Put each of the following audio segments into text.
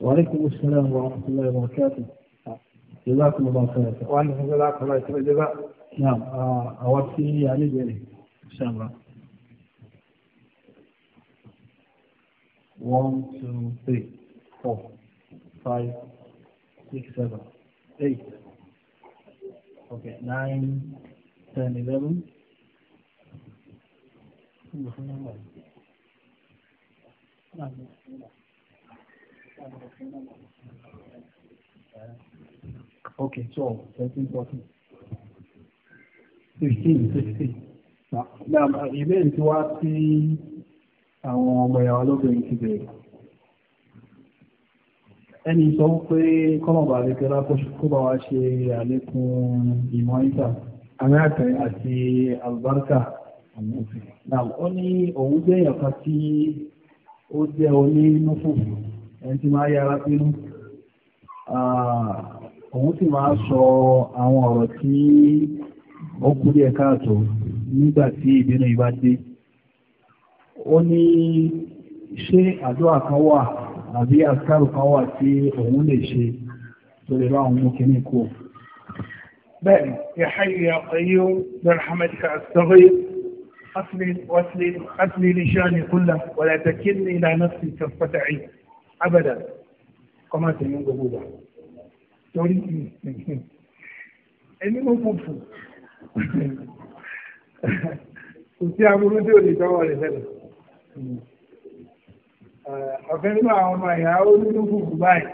وعليكم السلام ورحمة الله وبركاته جزاكم الله خيرا وعليكم جزاك الله خير الجزاء نعم أوصي يعني بإليه إن شاء الله One, two, three, four, five, six, seven, eight. Okay, nine, ten, eleven. Thank you. Okay, 12, 13, 14, 15, 16. Náà ìbéèrè tí wá sí àwọn ọmọ ìyàwó lóbìnrin ti bẹ̀rẹ̀. Ẹni sọ wípé kọ́mọ̀bà àríkẹ́lá kó bá wá ṣe àlékún ìmọ̀ ìta, àmì àtẹ̀ àti àlùbáríkà. Náà ó ní òun jẹ́ ìyàkan tí ó jẹ́ oní núfùfù ẹni tí máa yára pinnu òun sì máa sọ àwọn ọ̀rọ̀ tí ó kú díẹ̀ káàtó nígbà tí ìbínú ìbá dé ó ní ṣé àdúrà kan wà àbí àṣkárù kan wà tí òun lè ṣe tó lè bá òun mú kíní kú بل يا حي يا قيوم برحمتك استغيث أصلي وأصلي أصلي لشاني كله ولا تكلني إلى نفسي كفة عين abẹ́dà kọ́mọ̀tì ní gbogbo wa torí ẹni ló kù kò sí aburú tí lè nínú àwọn ọmọ ó nínú báyìí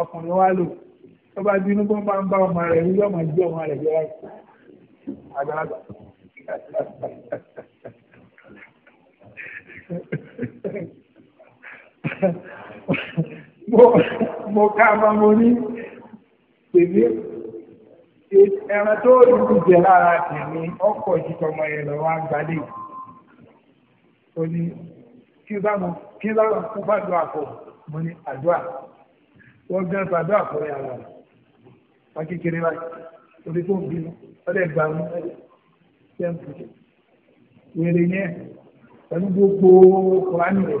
ọkùnrin wa lò tó bá bínú ń bá ọmọ rẹ̀ wí ọmọ ìjọ ọmọ rẹ̀ jẹ́ Thank you. mo ká ma mo ní tèmi ẹran tó dúdú jẹ lára tèmi ọkọ̀ ìṣìṣọ́ ọmọ yẹn lọ́wọ́ àgbàdì ó ní kí bá mo kí bá mo kú bá dùn àpò mo ní àdúrà wọ́n gbé ẹ̀fọ́ àdúrà fún yàrá rẹ̀ wọ́n kékeré báyìí orí tó ń bínú ọ̀dẹ̀ gbà mú ṣẹ́ǹpù wèrè yẹn pẹ̀lú gbogbo kùránì rẹ̀.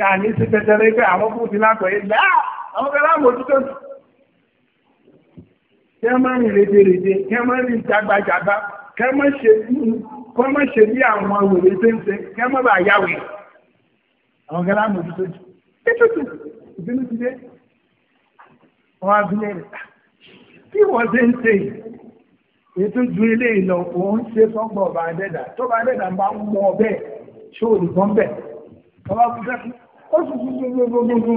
tá a ní sí tẹ́tẹ́rẹ́ pé àwọn kù ti lápẹ̀ yìí gbà á àwọn kan lámòjútó ni. kí wọ́n máa ń rèdè rèdè kí wọ́n máa ń rìn jagbajàgba kí wọ́n máa ṣe kí wọ́n máa ṣe bí àwọn wèrè tó ń ṣe kí wọ́n máa bá yá wèrè àwọn kan lámòjútó ni. ètùtù ìbínú ti dé wọ́n á bílẹ̀ rẹ̀ kí wọ́n ṣe ń ṣe yìí ètò ju ilé ìlọ òun ṣe sọ́gbọ̀n ọba adẹ́dà tó bá adẹ́dà bá ń mọ ọbẹ̀ ṣó olùkọ́ ń bẹ̀ ọba kúkẹ́ ó sì ti ṣe gbogbogbò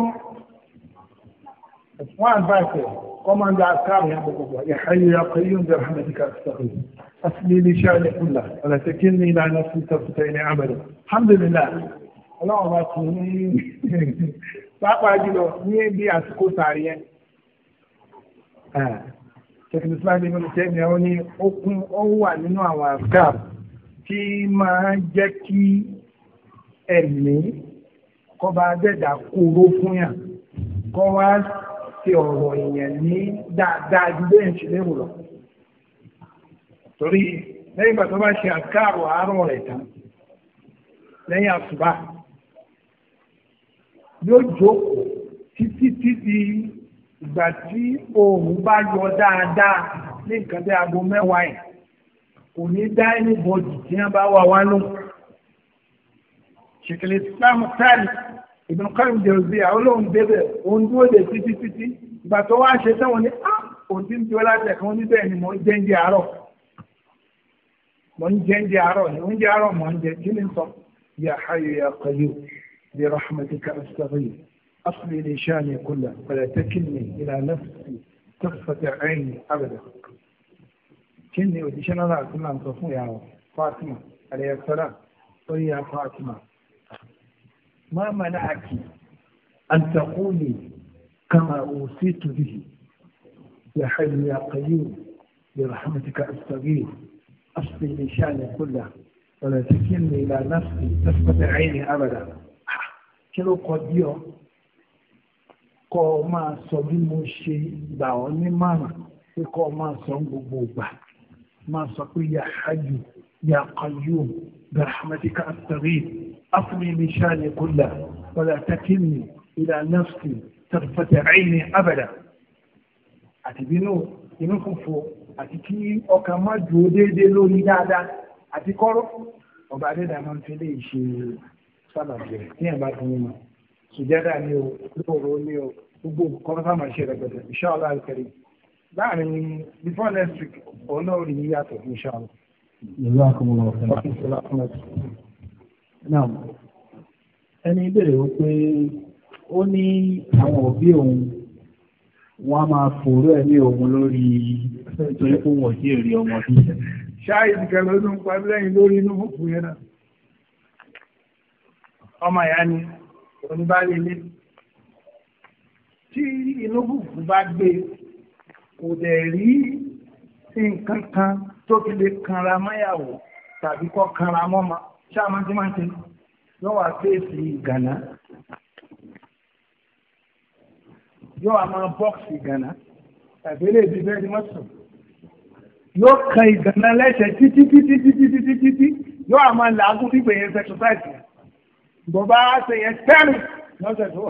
wọn àbáṣe kọmọdé akáàmù yẹn gbogbogbò yẹ ayé akọyé ń bẹ̀rẹ̀ amẹ́ríkà sọ̀rọ̀ asìlẹ̀ iléeṣẹ́ alẹ́ kúlà ọ̀làṣẹ́ kí ní ìlànà fún tọ̀fùtà ilẹ̀ amẹ́rẹ̀ alhamdulillah ọlọ́run bá tún ní pàápàá jùlọ ní bí àsìkò sàárì yẹn tẹkínní fúlàní mímú tẹ́ni ó ní okun ó wà nínú àwọn àgbà tí máa jẹ́ kí ẹ̀mí kọba adẹ́dà kóró fún yàn kọ́ wá ṣe ọ̀rọ̀ èèyàn ní dáadáa ju bẹ́ẹ̀ ń ṣe lérò lọ. torí lẹ́yìn ìgbà tó bá ṣe àkàrò àárọ̀ rẹ̀ tán lẹ́yìn àsùbá yóò jókòó títí títí ìgbà tí oòrùn bá yọ dáadáa ní nǹkan bí aago mẹ́wàá yẹn kò ní dá ẹni bọ́dì tí wọ́n bá wà wá lóhùn. ṣèkìlì sáàmù táàlì Ibn Qayyim Jawziyya olóhùn débẹ̀ òun dúró de títí títí ìgbà tó wá ṣe tán wọn ni á ah, òun ti ń di ọlá tẹ̀ kí wọ́n ní bẹ́ẹ̀ ni mò ń jẹ́ ń jẹ àárọ̀ mò ń jẹ́ ń jẹ àárọ̀ ni oúnjẹ àárọ̀ mò ń jẹ kí ni sọ ya hayyu ya qayyum bi rahmatika astaghith asli li shani kullahu wa la takilni ila nafsi tarfata ayni kí ni òjíṣẹ́ náà ما منعك أن تقولي كما أوصيت به يا حي يا قيوم برحمتك أستغيث أصلي لي شأني كله ولا تكلني إلى نفسي نسبة عيني أبدا كيلو قديو kọ́ ọ máa sọ bí mo ṣe ما ọ́ ní márùn pé kọ́ ọ máa sọ gbogbo ìgbà أطمي لشاني كله ولا تكلني إلى نفسي طرفة عيني أبدا àti bínú inú fòfò àti kí ọkàn má dúró déédéé lórí dáadáa àti kọ́rọ́ ọba adéda máa ń fi lè ṣe sábàbí rẹ̀ ní ẹ̀bá tó ń mọ̀ sùjádà ni o lóòrò ni o gbogbo nǹkan fáwọn máa ṣe rẹpẹtẹ inshallah alkarim láàrin before next week òun náà rí yíyàtọ̀ inshallah. ìlú àkọmọlọ ọ̀fẹ́ náà náà ẹni béèrè wípé ó ní àwọn òbí òun wọ́n á máa fòró ẹ̀mí òun lórí nítorí pé wọ́n sí èrè ọmọ bí. ṣáà ìdìkẹ́ ló tún pa lẹ́yìn lórí inú fúnfún yẹn náà ọmọ ìyá ni oníbàárẹ̀ ilé tí inú bùkù bá gbé kò dẹ̀ rí nǹkan kan tó fi lè kanra mọ́yàwó tàbí kọ́ kanra mọ́mọ́ ṣáàmà tí máa ń ṣe yóò wá fèsì gànà yóò wá máa bọ́ọ̀sì gànà tàbí lè di bẹ́ẹ̀ ni wọ́n sọ yóò kan ìgànà lẹ́sẹ̀ títí títí títí títí títí yóò wá máa làágùn nígbè yẹn sẹ́kítọ́sáìtì bọ̀bá ṣe yẹn tẹ́rì lọ́sẹ̀ tó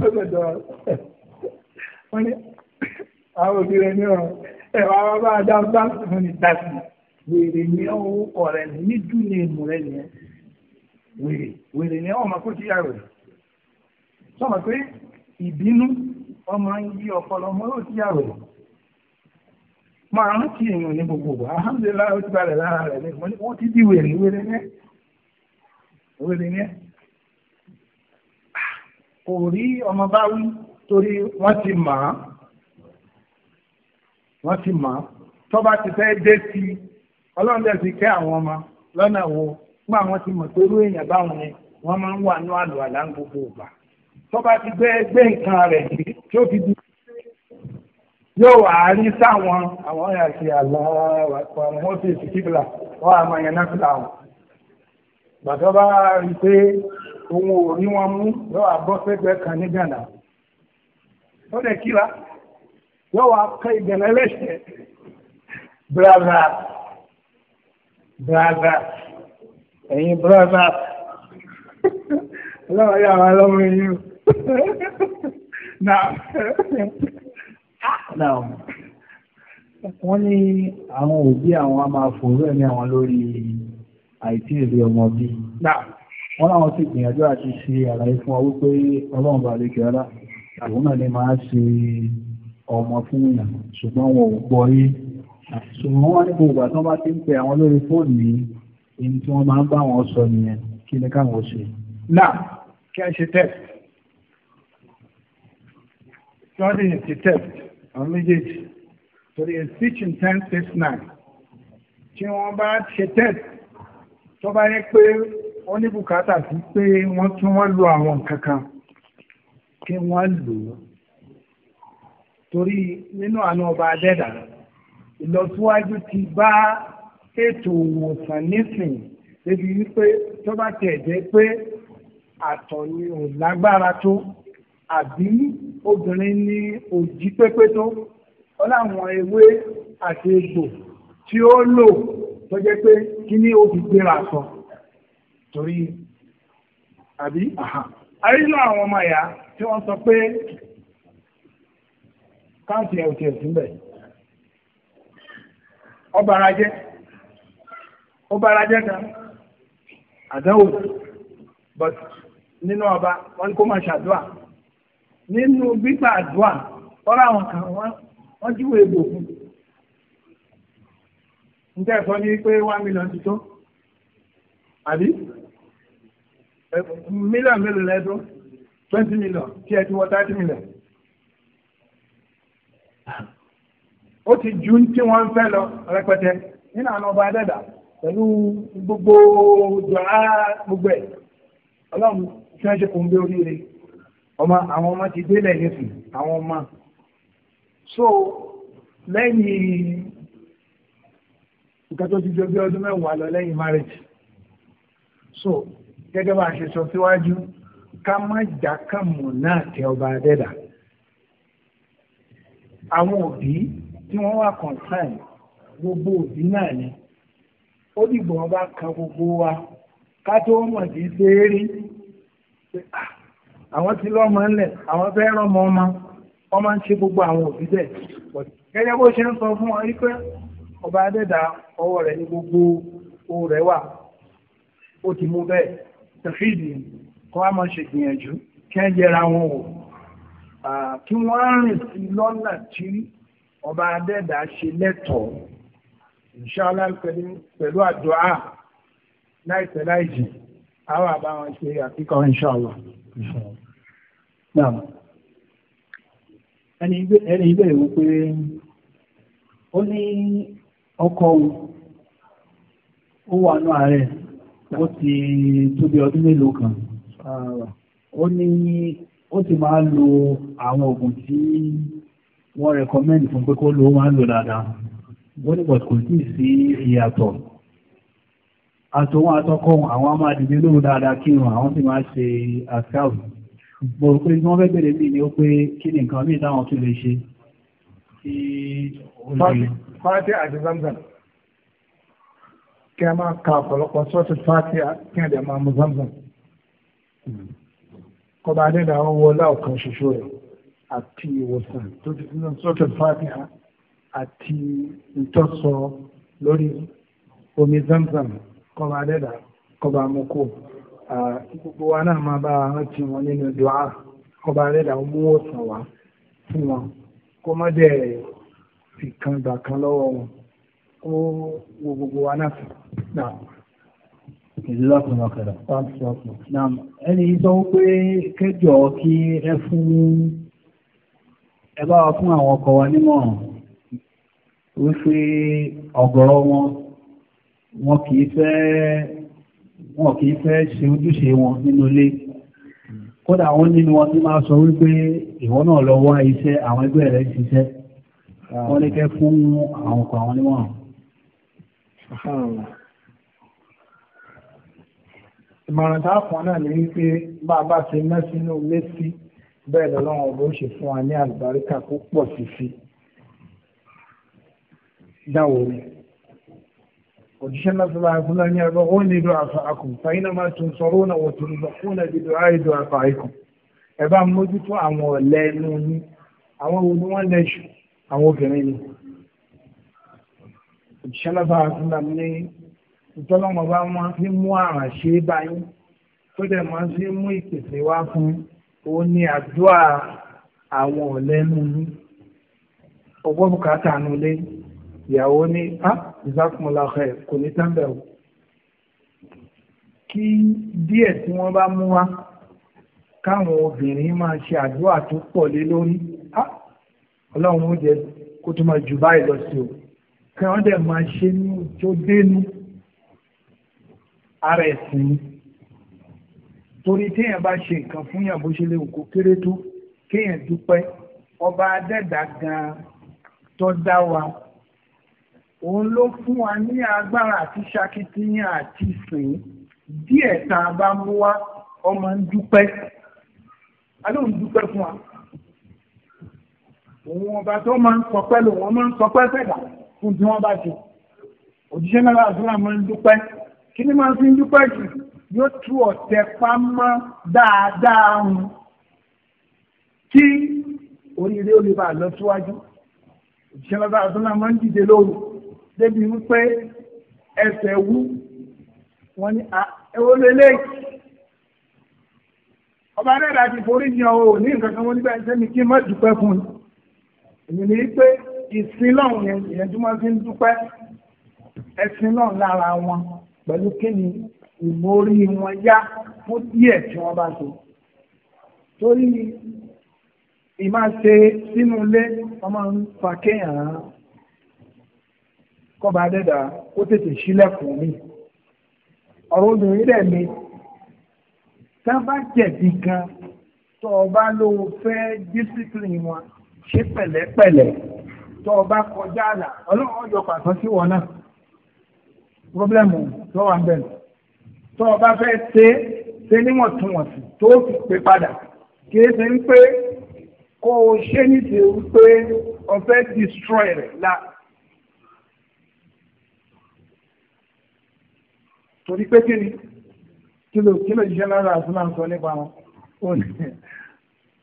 lọ́sẹ̀ tó wọ́n ní àwọn òbí rẹ̀ ní ọ̀rọ̀ ẹ̀ wá wá bá a dá bá a sọ̀rọ̀ ní dásìlì. wèrè ní orúkọ rẹ̀ ní dúnlé ìmù rẹ̀ nìyẹn wèrè wèrè ní ọmọ kó ti yà wèrè sọmọ pé ìbínú ọmọ ń yí ọpọlọ ọmọ yóò ti yà wèrè máa ń èèyàn ní gbogbo wa alhamdulilayi ó ti balẹ̀ lára rẹ̀ ní ìmọ̀ ní wọ́n ti di wèrè wèrè ní wèrè ní kò rí ọmọ bá wí torí wọ́n ti mà á wọ́n ti mà á tọ́ba ti fẹ́ dé ọlọ́run dẹ̀ ti kẹ́ àwọn ọmọ lọ́nà wo fún àwọn tí mọ̀ torú èèyàn báwọn yẹn wọ́n máa ń wà ní àlọ́ àlá ń gbogbo ìgbà tó bá ti gbé gbé nǹkan rẹ̀ dé tí ó fi di yóò wà á rí sáwọn àwọn ọ̀yà ti àlọ́ àwọn ọ́fíìsì kíbla wọ́n á máa yẹn náà fúlà wọn. gbàtọ́ bá rí pé òun ò rí wọn mú yóò wà bọ́ sẹ́gbẹ́ kan ní gànà ó lè kíra yóò wà kẹ́ ìgbẹ̀lẹ́lẹ́sẹ̀ bírábíra brother ẹ̀yin brother ọlọ́run yà wá lọ́wọ́ yín o now wọ́n ní àwọn òbí àwọn a máa fòrú ẹ̀mí àwọn lórí àìtí ìrí ọmọ bí wọ́n láwọn sì gbìyànjú àti ṣe àlàyé fún ọ wípé ọlọ́run bá lè kẹ́ọ́lá àwọn náà ní máa ṣe ọmọ fún ìyàn ṣùgbọ́n wọn ò gbọ́ yìí ṣùgbọ́n wọ́n ní gbogbo ìgbà tí wọ́n bá ti ń pe àwọn lórí fóònù yìí èyí tí wọ́n máa ń bá wọn sọ nìyẹn kí ni káwọn ṣe. náà kí wọ́n ṣe test kí wọ́n sì ṣe test àwọn méjèèjì torí a speech in ten six nine tí wọ́n bá ṣe test tó bá yẹ pé wọ́n ní bùkátà sí pé wọ́n tún wọ́n lo àwọn nǹkan kí wọ́n lò ó torí nínú àánú ọba adẹ́dàá ìlọsíwájú ti bá ètò ìwòsàn nísìnyí débi wípé tó bá tiẹ̀ jẹ́ pé àtọ̀ ni ò lágbára tó àbí obìnrin ní òjì pépé tó ó láwọn ewé àti egbò tí ó lò tó jẹ́ pé kí ni ó fi gbéra sọ torí àbí àrílò àwọn ọmọ ẹ̀yà tí wọ́n sọ pé káàtì ẹ̀ ò tiẹ̀ síbẹ̀ ọbara jẹ́ ọbara jẹ́ kan àdánwò but nínú ọba wọn kó máa ṣàdúà nínú gbígbà àdúà tọ́lá àwọn kan wọ́n jíwèé egbò fún un njẹ́ ẹ̀fọ́ ní pé one million ti tó àbí mílíọ̀nù mélòó lẹ́dún twenty million tí ẹ ti wọ thirty million. ó ti ju tí wọ́n ń fẹ́ lọ rẹpẹtẹ nínú àwọn ọba adẹ́dà pẹ̀lú gbogbo dọ̀á gbogbo ẹ̀ ọlọ́run tí wọ́n ṣe kò ń oríire ọmọ àwọn ọmọ ti délẹ̀ nísìn àwọn ọmọ so lẹ́yìn nǹkan tó ti jọ bí ọdún mẹ́wàá lọ lẹ́yìn marriage so gẹ́gẹ́ bá a ṣe sọ síwájú ká má jà ká mọ̀ náà tẹ ọba adẹ́dà àwọn òbí tí wọ́n wà kọ̀ǹtàn gbogbo òbí náà ni ó dìbò ọba kan gbogbo wa ká tó mọ̀ sí sẹ́ẹ̀rí àwọn ti lọ́mọ ńlẹ̀ àwọn fẹ́ rọ́mọ ọmọ wọ́n máa ń ṣe gbogbo àwọn òbí bẹ́ẹ̀ gẹ́gẹ́ bó ṣe ń sọ fún wọn wípé ọba adẹ́dà ọwọ́ rẹ̀ ní gbogbo owó rẹ̀ wà ó ti mú bẹ́ẹ̀ tẹ̀fíìdì kó wá máa ṣe gbìyànjú kí wọ́n yẹra wọn wò kí wọ́n rìn sí lọ́nà tí ọba adẹ́dà ṣe lẹ́tọ̀ọ́ inshallah pẹ̀lú àdúrà láìpẹ́ láìjì àwọn àbá wọn ṣe àkíkọ inshallah. ẹni ìbéèrè wípé ó ní ọkọ ó wà ní ààrẹ ó ti tó bí ọdún mélòó kan ó ní ó ti máa ń lo àwọn oògùn tí wọ́n rẹ̀kọ́mẹ́ndì fún pé kó ló máa ń lò dáadáa wọ́n nígbà kò tí sí ìyàtọ̀ àtòwọn atọ́kọ́ àwọn a máa dìde lóru dáadáa kí wọn àwọn sì máa ṣe àṣkáàbù mo rò pé wọ́n fẹ́ bẹ̀rẹ̀ mí ni ó pé kí ni nǹkan míì táwọn tún lè ṣe tí fáti àti zamzam kí a máa ka ọ̀pọ̀lọpọ̀ sọ́ọ̀tì fáti kí a dẹ̀ máa mu zamzam hmm. kọba adé dáwọn wọlé ọ̀kan ṣoṣo rẹ̀ àti ìwòsàn tó ti sínú sọ́tò fatiha àti ìtọ́sọ lórí omi zamzam kọba adẹ́dà kọba amoko gbogbo wa náà máa bá rántí wọn nínú dùá kọba adẹ́dà ó mú òsàn wá fún wọn kó má dẹ̀ fi kan gbà kan lọ́wọ́ wọn kó wo gbogbo wa náà fi náà. Ìlúlọ́pùn ọ̀kẹ̀rẹ̀. Ẹni sọ pé kẹjọ kí ẹ fún ẹ bá wa fún àwọn ọkọ wa nímọ̀ràn wípé ọ̀gọ̀rọ̀ wọn wọn kì í fẹ́ wọn kì í fẹ́ ṣe ojúṣe wọn nínú ilé kódà àwọn nínú wọn tí máa sọ wípé ìwọ náà lọ wá iṣẹ́ àwọn ẹgbẹ́ rẹ̀ ṣiṣẹ́ wọ́n lè kẹ́ fún àwọn ọkọ àwọn nímọ̀ràn. ìmọ̀ràn tá a fún náà ní wípé bá a bá ṣe mẹ́sínú létí bẹ́ẹ̀ lọ́lọ́run ọba ó ṣe fún wa ní àlùbáríkà kó pọ̀ sí sí dáwọ́ ni òjíṣẹ́ náà fi máa fún lọ́ní ẹ̀rọ ó ní ìlú àfa akùn fàyínà máa tún sọ̀rọ̀ náà wọ́n tún lọ fún ẹ̀dí ìlú àìdù àfa ikùn ẹ bá mójútó àwọn ọ̀lẹ́ inú yín àwọn wo ni wọ́n lẹ́ṣù àwọn obìnrin ni òjíṣẹ́ náà fi máa fún lọ́ní ní ìtọ́lọ́mọba máa fi mú àràṣe báyìí tó dẹ̀ máa fi mú ìpèsè wá fún yín òun ni àdúrà àwọn ọ̀lẹ́nu ní ọgbọ́n bùkátà nulé ìyàwó ní á ìzákùnmọ́lá ẹ̀ kò ní tẹ́ńbẹ̀ o kí díẹ̀ tí wọ́n bá mú wá káwọn obìnrin máa ṣe àdúrà tó pọ̀ lé lórí á ọlọ́run ó kó tó máa jù báyìí lọ sí o kí wọ́n dẹ̀ máa ṣe ní tó dénú ara ẹ̀sìn ni torí téèyàn bá ṣe nǹkan fún yàn bó ṣe lè kó kéré tó kéèyàn dúpẹ́ ọba adẹ́dà gan-an tó dá wa òun ló fún wa ní agbára àti ṣakitiyan àti sìn díẹ̀ tá a bá mú wá ọmọ ń dúpẹ́ alóhùn dúpẹ́ fún wa òun ọba tó máa ń sọpẹ́ lòun ọmọ ń sọpẹ́ fẹ̀dà fún tí wọ́n bá ṣe òjíṣẹ́ náà àdúrà máa ń dúpẹ́ kí ni máa fi ń dúpẹ́ jù yóò tú ọ̀tẹ̀ pamọ́ dáadáa hun kí oríire ó lè bá lọ síwájú òṣìṣẹ́ lọ́dọ̀ àtúnlá máa ń dìde lóru débi wípé ẹsẹ̀ wú wọ́n ní olólè ọba náírà ti forí yan o ní nǹkan kan wọ́n nígbà iṣẹ́ mi kí n má dúpẹ́ fún un èmi ní pé ìsìn lọ́hùn yẹn ìyẹn tí wọ́n fi ń dúpẹ́ ẹ̀sìn náà lára wọn pẹ̀lú kíni ìmórí wọn yá fún díẹ̀ tí wọ́n bá ṣe torí ìmá ṣe sínú ilé wọ́n máa ń fa kéèyàn kọ́ba dẹ́dà ó tètè sílẹ̀kùn mi ọ̀rọ̀ obìnrin dẹ̀ mi tá bá jẹ̀bi gan tó o bá ló fẹ́ discipline wọn ṣe pẹ̀lẹ́pẹ̀lẹ́ tó o bá kọjá àlà ọlọ́run ọjọ́ pàtó sí wọn náà problem tó wà ń bẹ̀rẹ̀ tó o bá fẹ́ ṣe ṣe níwọ̀ntúnwọ̀nsì tó o fi pé padà kì í ṣe ń pé kó o ṣe níṣe wípé o fẹ́ destroy rẹ̀ la. torí pé kí ni kí ló kí ló ṣiṣẹ́ lára àtúnlá ń sọ nípa wọn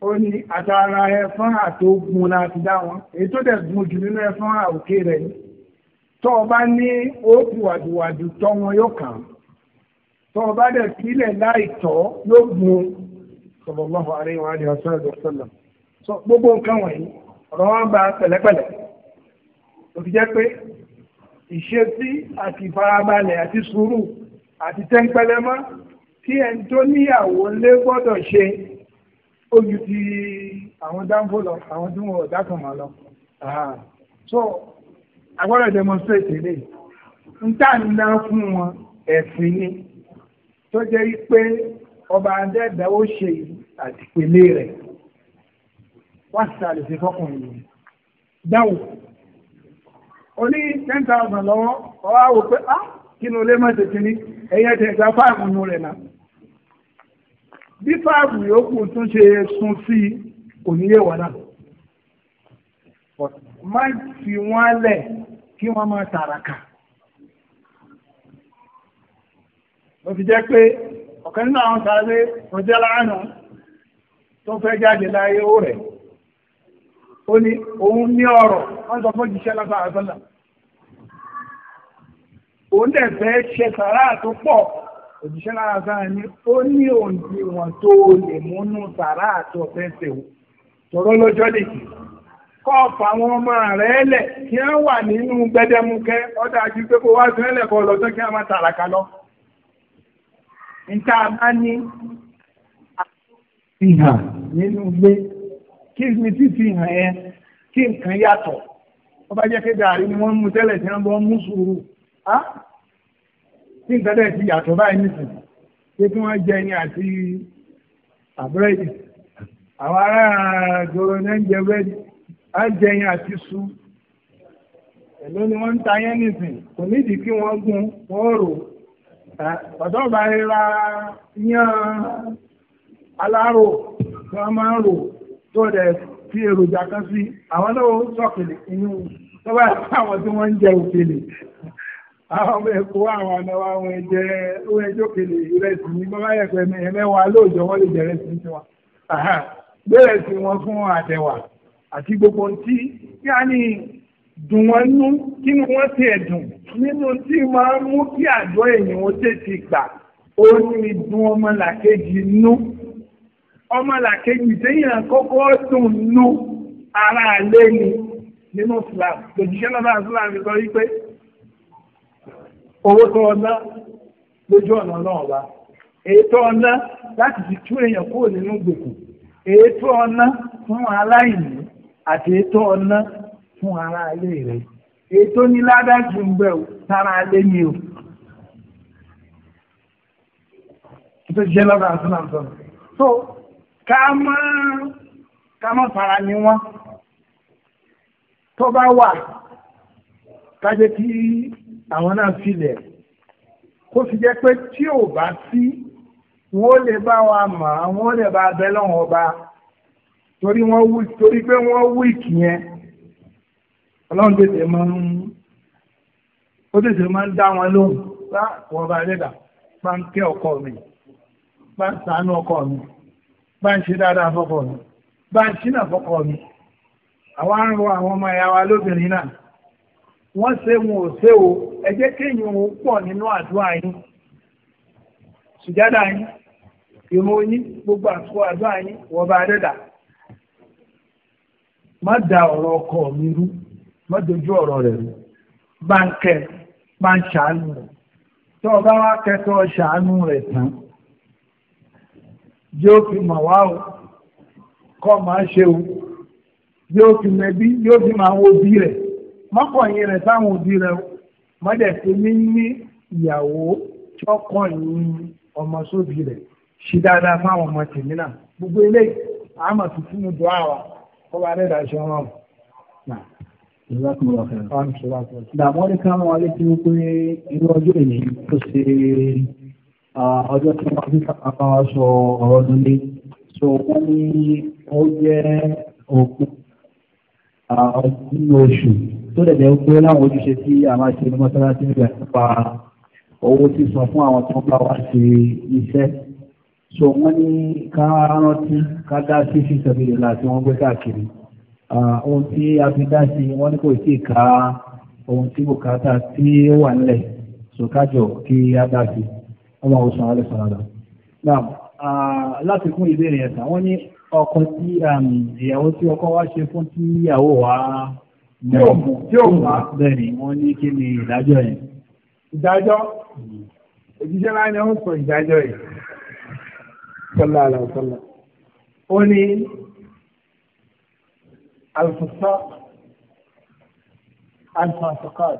ó ní àtàrà ẹ̀fọn àtògùn láti dá wọn èyí tó dẹ̀ gùn jù nínú ẹ̀fọn àòkè rẹ̀ yìí tó o bá ní ó wàdùwàdù tọ́ wọn yóò kàn án tó o bá dẹ̀ sílẹ̀ láìtọ́ yóò gun sallallahu alaihi wa alihi wasallam sọ gbogbo nǹkan wọ̀nyí ọ̀rọ̀ wọn bá pẹ̀lẹ́pẹ̀lẹ́ òtí jẹ́ pé ìṣesí àti ìfarabalẹ̀ àti sùúrù àti tẹ́ńpẹ́lẹ́mọ́ tí ẹni tó níyàwó lé gbọ́dọ̀ ṣe ojú ti àwọn dáńbò lọ àwọn tí wọn ò dákàn mọ́ lọ. so agbọ́dọ̀ demonstrate lè ń tà ń ná fún wọn ẹ̀sìn ni tó jẹ́ pé ọba adẹ́ẹ̀dá ó ṣe àtìpélé rẹ̀ wá sàlẹ̀ sí fọkùnrin yìí dáwò ó ní ten thousand lọ́wọ́ ọwọ́ àwò pé á ah, kí ló lé mọ́tò tí ní ẹ̀yẹ tẹ̀ gba fáàmù nù rẹ̀ náà bí fáàmù yòókù tún ṣe sun sí i kò ní yé wọ́n náà má fi wọ́n lẹ̀ kí wọ́n máa tàràkà. ló fi jẹ́ pé ọ̀kan nínú àwọn sáré rọjá láàánú tó fẹ́ jáde láyé ó rẹ̀ ó ní òun ní ọ̀rọ̀ wọ́n sọ fún òun dẹ̀ fẹ́ ṣe tó pọ̀ kì àwọn ọmọ rẹ̀ lẹ̀ kí wọ́n nínú kó wá sílẹ̀ kọ́ lọ́jọ́ kí lọ. nǹkan àbá ní fihàn nínú gbé kí ni fífihàn yẹn kí nǹkan yàtọ̀ wọ́n bá jẹ́ pé gàrí ni wọ́n mú tẹ́lẹ̀ tí wọ́n bọ́ mú sùúrù á kí nǹkan dẹ̀ ti yàtọ̀ báyìí nìsín pé kí wọ́n jẹ ẹyin àti àbúrẹ́dì àwọn ará àjọrò náà ń jẹ búrẹ́dì á jẹ ẹyin àti su èló ni wọ́n ń ta yẹn nìsín kò nídìí kí wọ́n gún wọ́n rò ó ọ̀dọ́ bá ra yán aláró tí wọ́n máa ń rò tó dẹ̀ fi èròjà kan sí àwọn náà sọ̀kèlè inú tó bá àwọn tí wọ́n ń jẹ òkèlè àwọn ọmọ ẹ̀kọ́ àwọn ànáwó àwọn ẹ̀jẹ̀ ohun ẹjọ́ òkèlè ìrẹsì ní bọ́bá yẹ̀pẹ̀ mẹ́wàá lóòjọ́ wọ́n lè jẹ ìrẹsì ní tiwa bẹ́ẹ̀ sí wọn fún àtẹ̀wà àti gbogbo ohun tí yáà ní dùn wọn nú kí ni wọ́n ti ẹ̀dùn nínú tí máa ń mú kí àjọ èèyàn ó tètè gbà ó ní dùn ọmọlàkejì nú ọmọlàkejì téèyàn kọ́kọ́ dùn nú ara àlẹ́ ni nínú Islam lòjíṣẹ́ lọ́dọ̀ Islam sọ wípé owó tó ọ̀nà lójú ọ̀nà náà wá ètò ọ̀nà láti fi tú èèyàn kúrò nínú gbèkùn ètò ọ̀nà fún aláìní àti ètò ọ̀nà fún ara ilé rẹ̀ ètò ní ládájú ń bẹ̀ sára ilé ni o. tó jẹ́ lọ́dọ̀ àtúnà sọ̀rọ̀ so ká má ká má fara ni wọ́n tó bá wà ká jẹ́ kí àwọn náà filẹ̀ kó fi jẹ́ pé tí ò bá sí wọ́n lè bá wa mọ̀ wọ́n lè bá bẹ́ lọ́wọ́ ọba torí pé wọ́n wí kìyẹn ọlọ́run tètè máa ń ó tètè máa ń dá wọn lóhùn bá wọn bá lẹ́dà bá ń kẹ́ ọkọ mi bá ń sàánú ọkọ mi bá ń ṣe dáadáa fọkọ mi bá ń ṣínà fọkọ mi àwa ń rọ àwọn ọmọ ẹ̀yà wa lóbìnrin náà wọ́n ṣe wọn ò ṣe o ẹ jẹ́ kéèyàn ó pọ̀ nínú àdúrà yín sùjádà yín ìmọ̀ yín gbogbo àtúkọ àdúrà yín wọ́n bá dẹ́dà má da ọ̀rọ̀ ọkọ mi rú má dojú ọ̀rọ̀ rẹ̀ rú bá ń kẹ́ bá ń ṣàánú rẹ̀ tó o bá wá kẹ́kọ̀ọ́ ṣàánú rẹ̀ tán yóò fi mọ̀ wá o kọ́ máa ṣe o yóò fi mẹ́bí yóò fi máa wo bí rẹ̀ mọ́kànlélẹ̀ rẹ̀ táwọn òbí rẹ̀ mọ́dẹ̀ ní ní ìyàwó ọmọ sóbì rẹ̀ dáadáa fáwọn ọmọ tèmi náà gbogbo eléyìí àmọ̀ tuntun dùn Ìdààmú ní ká wọ́n létí wípé inú ọjọ́ èyí tó ṣe ọjọ́ tí wọ́n fi kápá sọ ọ̀rọ̀ nílé. So wọ́n ní ó jẹ́ òkú nínú oṣù tó dẹ̀ jẹ́ pé láwọn ojúṣe tí a máa ṣe ní mọ́sálásí nígbà nípa owó sísan fún àwọn tó ń bá wá ṣe iṣẹ́. So wọ́n ní ká rántí ká dá sí fífẹ́ mi láti wọ́n gbé káàkiri ohun tí a fi dá sí wọ́n ní kò sí ìka ohun tí bùkátà tí ó wà nílẹ̀ sòkájọ kí a dá sí ọmọ òsàn alẹ́ sọ̀rọ̀ náà láti fún ìbéèrè ẹ̀sà wọ́n ní ọkọ tí um, ìyàwó tí ọkọ wá ṣe fún tí ìyàwó wá tí ó wá bẹ́ẹ̀ ni wọ́n ní kí ni ìdájọ́ yẹn. ìdájọ́ òjíṣẹ́ láyé ó sọ ìdájọ́ yìí sọ́lá àlàó sọ́lá ó ní الفساق الفاسقات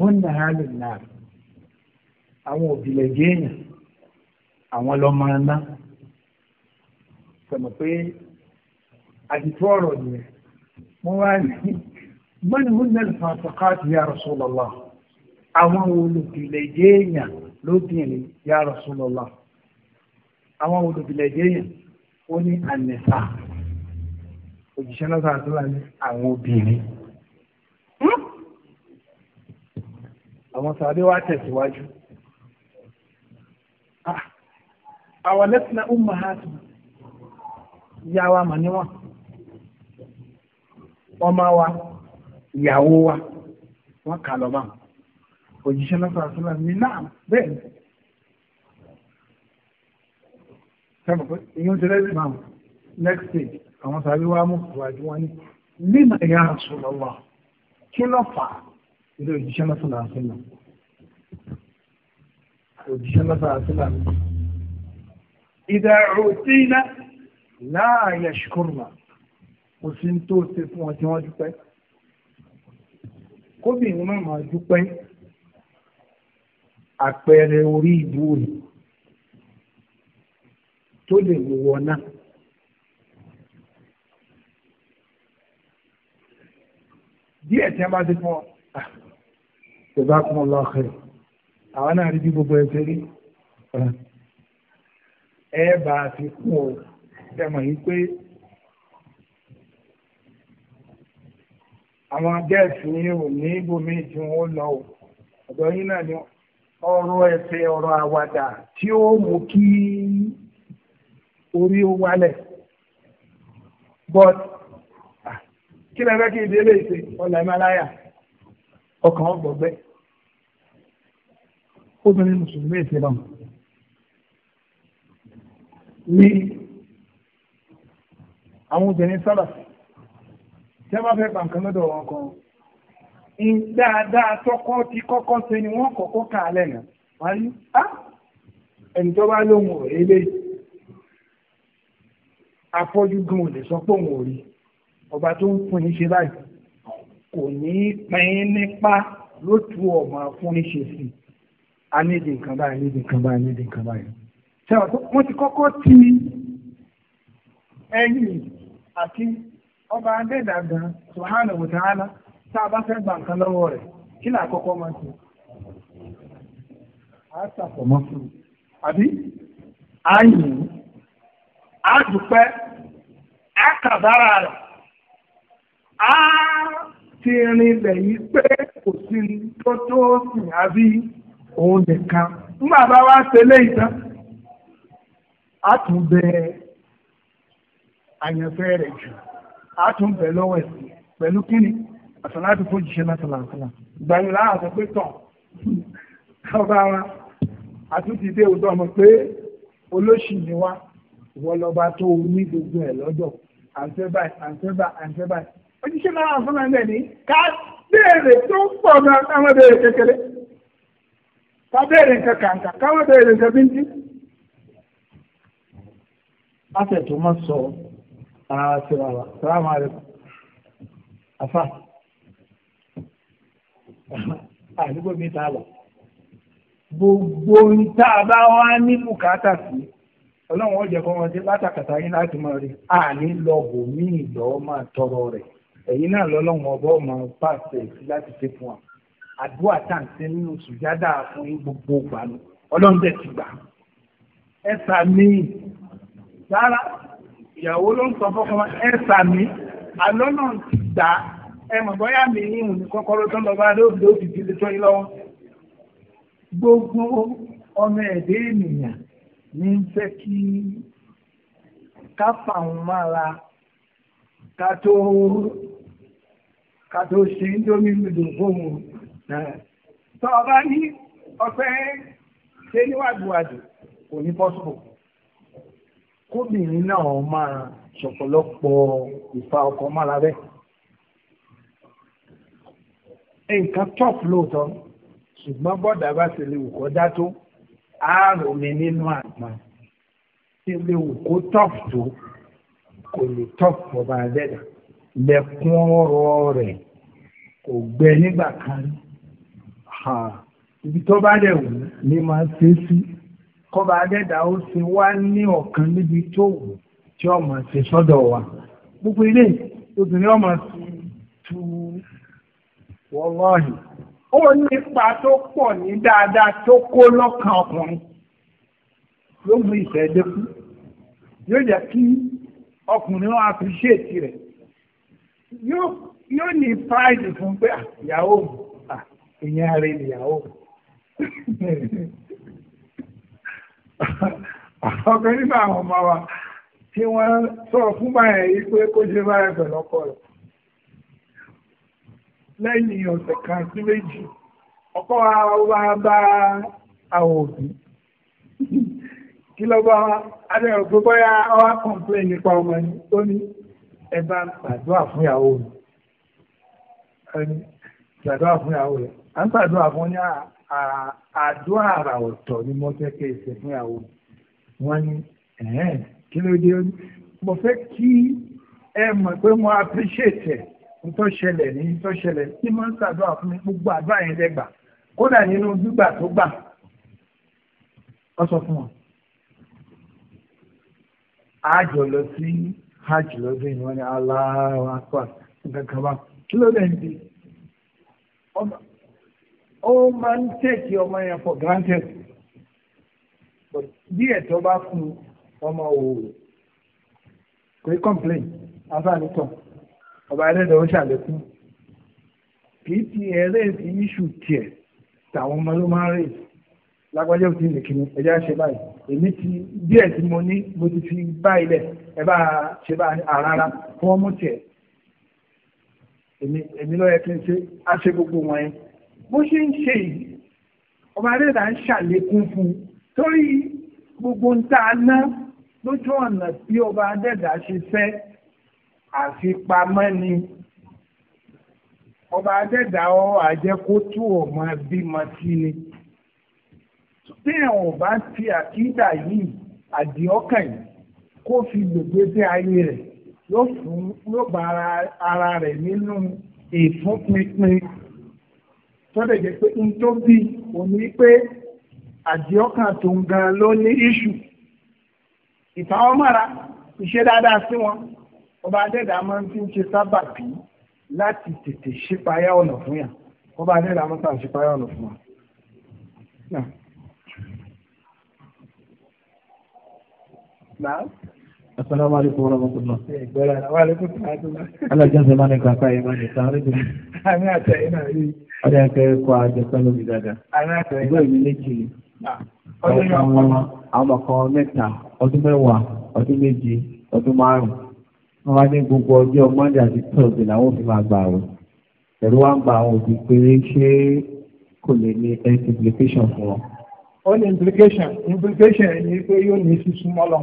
هن أهل النار àwọn òbílẹ̀jẹ́ èèyàn àwọn lọ́mọ ńlá sọ̀rọ̀ pé àtìtú ọ̀rọ̀ nìyẹn wọ́n wá ní mọ́ni hún náà ya Rasulullah àwọn olùbílẹ̀jẹ́ ya òjíṣẹ́ náà sáà sílá ní àwọn obìnrin. Hmm? àwọn sàbẹ̀ wa tẹ̀síwájú. Ah, àwọn lẹ́sìnà umma ha tún yá wa mà níwọ̀n ọmọ wa ìyàwó wa wọ́n kà lọ́mọ òjíṣẹ́ náà sáà sílá ní náà bẹ́ẹ̀ ni. sẹ́mi pé ìyóntẹ́lẹ́sì máa next stage àwọn sàbí wa mú ìwádìí wọn ní lima ya Rasulullah kí ló fà ilé òjíṣẹ́ náà sọ̀rọ̀ nà òjíṣẹ́ náà sọ̀rọ̀ nà ìdá òtíná láàyè ṣùkúrùmà kò sí ní tó ṣe fún wọn tí wọ́n dúpẹ́ kóbìnrin máa dúpẹ́ àpẹẹrẹ orí ìbú tó lè wọ náà. díẹ̀ tí wọ́n bá ti fún ọ. ṣe bá kún ọ lọ ọ̀hẹ́ àwọn náà rí bí gbogbo ẹ ṣe rí ah, ẹ bá a fi kún ọ ẹ mọ̀ yìí pé àwọn gẹ́ẹ̀sì yìí ò ní ibòmí tí wọ́n lọ ò ọ̀dọ̀ yín náà ni ọ̀rọ̀ ẹ̀fẹ̀ ọ̀rọ̀ àwàdà tí ó mú kí orí ó wálẹ̀ but kí lẹ́fẹ́ kí ìdílé ìṣe ọ̀là ìmáláyà ọkàn ọgbọ̀gbẹ́ obìnrin mùsùlùmí ìṣe náà ní àwọn obìnrin sábà tí wọ́n bá fẹ́ pàǹkan lọ́dọ̀ wọn kan dáadáa tọ́kọ́ ti kọ́kọ́ ṣe ni wọ́n kọ́kọ́ kà á lẹ́nà wọ́n rí á ah, ẹni tó bá lóhun òrèlé àfọ́jú gan ò lè sọ pé òun ò rí i ọba tó ń fún yín ṣe báyìí kò ní pín nípa lótú ọmọ fún yín ṣe sí anídìí nǹkan báyìí anídìí nǹkan báyìí anídìí nǹkan báyìí. ṣé wọ́n ti kọ́kọ́ ti ẹ̀yìn àti ọba adédàgbà subhanahu wa tá a bá fẹ́ gbà nǹkan lọ́wọ́ rẹ̀ kí ni àkọ́kọ́ máa ṣe. a ṣàfọ̀mọ́ fún un àbí a yìn a dúpẹ́ a kàbára rẹ̀ á ti rinlẹ̀ yìí pé kò sí tó tó sìn àbí òun nìkan nígbà bá wá ṣe léyìí tán á tún bẹ àyànfẹ́ rẹ̀ jù á tún bẹ lọ́wọ́ ẹ̀sìn pẹ̀lú kíni àtàláàtì fún jíṣẹ́ gbàyìn láàá sọ pé tàn ọba wa àtúntì dé òótọ́ ọmọ pé olóṣì ni wá ìwọ lọba tó ní gbogbo ẹ̀ lọ́dọ̀ àǹtẹ́bà àǹtẹ́bà àǹtẹ́bà òjíṣẹ́ náà fún mi ní ká béèrè tó ń pọ̀ náà káwọn béèrè kékeré ká béèrè nǹkan kàǹkà káwọn béèrè nǹkan bíntín. afẹ́tò mọ́ sọ ara wa sí wa salamu alaikum afa àdúgbò mi ta lọ gbogbo níta bá wá ní bùkátà sí ọlọ́run ó jẹ́ kọ́ wọn sí látàkàtà yín láti máa rí àní lọ bòmíì lọ́ọ́ máa tọrọ rẹ̀ ẹ̀yin náà lọ́lọ́run ọba ọmọ pàṣẹ láti ṣe fún wa àdúrà tá à ń ṣe nínú sùjádà fún gbogbo ìgbà ni ọlọ́run dẹ̀ ti gbà ẹ sàmì sára ìyàwó ló ń sọ fọkàn wa ẹ sàmì àlọ́ náà ti gbà ẹ mọ̀ bọ́yá mi ìhùn ní kọ́kọ́rọ́ tó ń lọ bá lóògbé ó fi ti lè tọ́ yín lọ́wọ́ gbogbo ọmọ ẹ̀dẹ́ ènìyàn ní ń fẹ́ kí ká fà wọn mára ká tó kàtó ṣe ń tó nínú ìdùn fóòmù tọ́ ọba ní ọ̀fẹ́ ṣe níwájúwájú kò ní pọ́sùpù kóbìnrin náà máa ṣọ̀pọ̀lọpọ̀ ìfà ọkọ̀ mára rẹ̀ nǹkan tọ́p lóòótọ́ ṣùgbọ́n bọ́dà bá ṣe lè wù kó dá tó àárò mi nínú àgbà ṣe lè wù kó tọ́p tó kò lè tọ́p ọba adẹ́dàá. lẹ́kún ọrọ rẹ̀ kò gbẹ nígbà kan ibi tó bá dẹ̀ wù ní máa ṣe é sí kọ́ba adẹ́dà ó ṣe wá ní ọ̀kan níbi tó wù tí ọmọ ṣe sọdọ wa gbogbo ilé obìnrin ọmọ tu wọ́lọ́ọ̀hìn ó nípa tó ní dáadáa tó kó ọkùnrin ló mú ìfẹ́ yóò kí ọkùnrin wọn rẹ. yóò ní pride fún pé ìyàwó mi ìyẹn rẹ nìyàwó ọkàn nínú àwọn ọmọ wa tí wọ́n sọ̀rọ̀ fún báyẹn yìí pé kó ṣe báyẹn pẹ̀lú ọkọ rẹ̀ lẹ́yìn ọ̀sẹ̀ kan sí méjì ọkọ wa wá bá àwọn òbí kí ló bá adẹ́rùn pé bóyá ọwá complain nípa ọmọ yìí tó ní ẹ bá ń gbàdúrà fún ìyàwó rẹ ẹni gbàdúrà fún ìyàwó rẹ à ń gbàdúrà fún ní àdúrà àrà ọ̀tọ̀ ni mo fẹ́ kẹ́ ẹ ṣe fún ìyàwó rẹ wọ́n ní ẹ̀ẹ́n kí ló dé mo fẹ́ kí ẹ mọ̀ pé mo appreciate ẹ̀ ntọ́ ṣẹlẹ̀ ní ntọ́ ṣẹlẹ̀ tí mo ń ṣàdúrà fún mi gbogbo àdúrà yẹn lẹ́gbàá kódà nínú gbígbà tó gbà ọ sọ fún wọn. àjọ lọ sí hajj lọ́dún yìí wọ́n ní Allahu Akbar nǹkan kan bá kí ló dé ń di ó for granted bí ẹ̀tọ́ complain ọba ẹlẹ́dọ̀ ó ṣàlékún kì í ti ẹ̀rẹ́ ti tàwọn ọmọ ló máa ń àṣẹ èmi ti díẹ̀ tí mo ní mo ti fi bá ilẹ̀ ẹ bá ṣe bá àràrà kí wọ́n mú tiẹ̀ èmi ló yẹ kí n ṣe á ṣe gbogbo wọn yẹn bó ṣe ń ṣe yìí ọba rẹ̀dà ń ṣàlékún fún un torí gbogbo ń tá ná lójú ọ̀nà bí ọba adẹ́dà ṣe fẹ́ àfipamọ́ ni ọba adẹ́dà ọ àjẹkótó ọmọ bímọ sí ni bí àwọn ò bá ti àkídà yìí àdìọ́kàn yìí kó fi gbègbèsè ayé rẹ̀ yóò fún yóò bá ara rẹ̀ nínú ìfúnpinpin tọ́lẹ̀ jẹ́ pé n tó bí òní pé àdìọ́kàn tó ń gan ló ní iṣu ìfàwọ́mọ́ra ìṣe dáadáa sí wọn ọba adẹ́dàá máa ń fi ń ṣe sábàbí láti tètè ṣípayá ọ̀nà fún yà ọba adẹ́dàá máa ń ṣàṣípayá ọ̀nà fún wa. Yeah. Na'am. Assalamu alaikum warahmatullah. Wa alaikum salam. Allah jẹ́ sọ máa ní kàkà yìí máa ní sáré dùn. Àmì àtẹ iná rí. Ọdẹ ẹ̀kẹ́ kọ àjọpẹ́ lórí dáadáa. Àmì àtẹ iná. Ìgbé mi méjì. Ọdún yóò kọ́. Àwọn ọkọ̀ mẹ́ta, ọdún mẹ́wàá, ọdún méje, ọdún márùn-ún. Wọ́n wá ní gbogbo ọjọ́ Monday àti Thursday làwọn òfin máa gbà wọ̀. Ẹ̀rú wa ń gba àwọn òbí pé ṣé kò lè ní health implication fún wọn. Ó ní implication, implication ẹni pé yóò ní sísúnmọ́ lọ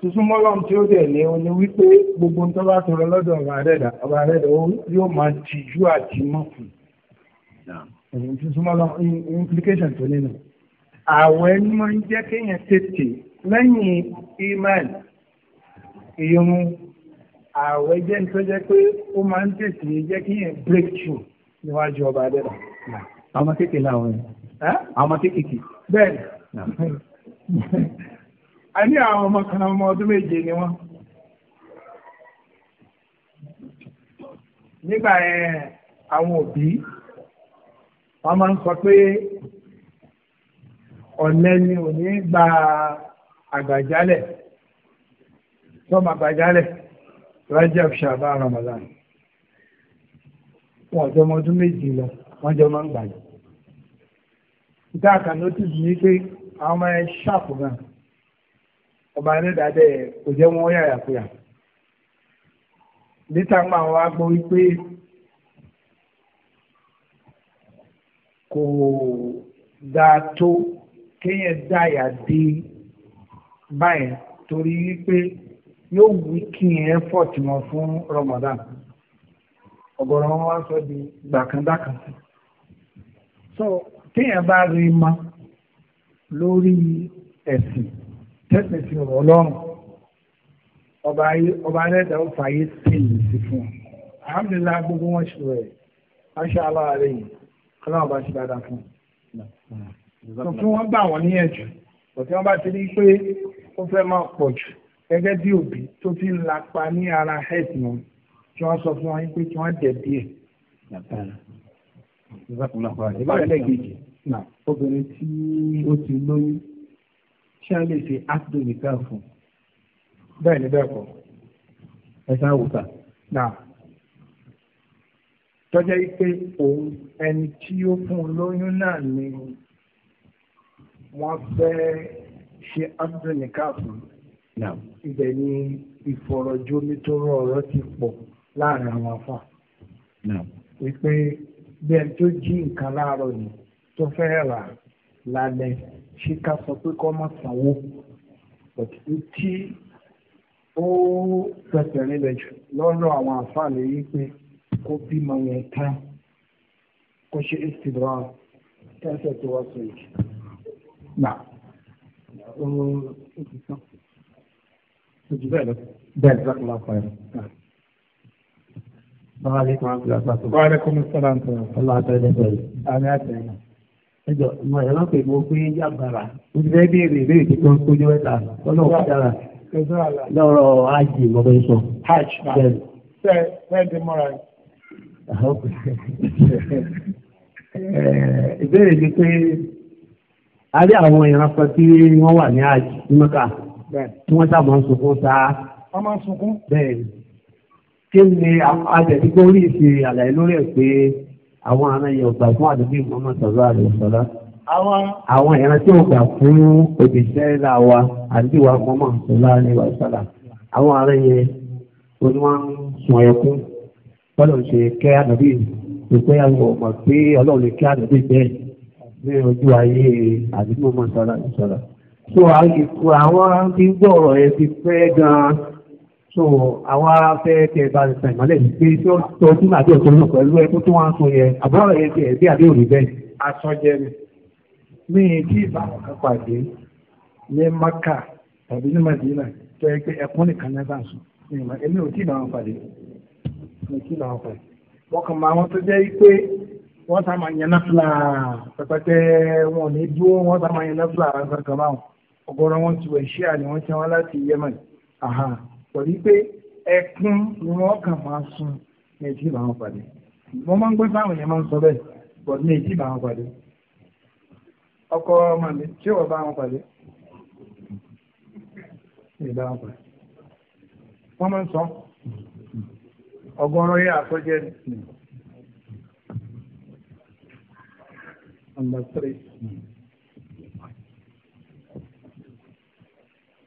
sísúnmọ́ Ọlọ́run tí ó dẹ̀ ní o ní wípé gbogbo ń tọ́ba tọrọ lọ́dọ̀ ọba àrẹ́dà ọba àrẹ́dà yóò máa tìjú àti mọ́ fún un sísúnmọ́ Ọlọ́run implication tó nínú. ààwẹ̀ ni wọ́n ń jẹ́ kéèyàn tètè lẹ́yìn iman irun ààwẹ̀ jẹ́ nítorí jẹ́ pé ó máa ń tètè jẹ́ kéèyàn break through níwájú ọba àrẹ́dà. àwọn kékeré làwọn ẹ̀ àwọn kékeré. bẹ́ẹ̀ni a ní àwọn ọmọ kan ọmọ ọdún méje ni wọ́n. nígbà yẹn àwọn òbí wọ́n máa ń sọ pé ọ̀lẹ ni ò ní gba àgbàjálẹ̀ sọ́mọ àgbàjálẹ̀ Rajab Shaban Ramadan wọn ọ̀dọ́ ọmọ ọdún méjì lọ wọ́n jọ máa ń gbàgbé. ìta àkànlọ́tì ní pé àwọn ọmọ ẹ ṣàpò gan ọba ẹlẹ́dàdẹ́ kò jẹ́ wọn yàyà kúyà. níta máa wá gbọ́ wípé kò dáa tó kéèyàn dáyà dé báyìí torí wípé yóò wí kí yẹn fọ̀ tí wọ́n fún Ramadan ọ̀gọ̀rọ̀ wọn wá sọ di gbàkandákan so téèyàn bá rí ma lórí ẹ̀sìn. tẹ́sán ti rọ̀ lọ́rùn ọba ayé ọba alẹ́dà ó fààyè tèyí sí fún un alhamdulilayi gbogbo wọn ṣe rẹ̀ aṣọ aláàárẹ̀ yìí ọlọ́run bá ṣe dáadáa fún un kí wọ́n gbà wọ́n níyànjú òtí wọ́n bá ti rí pé ó fẹ́ máa pọ̀ jù gẹ́gẹ́ bí òbí tó fi ń lapa ní ara health wọn kí wọ́n sọ fún wọn pé kí wọ́n dẹ̀ díẹ̀. ìbáraẹlẹ́gbẹ̀jì obìnrin tí ó ti lóyún ṣé a lè ṣe ápùdó nìkan fún bẹ́ẹ̀ ni bẹ́ẹ̀ kọ́ ẹ̀sán àwùsà náà tọ́jẹ́ pé òun ẹni tí ó fún un lóyún náà ni wọ́n fẹ́ ṣe ápùdó nìkan fún ibẹ̀ ni ìfọ̀rọ̀jomitoro ọ̀rọ̀ ti pọ̀ láàrin àwọn afa wípé bí ẹni tó jí nǹkan láàárọ̀ ni tó fẹ́ rà lálẹ́ ṣé ká sọ pé kọ́ má sanwó tí ó fẹsẹ̀ rinlẹ̀ jù lọ́rọ̀ àwọn àfààní yìí pé kó bímọ yẹn tán kó ṣe ìsìnrọ̀ tẹ́sẹ̀ tó wá sọ yìí. Nà ó ti tán. Ojú bẹ́ẹ̀ lọ. Bẹ́ẹ̀ ni Zákàlá pa ẹ̀. Báwa lè kọ́ àwọn àgbà tó. Báwa lè kọ́ mi sọ́dọ̀ àǹtọ̀. Ọlọ́run àtẹ̀lẹ́sẹ̀ rẹ̀. Àmì ẹjọ ìmọ̀ ẹ̀rọ pé mo pé yàgbára mo ti fẹ́ béèrè ìbéèrè tí kan kójú ẹ̀ta ọlọ́run dára lọ́rọ̀ hajj mo fẹ́ sọ. hajj bẹ́ẹ̀ bẹ́ẹ̀ di mọ́ra yìí. Eh, ìbéèrè ni pé a rí àwọn ìránṣẹ́ tí wọ́n wà ní hajj ní mẹ́ka tí wọ́n sábà ń sunkún sáá. wọ́n máa ń sunkún. bẹ́ẹ̀ kí ni àjẹ̀dígbò rí ìṣe àlàyé lórí ẹ̀ pé àwọn àna yẹn ọgbà fún àdúgbò Muhammad sallallahu alaihi wasallam. àwọn ìran tí ó gbà fún òbíṣẹ́ ńlá wa àdúgbò wa Muhammad sallallahu alaihi wasallam. àwọn àna yẹn oníwọ̀n sun ẹkún bọ́lá ń ṣe kẹ́ àdàbí ìpè àwọn ọmọ pé ọlọ́run lè kẹ́ àdàbí bẹ́ẹ̀ ní ojú ayé àdúgbò Muhammad sallallahu alaihi wasallam. so àwọn tí ń gbọ́ ọ̀rọ̀ yẹn ti so àwa fẹ́ kẹ́ ẹ bá rẹ̀ sàn ìmọ́lẹ̀ yìí pé tí ó tọ́ sí màbí ọ̀tọ̀ náà pẹ̀lú ẹ tó tó wá ń sọ yẹ àbúrò yẹ kẹ́ ẹ bí àbí òní bẹ́ẹ̀. asọjẹ mi mi tí ìbáwọn kan pàdé ní maka tàbí ní madina tó yẹ pé ẹkún nìkan náà bá ń sùn èmi ò tí ìbáwọn pàdé mi tí ìbáwọn pàdé wọn kàn máa wọn tó jẹ́ pé wọ́n sá máa yẹn náfìlà pẹpẹtẹ wọn ò ní dúró wọ́n sá máa yẹn náfìlà kankan báwọn ọgọ́rọ̀ wọn ti wẹ̀ ṣíà pẹ̀lú pé ẹkún ni wọ́n kàn máa sun ní èjì ìbáwọn pàdé mo máa ń gbé báwọn yẹn máa ń sọ bẹ́ẹ̀ pọ̀ ní èjì ìbáwọn pàdé ọkọ ọmọ mi tí wọ́n bá wọn pàdé ìbáwọn pàdé wọ́n máa ń sọ ọgọ́rọ̀ yẹ àkọ́jẹ́ ni. Number three. Mm.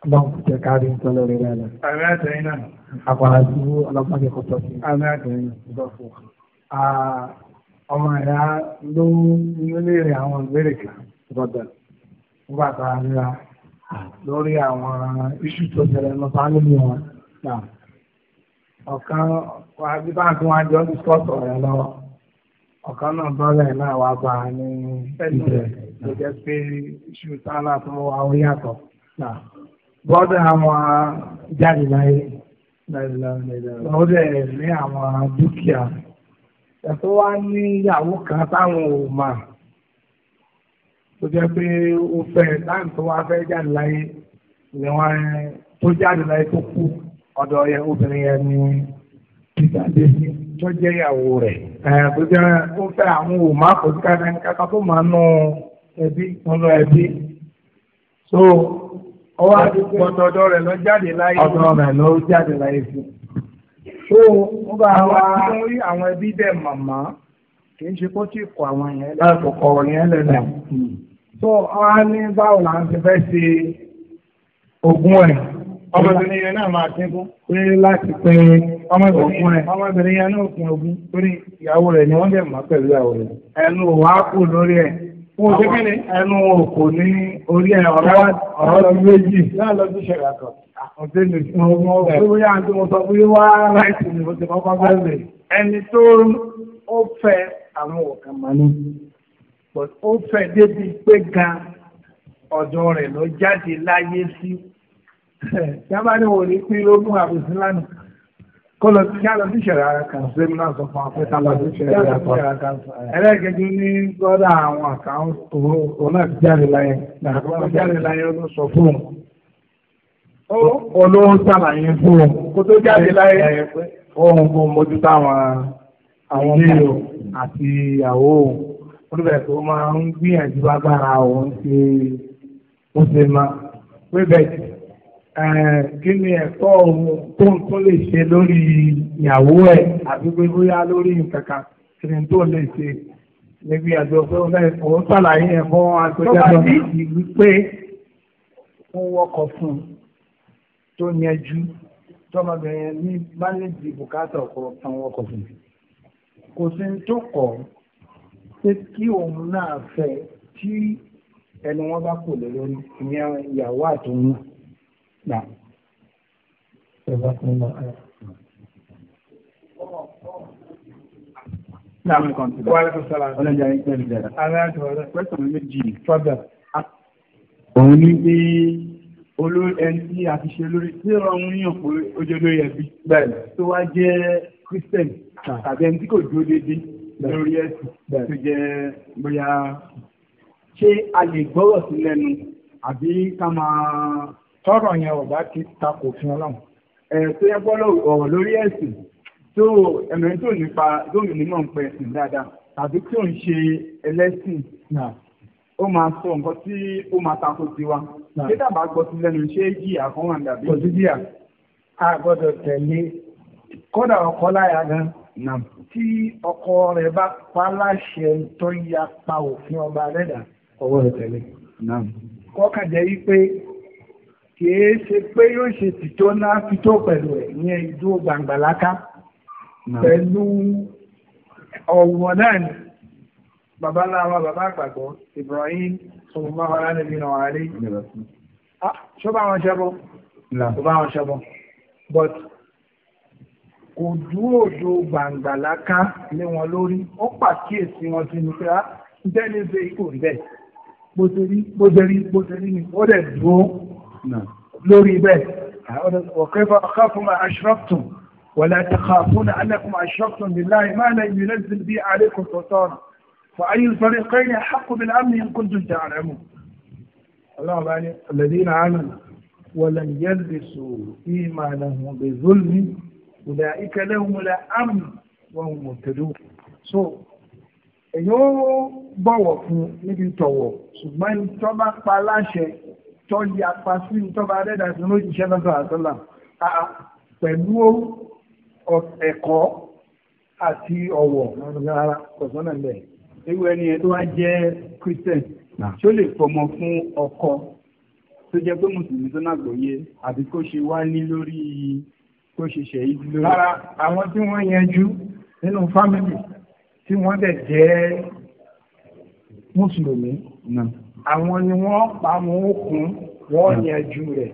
ọlọ́run jẹ́ ń tọ́lọ́ rẹ̀ rẹ̀ lọ. àmì àtẹ̀yìn náà. àpàrà sí ọlọ́pàá kò tọ́ sí. àmì àtẹ̀yìn náà. ọmọ ìyá ló ń léèrè àwọn ìbéèrè kan rọ̀dà nígbà tá a ríra lórí àwọn iṣu tó ṣẹlẹ̀ lọ bá wọn. ọ̀kan bí bá ń tún wájú ọ́ lọ ọ̀kan náà bọ́lẹ̀ náà a ní ìbẹ̀rẹ̀ ló jẹ́ pé iṣu yàtọ̀. bọ́dọ̀ àwọn jáde láyé lọ́dọ̀ ní àwọn dúkìá ẹ̀tọ́ wá ní ìyàwó kan táwọn ò mà tó jẹ́ pé ó fẹ́ láì tó wá fẹ́ jáde láyé ni wọ́n tó jáde láyé tó kú ọ̀dọ̀ obìnrin yẹn ni tó jẹ́ ìyàwó rẹ̀ tó jẹ́ ó fẹ́ àwọn ò kò sí kankan tó nù ẹbí ọwọ́ àdúgbò ọ̀tọ̀ọ̀dọ̀ rẹ̀ lọ jáde láyé. ọ̀tọ̀ rẹ̀ lọ jáde láyé fún. o bá wa àwọn àwọn ẹbí bẹ́ẹ̀ màmá kì í ṣe kó tí àwọn yẹn lẹ́nu. àkókò yẹn lẹ́nu. tó hmm. a ní báwo là ń fẹ́ ṣe ogún ẹ̀. ọmọbìnrin yẹn náà máa pé láti pé ọmọbìnrin yẹn náà kún ogún torí ìyàwó rẹ̀ ni wọ́n pẹ̀lú ìyàwó rẹ̀. ẹnu kù lórí Wọ́n ṣe kíni? Ẹnu wọn kò ní orí ọ̀rọ̀ lọ méjì. Náà lọ sí ṣẹ̀rẹ̀ àtọ̀. Àkọsí ni mo fẹ́ bóyá àti mo sọ pé wá láìsí ni mo ti kọ́kọ́ fẹ́ rè. Ẹni tó ó fẹ́ àwọn ọ̀kan mọ́ni. Ó fẹ́ débi pé gan ọ̀dọ̀ rẹ̀ lọ jáde láyé sí. Yábàá ni wò ní pín lógún àbùsí lánàá kọlọ tí a lọ sí ìṣẹ̀lẹ̀ ara kan ṣe mú náà sọ fún apẹta lọ sí ìṣẹ̀lẹ̀ ara kan ẹlẹ́gẹ̀dẹ̀ ní gbọ́dọ̀ àwọn àkáǹtì òun náà ti jáde láyé náà jáde láyé ló sọ fún o olóhùn sàlàyé fún un kó tó jáde láyé ohun kò mójútó àwọn àwọn ọmọ àti ìyàwó òun olùbẹ̀ tó máa ń gbìyànjú agbára òun ṣe ó ṣe máa pé bẹ́ẹ̀ Eh, kí ni ẹ̀kọ́ ohun tó ń tó lè ṣe lórí ìyàwó ẹ̀ àbí pé bóyá lórí nǹkan kan kí ni tó lè ṣe níbi àjọ pé òun ṣàlàyé ẹ̀ fún agbẹjọ́rò ìlú pé wọ́n wọkọ̀ fún un tó yanjú tọmọbìnrin ní mánéjì bùkátà ọkọ̀ tán fún un kò sí tó kọ̀ pé kí òun náà fẹ́ tí ẹnu wọn bá kò lè lórí ìyàwó àtòun Nà. Nàmì kan ti bá. Wàhálà tó sọ̀rọ̀. Ọlọ́jà yín pẹ̀lú dára. Aláàjọ ọ̀rẹ́. Pẹ̀sọ̀ mi méjì. Fọ́dà. Òun ní pé olórí ẹni tí a ti ṣe lórí tí ọ̀run yàn pé ojú olórí ẹbí. Bẹ́ẹ̀ni. Tó wá jẹ́ Christian tàbí ẹni tí kò dúró déédéé lórí ẹ̀sìn tó jẹ́ bóyá ṣé a lè gbọ́rọ̀ sí lẹ́nu àbí ká máa tọ́rọ̀ yẹn ọ̀bá ti takò fún ọlọ́run ẹ̀sìn yẹn bọ́ ọ̀rọ̀ lórí ẹ̀sìn tó ẹ̀mẹ́ tó nípa lómi nínú ọ̀pẹ ẹ̀sìn dáadáa tàbí tí ò ń ṣe ẹlẹ́sìn náà ó máa sọ nǹkan tí ó máa takò sí wa ṣé dàbà gbọ́ sí lẹ́nu ṣé jìyà kan wà dàbí. kò sí jìyà a gbọ́dọ̀ tẹ̀lé kódà ọkọ láyà gan tí ọkọ rẹ̀ bá pa láṣẹ tó yapa òfin ọba rẹ̀ dà ọwọ́ rẹ̀ tẹ̀lé. kọ́kàjẹ́ yí pé kìí ṣe pé yóò ṣe tìtó náà tìtó pẹ̀lú ẹ̀ ní ìdúró gbàǹgbàláká pẹ̀lú ọ̀wọ̀ náà ni bàbá láwa bàbá àgbàgbọ́ Ibrahim sọ̀rọ̀mọ́ ara níbi náà wà rí ṣó bá wọn ṣẹ́bọ̀ kò bá wọn but kò dúró òdo gbàǹgbàláká lé wọn lórí ó pàkíyèsí wọn sínú pé á ń tẹ́lẹ̀ ṣe ikú rẹ̀ bó ṣe rí bó ṣe rí bó ṣe rí ni ó dẹ̀ dúró. lórí نعم. bẹ́ẹ̀ وكيف أخاف ما أشرفتم ولا تخافون أنكم أشرفتم بالله ما لم ينزل به عليكم سلطانا فأي الفريقين أحق بالأمن إن كنتم تعلمون الله يعني الذين آمنوا ولم يلبسوا إيمانهم بظلم أولئك لهم الأمن وهم مهتدون so èyí ó bọ̀wọ̀ fún níbi tọ̀wọ̀ ṣùgbọ́n tó bá pa láṣẹ tó yà pa sí ìtọ́ba adẹ́dà tó ló jíṣẹ́ lọ́sọ̀ àtọ́là pẹ̀lú ẹ̀kọ́ àti ọ̀wọ̀ rárá pẹ̀sọ́nà bẹ́ẹ̀. ewu ẹni ẹ tó wá jẹ́ christian tí ó lè fọmọ fún ọkọ tó jẹ́ pé mùsùlùmí tó náà gbòye àbí kó ṣe wá ní lórí kó ṣe ṣe yí lórí. rárá àwọn tí wọ́n yanjú nínú fámìlì tí wọ́n dẹ̀ jẹ́ mùsùlùmí náà àwọn ni wọ́n pa wọn okùn wọ́n hmm. yanjú rẹ̀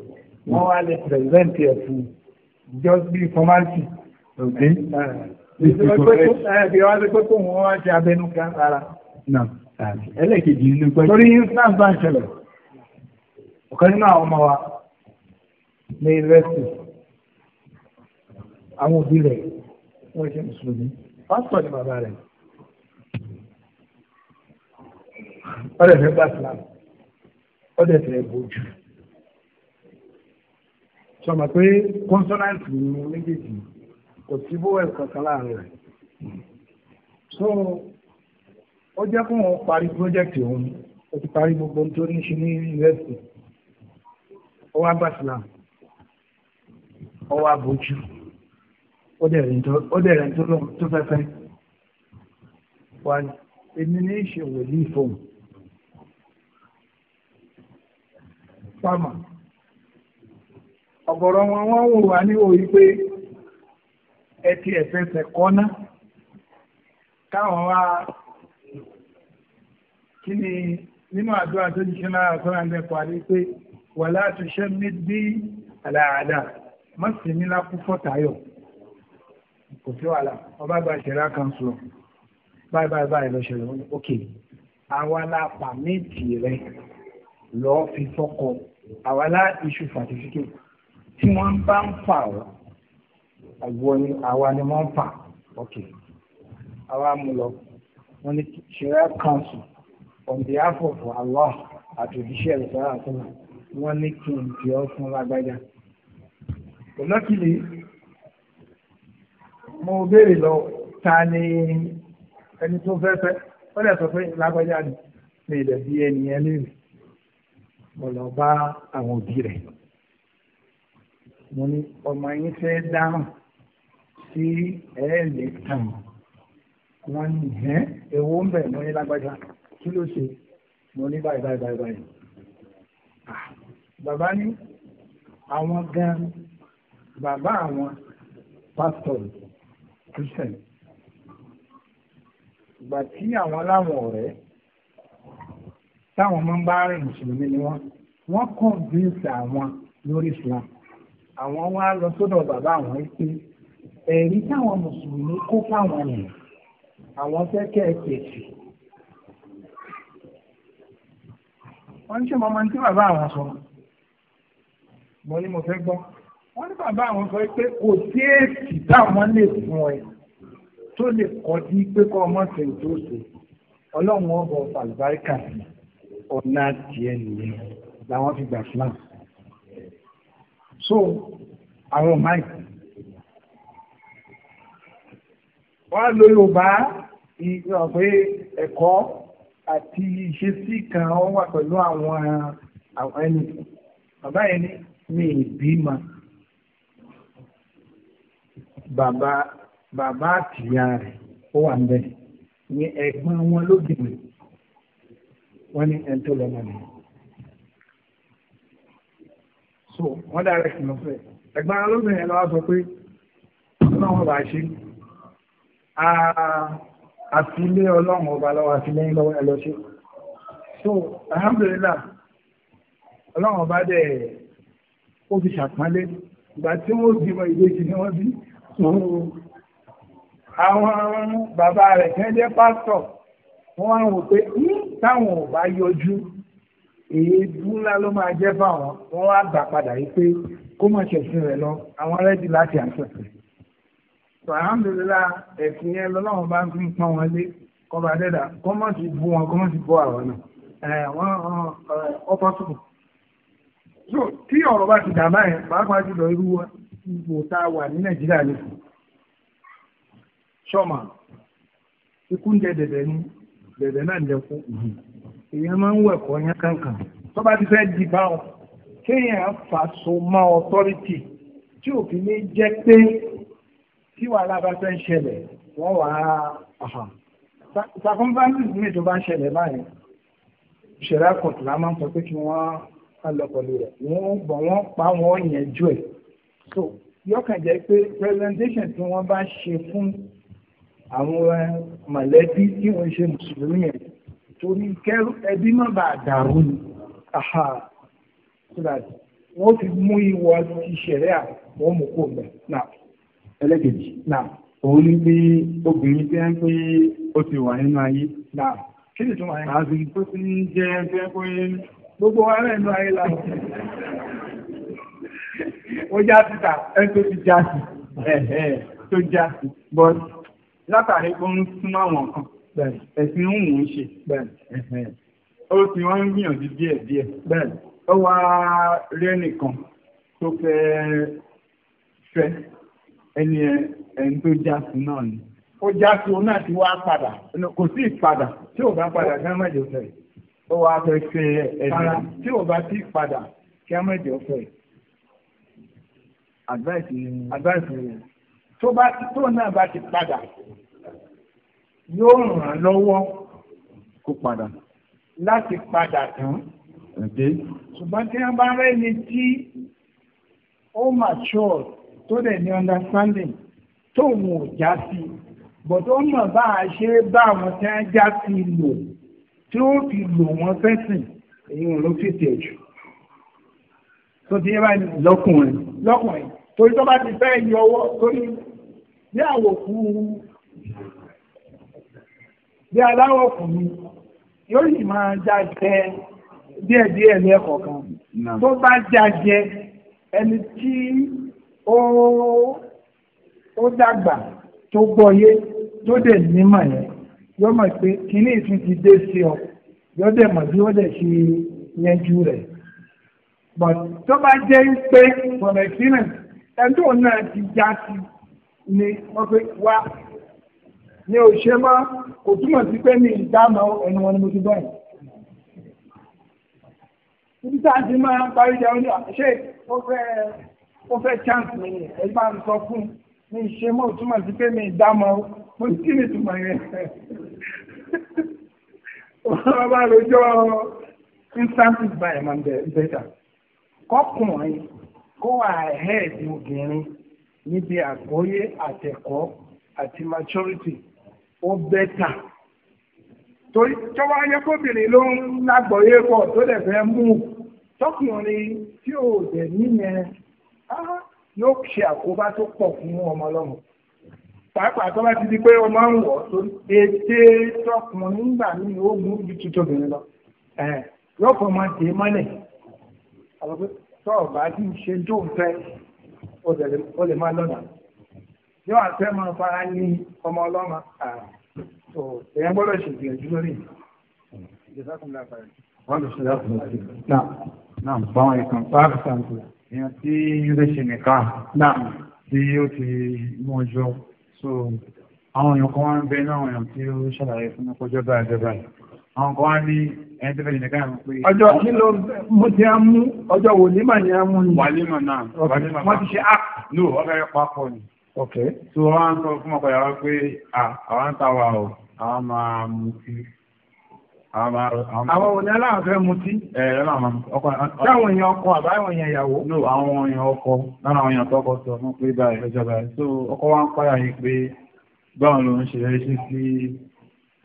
wọ́n wá lè present ẹ̀ fún just be formality. Okay. Ìgbésí eh, pé tó eh, wọ́n wá ṣe abẹnú kan rárá. Ẹlẹ́kejì nínú pẹ́. Torí instance bá ń ṣẹlẹ̀, ọ̀kan nínú àwọn ọmọ wa ní yunifásitì, àwọn òbí rẹ̀ wọ́n ṣe mùsùlùmí, pásítọ̀ ni bàbá rẹ̀. ọdẹ fẹ́ gba islam ọdẹ fẹ́ bójú Sọ ma pe ni méjèèjì kò sí bówẹ̀lì so ó jẹ́ fún wọn parí pírójẹ́kìtì òun ó ti parí gbogbo tó ní ṣe ní yunifásitì ó wá gba islam ó wá bójú ó dẹ̀ rẹ̀ tó fẹ́ wá èmi ní fámà ọ̀gọ̀rọ̀ wọn wọ́n wò wá ní òyí pé ẹ ti ẹ̀fẹsẹ̀ kọ́ná káwọn wá kí ni nínú àdúrà tó jíṣẹ́ náà sọ́nà ń lẹ́kọ̀ọ́ àdé pé wà láti ṣe mí bí àlàáda má sì ní lápú fọ́tàyọ̀ kò sí wàhálà ọba gba ìṣẹ̀lá kan báyìí báyìí báyìí lọ ṣẹlẹ̀ ok àwa la pàmìtì rẹ̀ lọ́ọ́ fi tọkọ àwàlá iṣu fàtífíkè tí wọ́n bá ń fà ọ́ àgbo ni àwa ni wọ́n fà okay àwa mú lọ wọ́n ní sharia council on behalf of Allah àtòjíṣẹ́ ìsọ́ra àtúnà wọ́n ní kí n fi ọ́ fún lágbájá. Olókìlì mo béèrè lọ ta ni ẹni tó fẹ́ fẹ́ ó lè sọ pé lágbájá ni mi lè bí ẹni ẹlẹ́rìí mo lọ bá àwọn òbí rẹ̀ mo ní ọmọ yín fẹ́ dáhùn sí ẹ̀ẹ́dẹ̀ẹ́tàn wọn ní ẹ̀ ewu ń bẹ̀ mo ní lágbájá kí ló ṣe mo ní báyìí báyìí báyìí báyìí ah, bàbá ní àwọn gan bàbá àwọn pásítọ̀ Christian ìgbà tí àwọn láwọn ọ̀rẹ́ táwọn máa ń bá rìn mùsùlùmí ni wọ́n wọ́n kọ̀ǹfíǹsì àwọn lórí islam àwọn wá lọ sọ́dọ̀ bàbá àwọn pé ẹ̀rí táwọn mùsùlùmí kó fáwọn nìyẹn àwọn fẹ́ kẹ́ ẹ pèsè. wọ́n ṣe mọ́ máa ń tí bàbá àwọn sọ mo ní mo fẹ́ gbọ́ wọ́n ní bàbá àwọn sọ pé kò sí èsì táwọn lè fún ẹ tó lè kọ́ di pé kọ́ ọmọ ṣe ìtòsí ọlọ́run ọ̀bọ̀ fàlùbáríkà sí i ọ̀nà tiẹ̀ nìyẹn làwọn fi gbà fúlàn so àwọn máì wọ́n lo yorùbá pé ẹ̀kọ́ àti ìṣesí kan wọ́n wà pẹ̀lú àwọn ẹni bàbá yẹn ní mi ìbímọ bàbá bàbá àtìyá rẹ̀ ó wà ń bẹ̀ ní ẹ̀gbọ́n wọn lóbìnrin wọ́n ní ẹni tó lọ́mọ so wọ́n direct lọ fẹ́ ẹ̀gbọ́n alóbìnrin yẹn lọ́wọ́ sọ pé ọlọ́run ọba ṣe àti ilé ọlọ́run ọba lọ́wọ́ àti lẹ́yìn lọ́wọ́ ẹ lọ ṣe so alhamdulillah ọlọ́run ọba dẹ̀ ó fi ṣàpọ́nlé ìgbà tí wọ́n bímọ ìbejì ni wọ́n bí àwọn bàbá rẹ̀ kẹ́ jẹ́ pásítọ̀ wọ́n á rò pé ní táwọn ò bá yọjú èédú ńlá ló máa jẹ́ fáwọn wọ́n á gbà padà yìí pé kó mọ̀ ṣẹ̀sìn rẹ̀ lọ àwọn rẹ́dì láti àṣẹ̀ṣẹ̀. alhamdulillah ẹ̀sìn yẹn lọ́lọ́run bá ń fi pọ́n wọn lé kọba dẹ́dà kó mọ̀ sí bú wọn kó mọ̀ sí bú àwọn náà wọ́n ọ̀pọ̀tù. so tí ọ̀rọ̀ bá ti dàbá yẹn pàápàá jùlọ irú ipò tá a wà ní nàìjíríà dẹ̀dẹ̀ náà lẹ́kún èèyàn máa ń wẹ̀kọ́ yẹn kankan tó bá ti fẹ́ di bá ọ kéèyàn fàṣọ mọ́ ọtọ́rìtì tí òfin ní jẹ́ pé tí wàhálà bá fẹ́ ń ṣẹlẹ̀ wọ́n wà á circumstances mi tó bá ń ṣẹlẹ̀ báyìí ìṣẹ̀lẹ̀ àkọ́tù la máa ń sọ pé kí wọ́n lọ pẹ̀lú rẹ̀ wọ́n bọ̀ wọ́n pa wọ́n yẹn jù ẹ̀ so yọkàn pé presentation tí wọ́n bá ṣe fún àwọn eh, mọ̀lẹ́bí tí wọ́n ṣe mùsùlùmí ẹ̀ torí kẹ́rù ẹbí má bàa dàrú ni wọ́n fi mú ìwọ ti ṣẹ̀rẹ́ à wọ́n mú kó mẹ́ náà. ẹlẹ́kejì náà òun ní pé obìnrin tẹ́ ń pé ó ti wà nínú ayé. náà kí ni tún wà nínú ayé. àti tó ti ń jẹ́ ẹgbẹ́ pé gbogbo wa rẹ̀ nínú ayé la. ó já síta ẹ tó ti já sí ẹ ẹ tó já sí bọ́ọ̀sì látàrí pé ń súnmọ́ àwọn kan ẹ̀sìn ń wù ú ṣe ó ti wọ́n ń gbìyànjú díẹ̀ díẹ̀ ó wá rẹ́nìkan tó fẹ́ fẹ́ ẹni ẹni tó já sí náà ni ó já sí òun náà ti wá padà kò sí ìpadà tí ò bá padà kí wọ́n mẹ́jọ fẹ́ ó wá fẹ́ fẹ́ ẹni tí ò bá sí ìpadà kí wọ́n mẹ́jọ fẹ́ advice ni advice ni tó bá tó náà bá ti padà yóò ràn án lọ́wọ́ kó padà láti padà tán. ṣùgbọ́n tí wọ́n bá rẹ́ni tí ó mature tó dẹ̀ ní understanding tóun ò já sí bọ̀dọ̀ mọ̀ bá a ṣe bá àwọn tí wọ́n já sí lò tí ó fi lò wọ́n fẹ́sìn èyí wọn ló fi tẹ̀ jù. tó ti yẹ báyìí lọ́kùnrin lọ́kùnrin torí tó bá ti fẹ́ yọ ọwọ́ torí bí àwòkú bí aláwọ̀ ọkùnrin yóò yìí máa jáde díẹ̀díẹ̀ lẹ́ẹ̀kọ̀ọ̀kan tó bá jáde ẹni tí ó dàgbà tó gbọ́yé tó dẹ̀ nímọ̀ yẹn yóò mọ̀ pé kínní ìtún ti dé sí ọ yóò dẹ̀ mọ̀ bí ó dẹ̀ ṣe yanjú rẹ̀ but tó bá jẹ́ pé for experience ẹni tó náà ti já sí i ni wọ́n fi wá ní òṣè mọ́ kò túmọ̀ sí pé ní ìdáná ẹnu wọn ni mo ti bọ́ yìí. Ibi tá a ti máa parí jẹ oúnjẹ ṣé ó fẹ́ chance mi ni ẹ bá ń sọ fún ní ìṣe mọ́ òtúmọ̀ sí pé ní ìdáná mo ti ní ìtumọ̀ yẹn. Wọ́n bá lójó instant buy man better. Kọ́kùnrin kó wà ahead obìnrin. níbi àgbọ́yé àtẹ̀kọ́ àti maturity ó bẹ́tà torí tó bá yẹ kóbìnrin ló ń lágbọ̀yé pọ̀ tó dẹ̀ fẹ́ mú tọkùnrin tí ò dẹ̀ níyẹn yóò ṣe àkóbá tó pọ̀ fún ọmọ pàápàá bá ọmọ ń wọ̀ tó ètè tọkùnrin nígbà míì ó mú ibi tuntun obìnrin lọ yóò fọmọ mọ́lẹ̀ ó lè máa lọ́nà yóò àfẹ́ máa fara ní ọmọ ọlọ́mọ tó èèyàn gbọ́dọ̀ ṣe ìgbìyànjú lórí Náà báwọn ìkan Pakistan tó èèyàn tí yóò ṣe nìkan náà tí yóò ti mú ọjọ́ so àwọn èèyàn kan wá ń bẹ náà èèyàn tí ó ṣàlàyé fún ọjọ́ báyìí àwọn kan wá ní Ọjọ́ kí ló mú ti á mú ọjọ́ wò ní màá ní á mú ni. Wàlímà náà. Wọ́n ti ṣe app. No, ọbẹ̀ papọ̀ ni. Ok. Tí wọ́n máa ń sọ fún ọkọ̀ yàrá pé àwọn ń ta wa o, àwọn máa mú sí. Àwọn òní aláwọ̀ fẹ́ mú sí. Táwọn èèyàn ọkọ àbáwọn èèyàn ìyàwó. No, àwọn èèyàn ọkọ lára àwọn èèyàn tọ́kọ sọ fún pé báyìí lọ́jọ́ báyìí. So ọkọ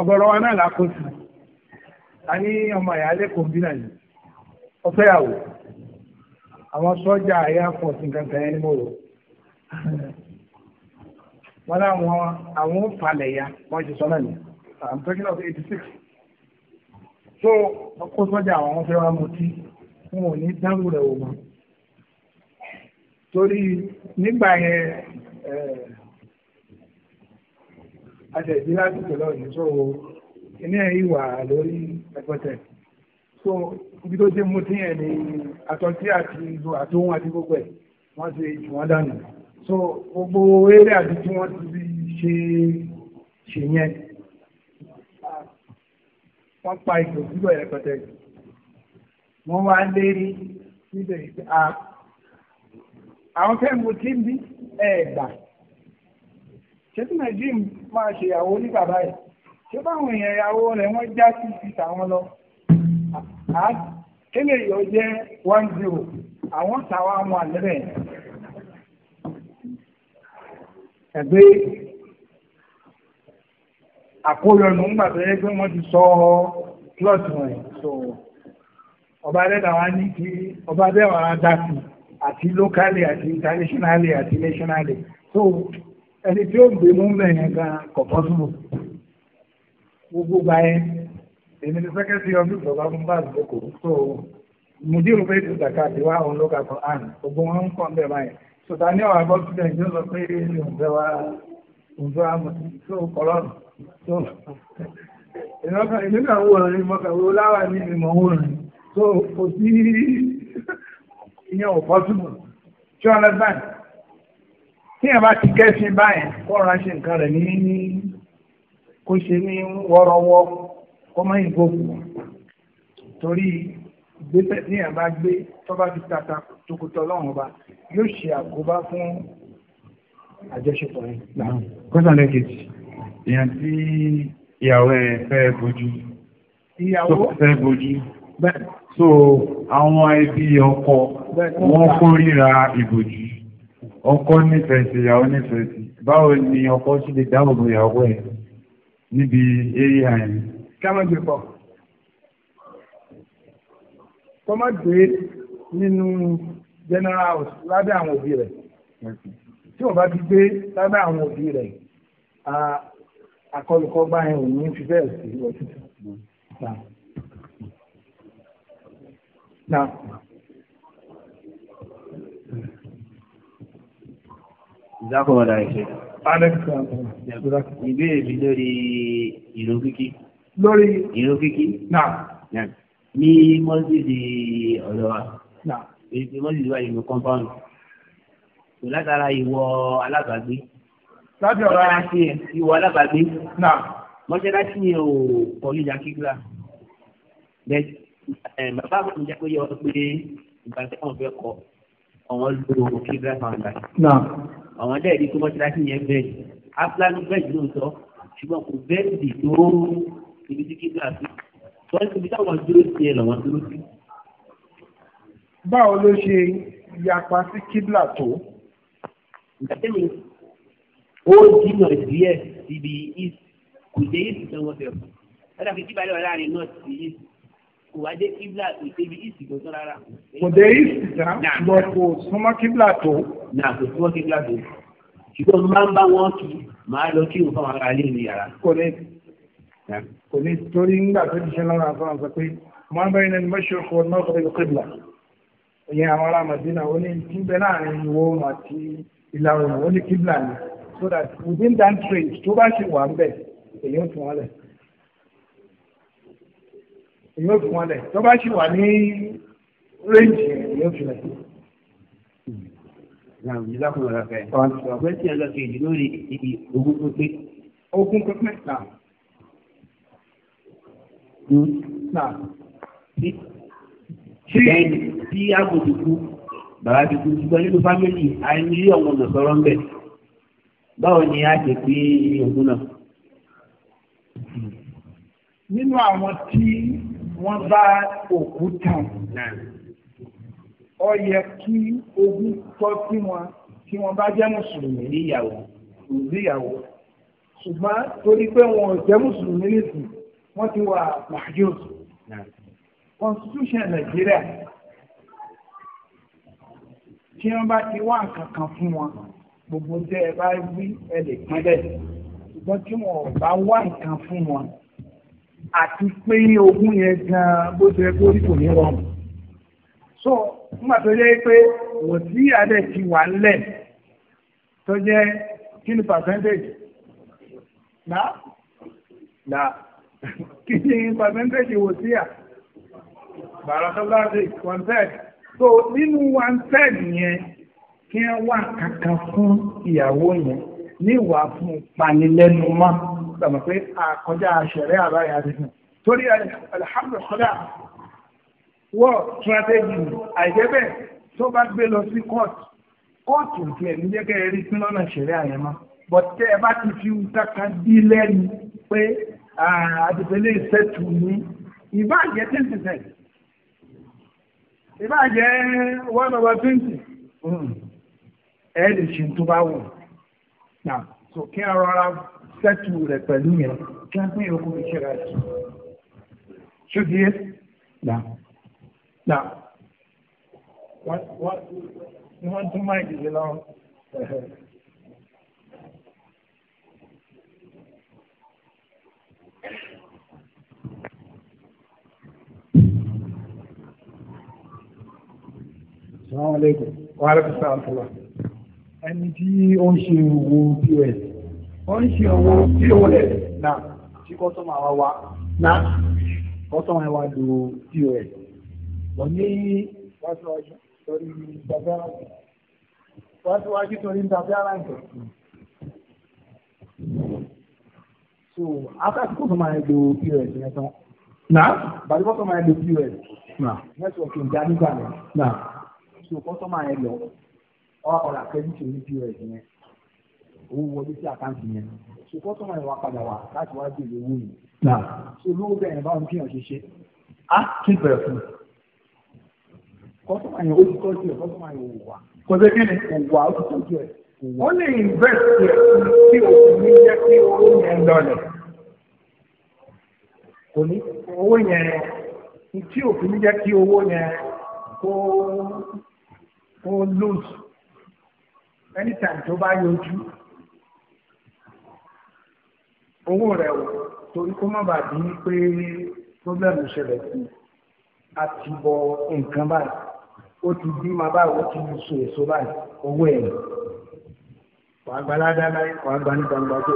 ọ̀gọ̀rọ̀ wa náà làkó sí a ní ọmọ ìyáálé kò bí náà yìí ọfẹ́yàwó àwọn sọ́jà air force nǹkan kan ẹni mo rò wọn láwọn àwọn falẹ̀ ya wọ́n ti sọ náà ní i'm talking of eighty six so ọkọ sọ́jà àwọn fẹ́ wá mutí wọn ò ní dáhùn rẹ̀ wò mọ́ torí nígbà yẹn ẹ̀ẹ́ àtẹ̀jí láti pẹ̀lú ọ̀yìn so iná ìwà lórí ẹgbẹ́tẹ̀ so ibi tó ṣe mú tí yẹn ni àtọ́tí àti ìlú àti ohun àti gbogbo ẹ̀ wọ́n ti jù wọ́n dànù so gbogbo eré àti tí wọ́n ti ṣe ṣe yẹn wọ́n pa ìlú gbígbọ̀ ẹgbẹ́tẹ̀ wọ́n wá lérí níbẹ̀ àwọn fẹ́ mu tí ń bí ẹ̀ẹ́dà ṣé tí nàìjíríà máa ṣe ìyàwó ní bàbá ẹ̀ ṣé báwọn èèyàn ìyàwó rẹ̀ wọ́n já sí ti tàwọn lọ kéle yọ jẹ́ one zero àwọn tàwa mọ àlẹ́bẹ̀ ẹgbẹ́ àkóyọnù ńgbà tó yẹ pé wọ́n ti sọ ọ́ plọ́ọ̀tì wọn so ọba dẹ́ta wa ní kí ọba dẹ́ta wa dá sí àti lókàlì àti internationally àti nationally so ẹni tí ó gbé mú mẹ́yẹn gan kọ̀kọ́ súnmọ́ gbogbo gba yẹn èmi ni sẹ́kẹ́tì ọdún ìjọba fún bá àdúgbò so mùdírù bẹ́ẹ̀ ti dàkà àti wá òun ló ka kọ àn gbogbo wọn ń kọ́ bẹ́ẹ̀ báyìí sọ̀tà ní ọ̀rọ̀ àbọ̀ sílẹ̀ ìjọ sọ pé òǹfẹ́ wa òǹfẹ́ wa mọ̀ sí kọ́lọ́ọ̀nù so èmi náà wò rẹ̀ mọ̀kà wò láwà ní ìmọ̀ wò rẹ̀ so kò sí ìyẹn ò pọ́sibù tí wọ́n lọ tí ẹ bá ti kẹ́sìn báyìí kó ránṣẹ́ nǹkan rẹ̀ ní kó ṣe ní wọ́rọ́wọ́ kó má yìí gbogbo torí ìgbésẹ̀ tí ẹ bá gbé tó bá fi tata tokotọ lọ́wọ́n ọba yóò ṣe àkóbá fún àjọṣepọ̀ yẹn. kọ́sán lẹ́kẹ̀jì èèyàn tí ìyàwó ẹ̀ fẹ́ bójú. ìyàwó fẹ́ bójú. bẹ́ẹ̀. so àwọn ẹbí ọkọ wọn kórìíra ìbòjú ọkọ nífẹ̀ẹ́ sí ìyàwó nífẹ̀ẹ́ sí báwo ni ọkọ sí lè dáàbòbò ìyàwó ẹ̀ níbi eré àyìn. kí a máa gbé pọ̀ kọ́ má gbé nínú general house lábẹ́ àwọn òbí rẹ̀ tí wọ́n bá ti gbé lábẹ́ àwọn òbí rẹ̀ àkọlùkọ́ bá yẹn ò ní fi bẹ́ẹ̀ sí ọtí. Now. ìzákọ̀ọ́dà ẹ̀ṣẹ̀. ìbéèrè mi lórí ìró kíkí. lórí ìró kíkí. ní mọ́sídìí ọ̀dọ̀ wa. èyí tí mọ́sídìí wà nínú kọ́ńpáùndì. kò látara ìwọ alábàágbé. láti ọ̀rọ̀ ara ṣe ìwọ alábàágbé. mọ́ṣáláṣí yẹn ò kọlu ìjà kíkúrà. bàbá mi jẹ́ pé yọ ọ pé ìgbà tí wọ́n fẹ́ kọ ọ̀wọ́n lu kíkúrà fáwọn ìgbà àwọn dẹ́ ẹ̀rí tó mọ́ṣáláṣí yẹn bẹ́ẹ̀ aflanu bẹ́ẹ̀ ló ń sọ ṣùgbọ́n kò bẹ́ẹ̀ dì tó ibi tí kíkọ́ àti wọ́n ti fi táwọn dúró sí ẹ lọ́wọ́ dúró sí. báwo ló ṣe yapa sí kíbla tó. ìgbàdémi ó jìnnà díẹ̀ síbi kò jẹ́ yìí sí sanwó-fẹ́ fún. ẹ̀rọ àfi kíbalẹ̀ wà láàrin náà sí yìí kò wá dé kíbla kò débi ìsìnkú tó rárá. kò dé ìsìnkú lọ kò súnmọ́ kíbla tó. náà kò súnmọ́ kíbla tó. ṣùgbọ́n mo máa ń bá wọn kí màá lọ kí òun fáwọn ará ilé mi yàrá. kò ní kò ní torí ńgbà tó ti ṣe lọ́rùn àfọwọ́n sọ pé máa ń bá iná ní mọ́ṣọ́ kó náà kọ́ lóko kíbla. ìyẹn àwọn ará Madina ó ní tí ń bẹ láàrin ìwọ àti ìlà oòrùn ó ní kíbla ni so that within that range tó bá ṣe wà ń bẹ̀ èyí ó tún wọn èmi ò fi tó bá sì wà ní réǹjì èmi fi lẹ̀. làwọn tí a lọ fi ìdí lórí ibi ogún pípé. ogún pípé náà. náà. lẹ́yìn tí a kò bàbá ti kú ṣùgbọ́n nínú fámìlì àìnílé ọmọ ọ̀nà sọ̀rọ̀ ń bẹ̀ báwo ni a ṣe pé ogún náà. nínú àwọn tí wọ́n bá òkúta ó yẹ kí ogún tọ́ sí wọn tí wọ́n bá jẹ́ mùsùlùmí níyàwó níyàwó ṣùgbọ́n torí pé wọn ò jẹ́ mùsùlùmí nìsín wọ́n ti wà mahjúz constitution nàìjíríà tí wọ́n bá ti wá nǹkan kan fún wọn gbogbo tẹ́ ẹ bá rí ẹ lè pín bẹ́ẹ̀ ṣùgbọ́n tí wọn bá wá nǹkan fún wọn àti pín ogún yẹn gan bó ṣe kó kò ní rọrùn. so nígbà tó jẹ́ pé wò sí adé ti wà ńlẹ̀ tó jẹ́ kí percentage na na kí percentage wò sí à bàrà tọ́láṣe one third so nínú one third yẹn kí wọ́n wà kankan fún ìyàwó yẹn níwàá fún panilẹ́nu mọ́ gbàgbọ́ pé àkọjá àṣẹrẹ́ àbáyé àdéhùn torí alhamdulilah wọ́ọ̀ strategy àìjẹ́bẹ̀ tó bá gbé lọ sí court kóòtù tí ẹ̀mí jẹ́ kẹ́ ẹ rí pín lọ́nà ìṣẹ̀lẹ̀ àyẹ̀ mọ́ but tẹ́ ẹ bá ti fi kankan dí lẹ́nu pé àdìpẹ́lẹ́ ìṣẹ́tù ní ìbá jẹ́ ten percent ìbá jẹ́ one over twenty hmm. ẹ lè ṣe tó bá wù náà so I ẹ rọra sẹ́tù rẹ̀ pẹ̀lú yẹn kí wọ́n pín ìyókù iṣẹ́ rẹ̀ sí. ṣùgbọ́n yé nà nà wọ́n tún máa ìdíje lọ. Assalamu alaikum. Wa alaikum salam. Ẹni tí ó ń ṣe owó POS wọ́n ń ṣe owó tí ó lẹ̀ náà tí kọ́sọ́mà wa wá náà kọ́sọ́mà wa lo pos wọ́n ní wáṣíwájú torí ìtàbí aráǹtẹ̀ wáṣíwájú torí ìtàbí aráǹtẹ̀ so after tí kọ́sọ́mà yẹn lo pos yẹn tán náà bàbá kọ́sọ́mà yẹn lo pos náà nẹ́tíwọ̀kì ń dá nígbà náà so kọ́sọ́mà yẹn lọ ọ̀rọ̀ àkẹ́yìn tó ní pos yẹn owó wọlé sí àkáǹtì yẹn ṣùkọ́ tó máa wà padà wá láti wá jèrè owó yìí. ṣé olówó bẹ́ẹ̀ báwo ni kéèyàn ṣe ṣe. a ti bẹ̀rẹ̀ fún un. kọ́sọ́mà yẹn ó ti tọ́jú ẹ̀ kọ́sọ́mà yẹn ò wà. kò sí kíni. kò wà ó ti tọ́jú ẹ̀. wọ́n lè invest ẹ̀ kí òfin ní jẹ́ kí owó yẹn lọlẹ̀. kò ní owó yẹn tí òfin ní jẹ́ kí owó yẹn kó kó lose anytime tó bá yọjú. owó rẹ̀ wò torí kó má bàa di pé problem ṣẹlẹ̀ sí i a ti bọ nǹkan báyìí ó ti bí ma báyìí ó ti so èso báyìí owó ẹ̀ wàá gba ládàá láyé wàá gba ní gbangba tó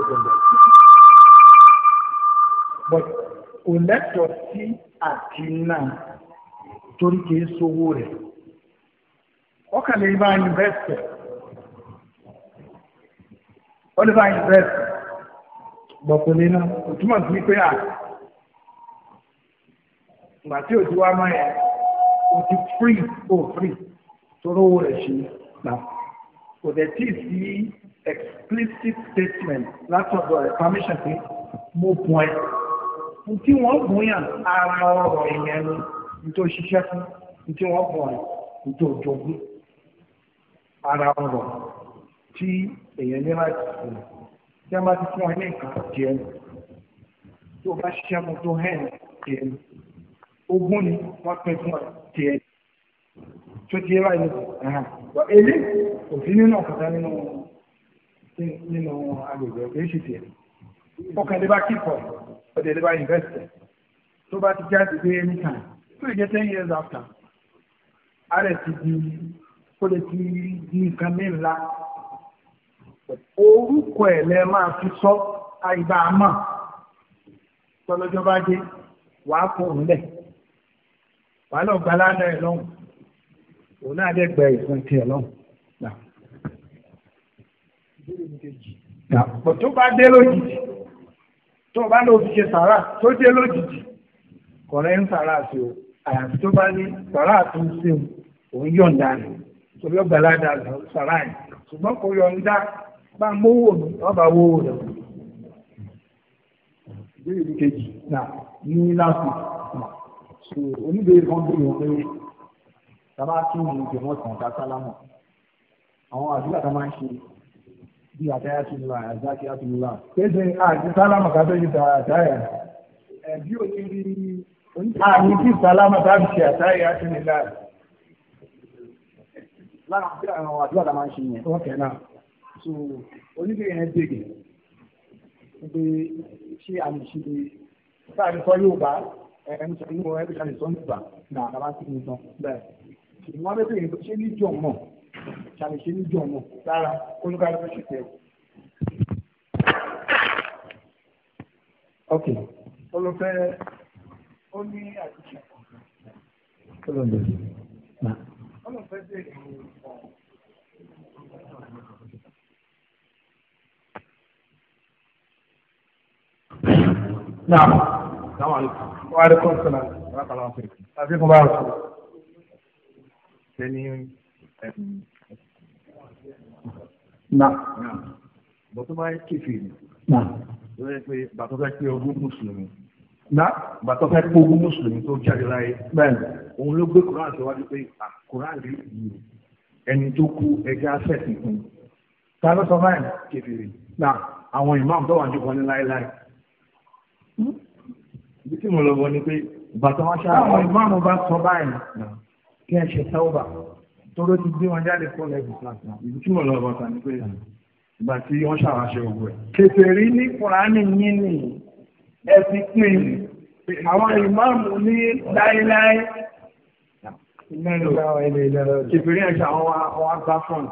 but kò sí àti náà torí kìí sowó rẹ̀ gbọ̀kúnlé náà kò túmọ̀ sí pé à ìgbà tí òtí wá máa yẹ o ti free o free tóró owó rẹ̀ ṣe gbà kò dẹ̀ tí sí explicit statement látọ̀dọ̀ rẹ̀ permission pé mo bùn ẹ tí wọ́n bùn yàn ara ọ̀rọ̀ ìyẹn ni nítorí ṣiṣẹ́ fún tí wọ́n bùn ẹ nítorí jogún ara ọ̀rọ̀ tí èèyàn ní láti sọ̀rọ̀ tí a bá ti fún ọ ní nǹkan jẹ ẹnu o bá ṣiṣẹ́ mu tó hẹ́ẹ̀ jẹ ẹnu ogún ni wọ́n pẹ́ fún ọ jẹ ẹnu tó ti yẹ báyìí lọ èlé kò sí nínú ọ̀kadà nínú nínú agbègbè ọ̀kẹ́ ṣì tiẹ̀ ọkàn lè bá kíkọ̀ ọ̀dẹ̀ lè bá investẹ̀ tó bá ti jáde dé anytime tó lè jẹ́ ten years after rẹ̀ ti di ó lè ti di nǹkan mẹ́rin la orúkọ ẹ̀ lẹ́ máa fi sọ àìbá àmọ́ tọ́lọ́jọ́ bá dé wàá kó òun lẹ̀ wàá lọ gba ládà ẹ̀ lọ́hùn òun náà dẹ̀ gba ìfún tiẹ̀ lọ́hùn. Bọ̀ tó bá dé lójijì tó bá lọ fi ṣe sàrà tó dé lójijì kọ̀rẹ́ ń sàrà sí o àyàfi tó bá ní sàrà tó ń sí o òun yọ̀ǹda rẹ̀ torí ọgbà ládà sàrà yìí ṣùgbọ́n kò yọ̀ǹda bá mówó mi ọba wówó rẹ̀. ìbéèrè ní kejì náà ní láti so oníbèrè kan bí wọn pé sábà kí ni ìjọba kan ká sálámù àwọn àdúrà kan máa ń ṣe bí àtàyà tó lura àzá kí á tó lura kéde àti sálámù ká tó yí ta àtàyà ẹ bí o ti rí àmì tí sálámù ká fi ṣe àtàyà tó lura lára àwọn àdúrà kan máa ń ṣe yẹn so oníbèrè yẹn bèrè pé ṣé a lè ṣe báyìí sọ yóò bá ẹni sọ yóò ẹni sọ yóò gbà nà àbá sí mi tán bẹ́ẹ̀ ìwọ́n bẹ́ẹ̀ bèrè ṣé ní jọ̀ mọ̀ ṣàlẹ̀ ṣe ní jọ̀ mọ̀ rárá olúkálùkù ṣe tẹ̀ ok olùfẹ́ ó ní àtúnṣe olùfẹ́ bèrè ọ̀hún. Naam. Wa alaikum salaam. Àti kò bá wà sọ. Sẹ́ni Naam. Bọ̀tọ́ bá yẹ kéfì ni. Naam. Lọ́wọ́ yẹ pé bàtọ́ fẹ́ pé ogún Mùsùlùmí. Naam. Bàtọ́ fẹ́ pé ogún Mùsùlùmí tó jáde láyé. Bẹ́ẹ̀ni. Òun ló gbé Kùrán àtẹ̀wájú pé ah, Kùrán rí ìlú ẹni tó kú ẹja fẹ̀sìn fún. Ta ló sọ báyìí? Kéfì rí. Naam. Àwọn ìmáàmù tó wà ní ìkànnì láéláé ibi tí mo lọ bọ ni pé bàtà wọn ṣáà. táwọn ìmáàmù bá sọ báyìí kí ẹ ṣe tẹ́wọ́bà tóró ti gbé wọn jáde kó lẹ́gùn fúlàfúlà. ibi tí mo lọ bọ sani pé ìgbà tí wọ́n ṣàwáṣe òwú ẹ̀. kèfèrí ní kùránì yín ni ẹ ti pín in àwọn ìmáàmù ní láéláé. kèfèrí ẹ̀ ṣe àwọn àgbà front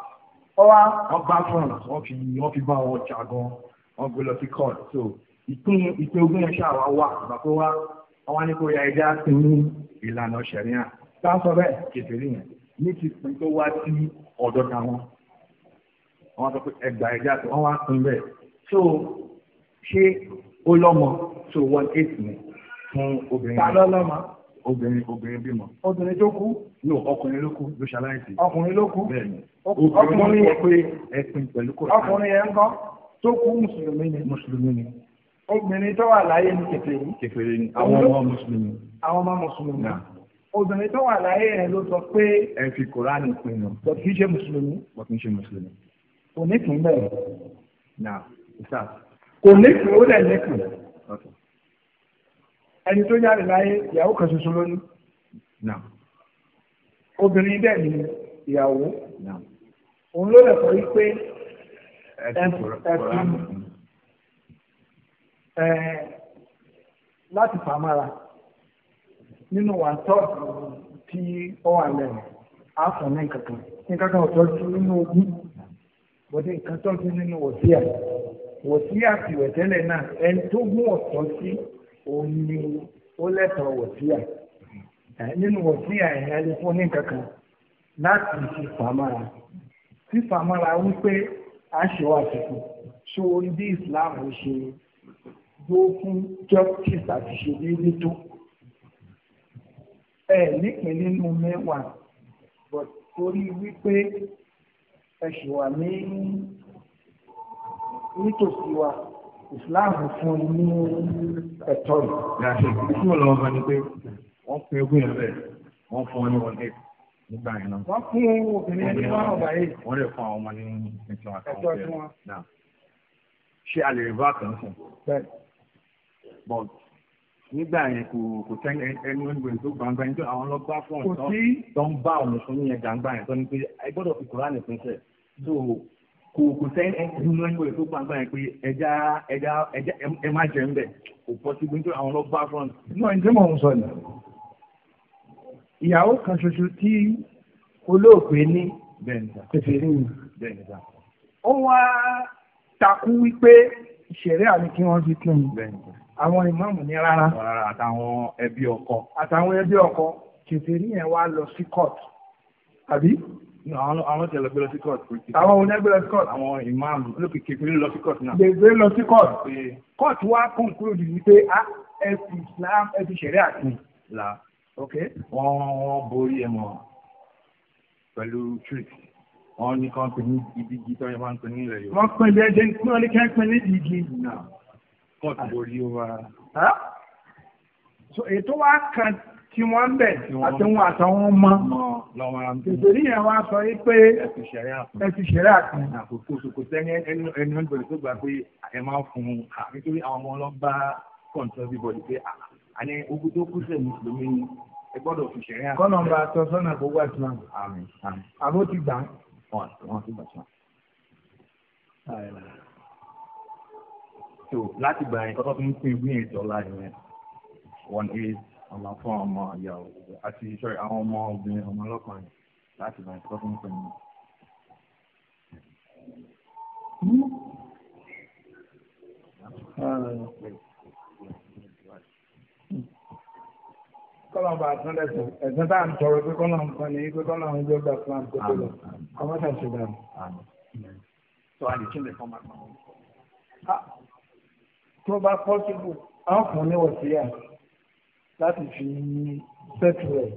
ọba front wọ́n fi bá wọn jà wọ́n gbé lọ sí court ìpín ìpín ogún yẹn ṣáà wá wà àgbà tó wá àwọn ní kó ya ẹja sí ní ìlànà ṣẹ̀ríà tá a sọ bẹ́ẹ̀ kẹfìrí yẹn ní ti pín tó wá sí ọ̀dọ̀ táwọn àwọn sọ pé ẹgbà ẹja tó wọ́n wá pín bẹ́ẹ̀ so ṣé ó lọ́mọ so one eight ni fún obìnrin ta lọ́lọ́mọ obìnrin obìnrin bímọ. obìnrin tó kú. no ọkùnrin ló kú ló ṣaláìsí. ọkùnrin ló kú. bẹ́ẹ̀ni obìnrin wọn sọ pé ẹpin pẹ̀lú kò. ọkùnrin yẹn ń kọ́ tó kú mùsùlùmí ni. mùsùlùmí ni obìnrin tó wà láyé ní kèfèrí ní kèfèrí ní àwọn ọmọ mùsùlùmí àwọn ọmọ mùsùlùmí obìnrin tó wà láyé yẹn ló sọ pé ẹ fi kùránì pinnu bọ̀ kì í ṣe mùsùlùmí bọ̀ kì í ṣe mùsùlùmí kò ní kùn bẹ́ẹ̀ nà ìsà kò ní kùn ó lẹ̀ ní kùn ẹni tó jáde láyé ìyàwó kan ṣoṣo lónìí nà obìnrin dẹ̀ ni ìyàwó na, òun ló lẹ̀ sọ wípé ẹ fi kùránì pinnu láti fàmára nínú wà tọ́ọ̀tù tí ó wà lẹ́nu àfọ̀ ní kankan nǹkan kan tọ́jú nínú ogún bọ́dé nǹkan tọ́jú nínú wọ̀síà wọ̀síà tìwẹ̀ tẹ́lẹ̀ náà ẹni tó gún ọ̀tọ́ sí òun ni ó lẹ́tọ̀ọ́ wọ̀síà nínú wọ̀síà ẹ̀yà lè fún ní kankan láti fi fàmára fífàmára wípé a ṣe wà tuntun ṣó orí bí Islam ṣe dó fún justice àti ṣe déédéé tó ẹ nípìn nínú mẹ́wàá but torí wípé ẹ ṣì wà ní nítòsí wa Islam fún ní ẹ̀tọ́ rẹ̀. yàtọ̀ ìfún ọlọ́wọ́ bá ní pé wọ́n pe ogún yẹn bẹ́ẹ̀ wọ́n fún ọ ní wọlé nígbà yẹn náà. wọ́n fún obìnrin ẹni wọ́n ọ̀bà yìí. wọ́n lè fún àwọn ọmọ ní ẹ̀tọ́ àkàǹtì ẹ̀ náà. ṣé a lè rí bá àkàǹtì? bẹ́ẹ̀ but nígbà yẹn kò kò tẹ ẹnu ẹgbẹ tó gbangba ẹni tó àwọn ọlọgbà fún ọtọ tó ń bá ọ̀nà fún yẹn gbangba yẹn tó ní pé ẹ gbọ́dọ̀ fi koran ìpínlẹ̀ so kò kò tẹ ẹnu ẹgbẹ tó gbangba yẹn pé ẹja ẹja ẹja ẹ má jẹ ń bẹ kò pọ̀ sí gbé tó àwọn ọlọgbà fún ọtọ. náà ǹjẹ́ mò ń sọ ni ìyàwó kan ṣoṣo tí olóògbé ní kẹfìrí ni ó wá takú wípé ìṣẹ̀rẹ́ àmì kí wọ́n fi kí n bẹ̀rẹ̀ àwọn ìmáàmù ní rárá. rárá àtàwọn ẹbí ọkọ. àtàwọn ẹbí ọkọ kèfèrí yẹn wá lọ sí court àbí. àwọn tẹ lọ gbé lọ sí court. àwọn òun ẹgbẹ́ lọ sí court. àwọn ìmáàmù olókè kèfèrí lọ sí court náà. gbègbè lọ sí court. court wá conclude wípé ah, ẹ fi Islam ẹ fi ṣẹ̀rí àti. la ok. wọ́n wọ́n borí ẹ̀ mọ́ pẹ̀lú truth wọ́n ní kàn pé ní ibi igi tó yẹ máa ń pè ní ilẹ̀ Yorùbá. wọ́n pè ní ẹjẹ́ kí wọ́n ní kí wọ́n pè ní igi. náà port ah. borí wa. ètò wa kan tí wọ́n ń bẹ̀ àtẹ̀wọ̀n àtàwọn ọmọ ìṣèlú yẹn wá sọ yìí pé ẹtù ṣẹlẹ̀ àkàn. àkókò kò sẹ́ni ẹni ẹni ọ̀gbọ̀n tó gbà pé ẹ máa fún un nítorí àwọn ọmọ ọlọ́ba kọ̀ǹtọ́ everybody pé àní ogun tó kú sẹ́yìn mùsùlùmí ni ẹ gbọ́dọ̀ fi ṣẹ̀rí àkàn. kọ́nà ń bá sọ́nà gbogbo àtìmá. àbó ti gbà. wọ́n ti gbà sọ́nà so láti gbà yẹn tọ́tọ́ tó ń pín ìwé yẹn dọ́là yẹn one eight ọmọ fún ọmọ ìyàwó àti sorry àwọn ọmọ obìnrin ọmọ ọlọ́kàn láti gbà yẹn tọ́tọ́ tó ń pín ìwé. Kọ́lọ̀mbà àtúndẹ̀sẹ̀ ẹ̀sán tá à ń tọrọ pé kọ́lọ̀mbà kan ní pé kọ́lọ̀mbà ń gbẹ́gbà fún àǹkó tó lọ. Ọmọ tàṣí dànù tó bá pọ́sibù á fún ní wọ̀síyà láti fi sẹ́tù rẹ̀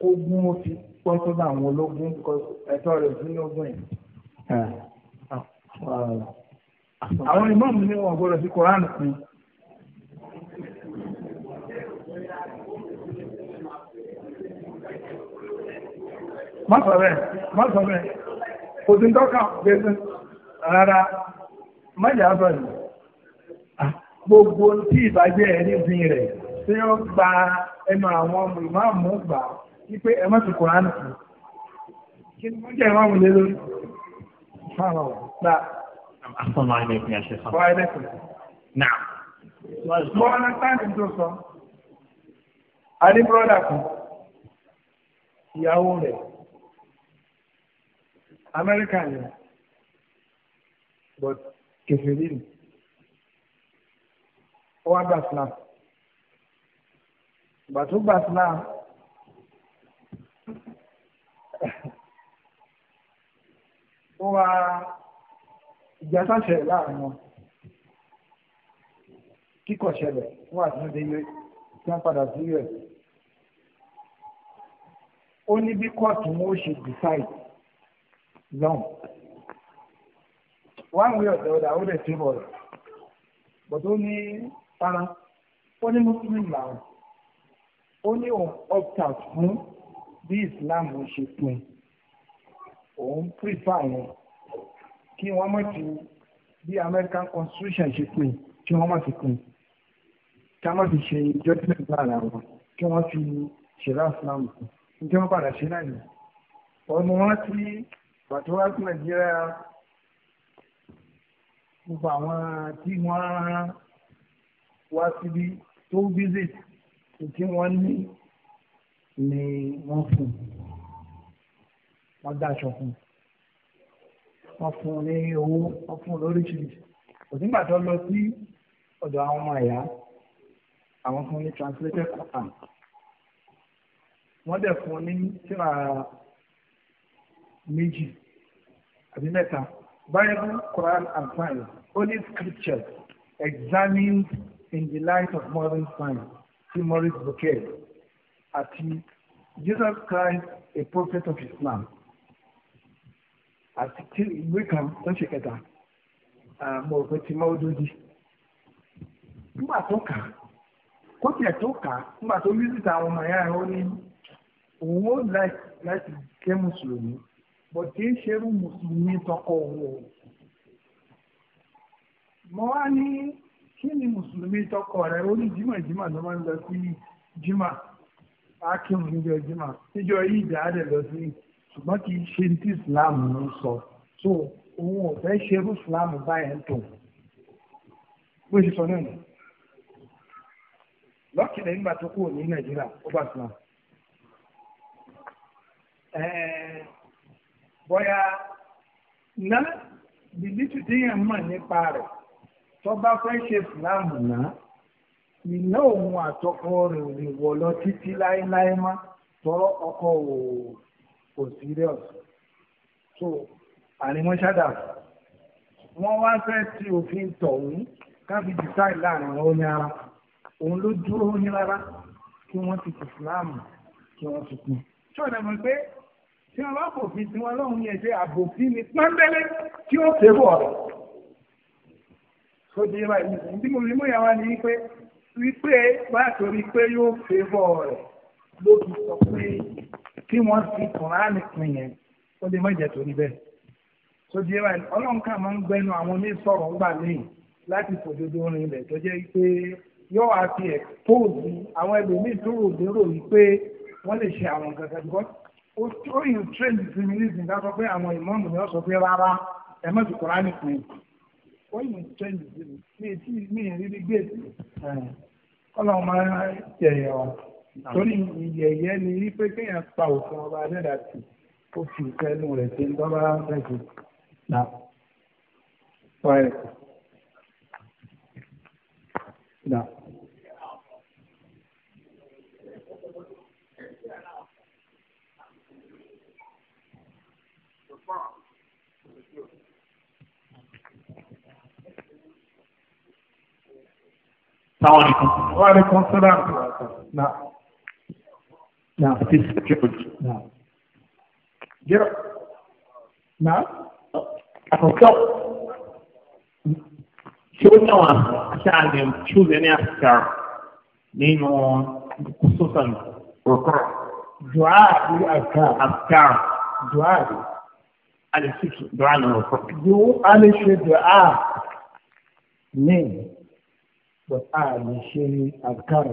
kó gún ó fi pọ́ sọ́dọ̀ àwọn ológun ẹ̀tọ́ rẹ̀ sínú ogun yìí. àwọn ìmáàmù ní wọn gbọ́dọ̀ sí koran pin. má sọ bẹ́ẹ̀ má sọ bẹ́ẹ̀ kò sí ń gbèsè rárá má jà bẹ́ẹ̀ gbogbo tí ìbàjẹ́ ẹ̀rí bin rẹ̀ tí ó gba ẹnu àwọn ìmáàmù gbà wípé ẹ mọ́tò kùránì kù kí ni wọ́n jẹ́ ìmáàmù lé lórí. Assalamu alaikum ya Sheikh. Wa alaikum. Na'am. Wọ́n á sáàdì tó sọ. A ní bírọ́dà kan, ìyàwó rẹ̀, Amẹ́ríkà yẹn, but kẹfẹ́ lílù ó wá gbà sílá ìgbà tó gbà sílá ó wá ìjà sáṣẹ láàrin wọn kíkọ̀ ṣẹlẹ̀ fún àtúndé yìí tí wọ́n padà sí us ó ní bí kóòtù wọn ó ṣe decide long one way or the other ó lè table rẹ̀ but ó ní rárá ó ní muslim làwọn ó ní òun opt out fún bí islam ṣe pin òun prefer àwọn kí wọ́n má ti bí american constitution ṣe pin kí wọ́n má ti pin ká má fi ṣe judgment lára wọn kí wọ́n fi ṣẹlá islam ní tí wọ́n padà ṣe náà nìyẹn ọmọ wọn ti pàtó wá sí nàìjíríà gbogbo àwọn tí wọ́n wá síbi tó visit tí wọ́n ní ni wọ́n fún wọ́n dáṣọ fún wọ́n fún ní owó wọ́n fún lóríṣiríṣi òsínbà tó lọ sí ọ̀dọ̀ àwọn ọmọ ẹ̀yà àwọn fún ní translated Quran wọ́n dẹ̀ fún ní tíra méjì àbí mẹ́ta Bible Quran and Science Holy Scriptures examined in the light of modern science ti maurice bouquet àti jesus christ a prophet of islam àti tí ìwé kan tó that, kẹta mo rò pé ti máa dójú nígbà tó kà á kó tiẹ̀ tó kà á nígbà tó bísítà àwọn ọmọ ẹ̀yà ó ní òun ó láti jẹ́ mùsùlùmí bọ̀ tí ń ṣerú mùsùlùmí tọkọ òun o. mo wá ní kí ni mùsùlùmí tọkọ rẹ̀ ó ní jimá jimá ló máa ń lọ sí jimá akim níjọ jimá níjọ yìí lọ sí ṣùgbọ́n ṣe islam ń sọ so òun ò fẹ́ ṣerú islam báyẹn tó bó ṣe sọ náà nù lọ́kìlẹ̀ nígbà tó kúrò ní nàìjíríà ó bá islam náà mọ̀ nípa tó bá fẹ́ ṣe fúlàmù náà iná òun àtọkọ rẹ̀ ò lè wọ̀ lọ títí láéláé má tọrọ ọkọ ò kò serious so ànímọ́ṣádà wọ́n wá fẹ́ ti òfin tọ̀hún káfí dìtáì láàrin àwọn oní ara òun ló dúró ní rárá kí wọ́n ti fúlàmù kí wọ́n ti kún. sọ̀rọ̀ mọ̀ pé tí wọ́n bá fòfin tí wọ́n lọ́hùn yẹn ṣe àbòfin ni pọ́ńbélé tí ó fẹ́ bọ̀ rẹ̀ tó di wá ìyẹn tí mo rí mú yàrá ni pé wípé wá torí pé yóò fẹ́ bọ̀ rẹ̀ ló fi sọ pé kí wọ́n fi kùránì pin yẹn ó lè má jẹ́ torí bẹ́ẹ̀ tó di wá ọlọ́run kà máa ń gbẹnu àwọn ní sọ̀rọ̀ ńgbà míì láti fòdodo rin ilẹ̀ tó jẹ́ pé yóò wá fi ẹ̀kpóòsì àwọn ẹlòmíì tó rò lérò yìí pé wọ́n lè ṣe àwọn kankan bí wọ́n ó yìí train the feminism ká sọ pé àwọn ìmọ̀ọ́mù ni wọ́n sọ pé rárá ẹ̀ mọ̀ wọ́n yìí mọ̀ tẹ́lẹ̀ sí mi mi ètí mi yẹn rírí gbé ọlọ́run máa ń yẹ̀yẹ̀ wa torí ìyẹ̀yẹ́ ni rí pé kéèyàn pa òfin ọba adẹ́dà tì ó fi ìfẹ́ rẹ̀ ṣe ń dọ́bà fẹ́ẹ̀sì náà. Wáyé. Náà. Thank you. Sáwọn nìkan. Wọ́n rí kọ́nsọ́lá náà. Náà. Àti security. Náà. Jẹ́rọ. Náà. Àkọ́kọ́. Ṣé ṣe dùá nínú but a lè ṣe àkàrà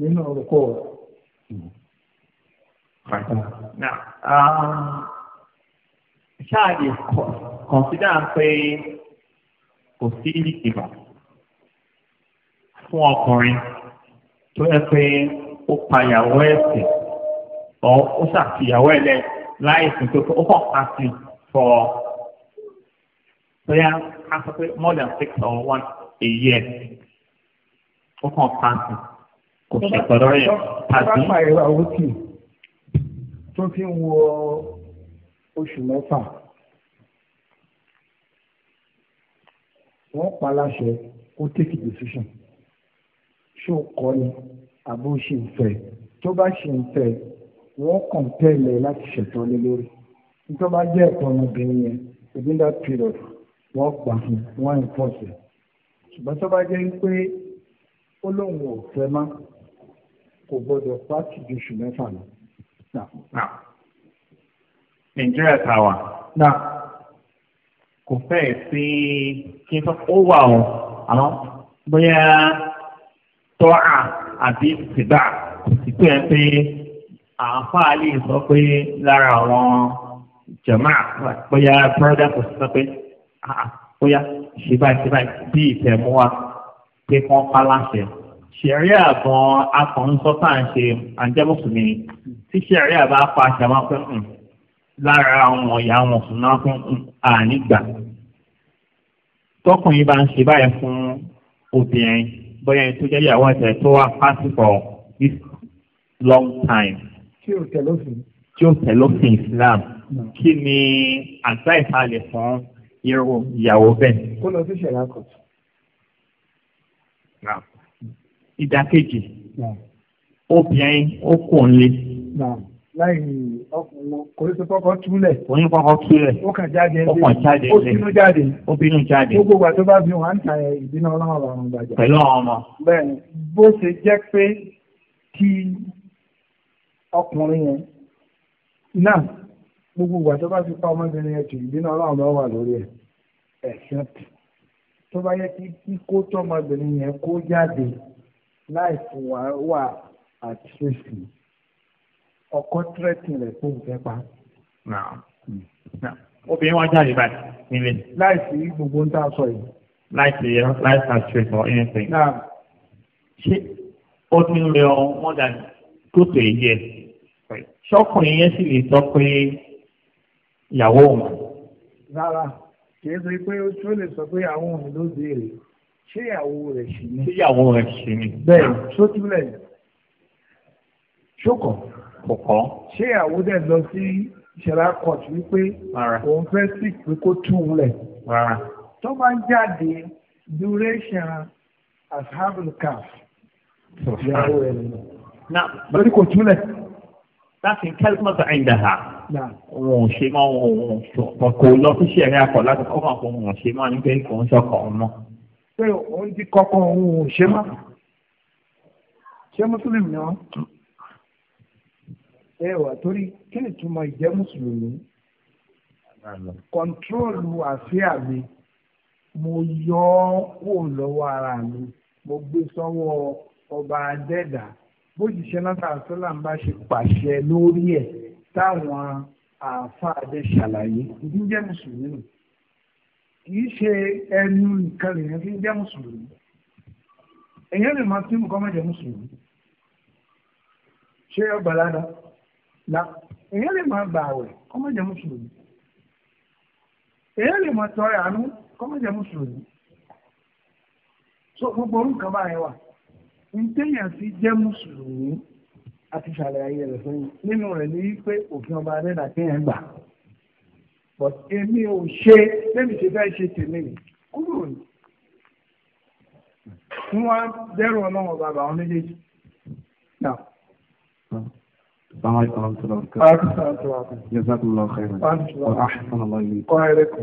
nínú orúkọ rẹ̀. Ṣáà lè kọ̀nsídà pé kò sí ìdìbò fún ọkùnrin tó yẹ pé ó payàwó ẹ̀sìn ọ̀ ó ṣàfihàwó ẹ̀lẹ́ láìsí tó ó kàn pa sí fọ́ bóyá a sọ pé more than six or one èyí ẹ̀ ó kàn pàǹtì kò ṣe pẹ̀lú ẹ̀ tàbí. pápá ìwà òkè tó fi ń wọ oṣù mẹ́fà wọ́n pa láṣẹ ó take decision ṣé o kọ́ ni àbó ṣe ń fẹ́ tó bá ṣe ń fẹ́ wọ́n kàn tẹ́lẹ̀ láti ṣètò lé lórí tó bá jẹ́ ẹ̀kọ́ ọmọbìnrin yẹn within period wọ́n gbà fún wọ́n enforce it ṣùgbọ́n tó bá jẹ́ pé ó lóun ò fẹ́ má kò gbọ́dọ̀ pàtì ju oṣù mẹ́fà lọ. nàìjíríà ta wà. kò fẹ́ẹ̀ sí kí n sọ ó wà o àmọ́ bóyá tọ́à àbí tìbà kò sí pé àáfàá lè sọ pé lára àwọn jàmáà bóyá brọ́dà kò sọ pé bóyá ṣe báyìí ṣe báyìí bí ìtẹ̀mú wa pé kí wọ́n pa láṣẹ. ṣẹ̀rí àgbọn akọ̀ǹsọ́ tá à ń ṣe àǹjẹ́mùsùnmí tí ṣẹ̀rí àbá pa àṣà máa pẹ́ hmm, lára àwọn ọ̀yà wọn fún náà fún àní hmm, tọkùnrin bá ń ṣe báyìí fún obìnrin bóyá ẹni jẹ́ ìyàwó ẹ̀tẹ̀ tó wà pàṣẹ for this long time. tí ò tẹ̀lófin. tí ò tẹ̀lófin Islam hmm. kí ni àgbá ìfalẹ̀ fún irú ìyàwó bẹ́ẹ̀. kó lọ sí ṣẹlá kọtù. ìdàkejì obìnrin ó kò ń lé. láì kòrí tó kọ́kọ́ túlẹ̀. oyún kọ́kọ́ túlẹ̀. ó kàn jáde lé ó kàn jáde lé ó bínú jáde. ó bínú jáde. gbogbo ìgbà tó bá bí wọn à ń ta ìbínú ọlọ́run ọ̀run gbàjà. pẹ̀lú àwọn ọmọ. bẹ́ẹ̀ni bó ṣe jẹ́ pé kí ọkùnrin yẹn náà gbogbo ìgbà tó bá ti pa ọmọbìnrin ẹ̀ tì ìbínú ọlọ́run bá wà lórí ẹ̀ ẹ̀sìn tó bá yẹ kí kíkó tọmọbìnrin yẹn kó jáde láì fún wa wà àti ṣèṣì ọkọ tírẹ̀tì rẹ̀ tó ń fẹ́ pa. obìnrin wọn jáde báyìí nílé. láì sí gbogbo ń tà sọ yìí. láì sí láì sàṣẹ for anything. ṣé ó ti ń lọ more than two to a year. ṣọkùnrin yẹn sì lè sọ pé ìyàwó òun. rárá kì í ṣe pé ó lè sọ pé àwọn òun ló béèrè ṣé ìyàwó rẹ̀ ṣì ni. ṣé ìyàwó rẹ̀ ṣì ni. bẹ́ẹ̀ ṣó túlẹ̀ ṣókàn. kò kọ́. ṣé ìyàwó dẹ̀ lọ sí ìṣẹ̀lá court wípé òun fẹ́ sí pé kó tún un lẹ̀. rárá. tó bá ń jáde duration ashabul kaf ìyàwó rẹ̀ nìyẹn. na lórí kò túlẹ̀. láti kẹ́lí kọ́mọ̀tò àyìndà ha òun ò ṣe mọ́ òun kò lọ sí ṣẹ̀rí akọ̀ láti kọ́ mọ̀ òun ò ṣe mọ́ ní pé kò ń ṣọkọ̀ òun mọ́. pé òun ti kọ́kọ́ òun ò ṣe mọ́ ṣé mùsùlùmí ni wọ́n. ẹ wà torí kí ni túmọ̀ ìjẹ́ mùsùlùmí kọ́ńtírọ́ọ̀lù àfíà mi mo yọ ọ́ kó lọ́wọ́ ara mi mo gbé sọ́wọ́ ọba adẹ́dà bó ti ṣe náà sàlám bá ṣe pàṣẹ lórí ẹ̀ táwọn àáfàá dé ṣàlàyé ìdí jẹ́ mùsùlùmí nù kìí ṣe ẹnu nìkan lèèyàn fi ń jẹ́ mùsùlùmí èèyàn lè máa tí nǹkan mẹ́jẹ mùsùlùmí ṣé ọgbàládà la èèyàn lè máa gbà àwẹ̀ kọ́ mẹ́jẹ mùsùlùmí èèyàn lè máa tọrẹ àánú kọ́ mẹ́jẹ mùsùlùmí so gbogbo orúkọ báyẹn wà ń téèyàn fi jẹ́ mùsùlùmí àti ṣàlàyé rẹ̀ fún yín nínú rẹ̀ ní pé òfin ọba adẹ́dà kéèyàn gbà but èmi ò ṣe lẹ́mi ṣe fẹ́ ṣe tèmi nì kúrò ní. wọ́n wá dẹ́rù ọlọ́run ọba àwọn méjèèjì. السلام عليكم ورحمة الله وبركاته. جزاكم الله خيرا. وأحسن الله إليكم. وعليكم.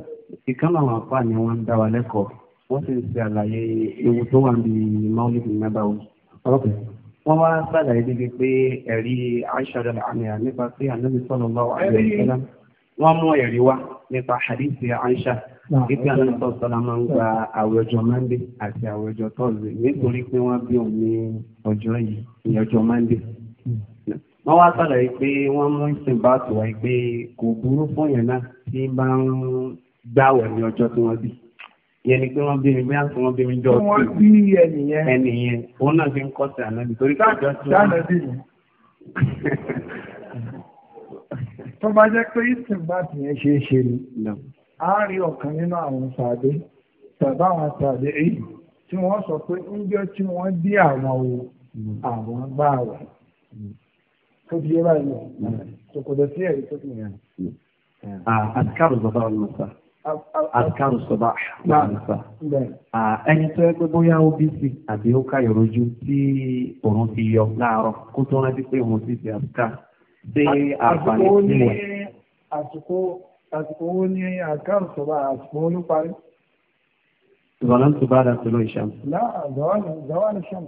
ìkan náà wàá fà ni wọ́n ń dá wa lẹ́kọ̀ọ́ wọ́n sì ń ṣe àlàyé ewu tó wà ní maulid nabawi wọ́n wá sàlàyé débi pé ẹ̀rí aṣọ́dọ̀ àmìyà nípa sí ànábì sallallahu alaihi wasallam wọ́n mú ẹ̀rí wá nípa hadithi Aisha ipe ànábì sallallahu alaihi máa ń gba àwẹ̀ ọjọ́ mande àti àwẹ̀ ọjọ́ tọ́lùwẹ̀ nítorí pé wọ́n bí òun ní ọjọ́ yìí ní ọjọ́ mande. wọ́n wá sàlàyé pé wọ́n mú ìsìn bá tù pé kò burú fún yẹn náà tí bá ń gbàwẹ̀ ní ọjọ́ tí wọ́n bí yẹn ni pé wọ́n bí mi bí àti wọ́n bí mi jọ ọtí. wọ́n bí ẹnìyẹn. ẹnìyẹn òun náà fi ń kọ́ sí ànábì torí pé ìjọ tí tó bá jẹ́ pé ìsìnbáàtì yẹn ṣe é ṣe ni a rí ọ̀kan nínú àwọn sàdé tàbí àwọn sàdé èyí tí wọ́n sọ pé níjọ́ tí wọ́n dé àwọn o àwọn gbà wà tó fi yé báyìí lọ kòkòtò sí ẹ̀rí tó fi yàn. Ah, àti káàbọ̀ bàbá ọlọ́mọ sáà àkàrù sọ̀bà àmàlùfà ẹni tó yẹ pé bóyá ó bí sí àbí ó ká ìrojú tí òun ti yọ láàárọ̀ kó tó rántí pé òun ti fi àbúkà ṣé àǹfààní sílẹ̀. àsìkò àsìkò wo ni àkàrù sọ̀bà àsìkò wo ló parí. ìrọ̀lẹ́ tó bá dàtọ̀ lórí ṣàm. zawal ṣàm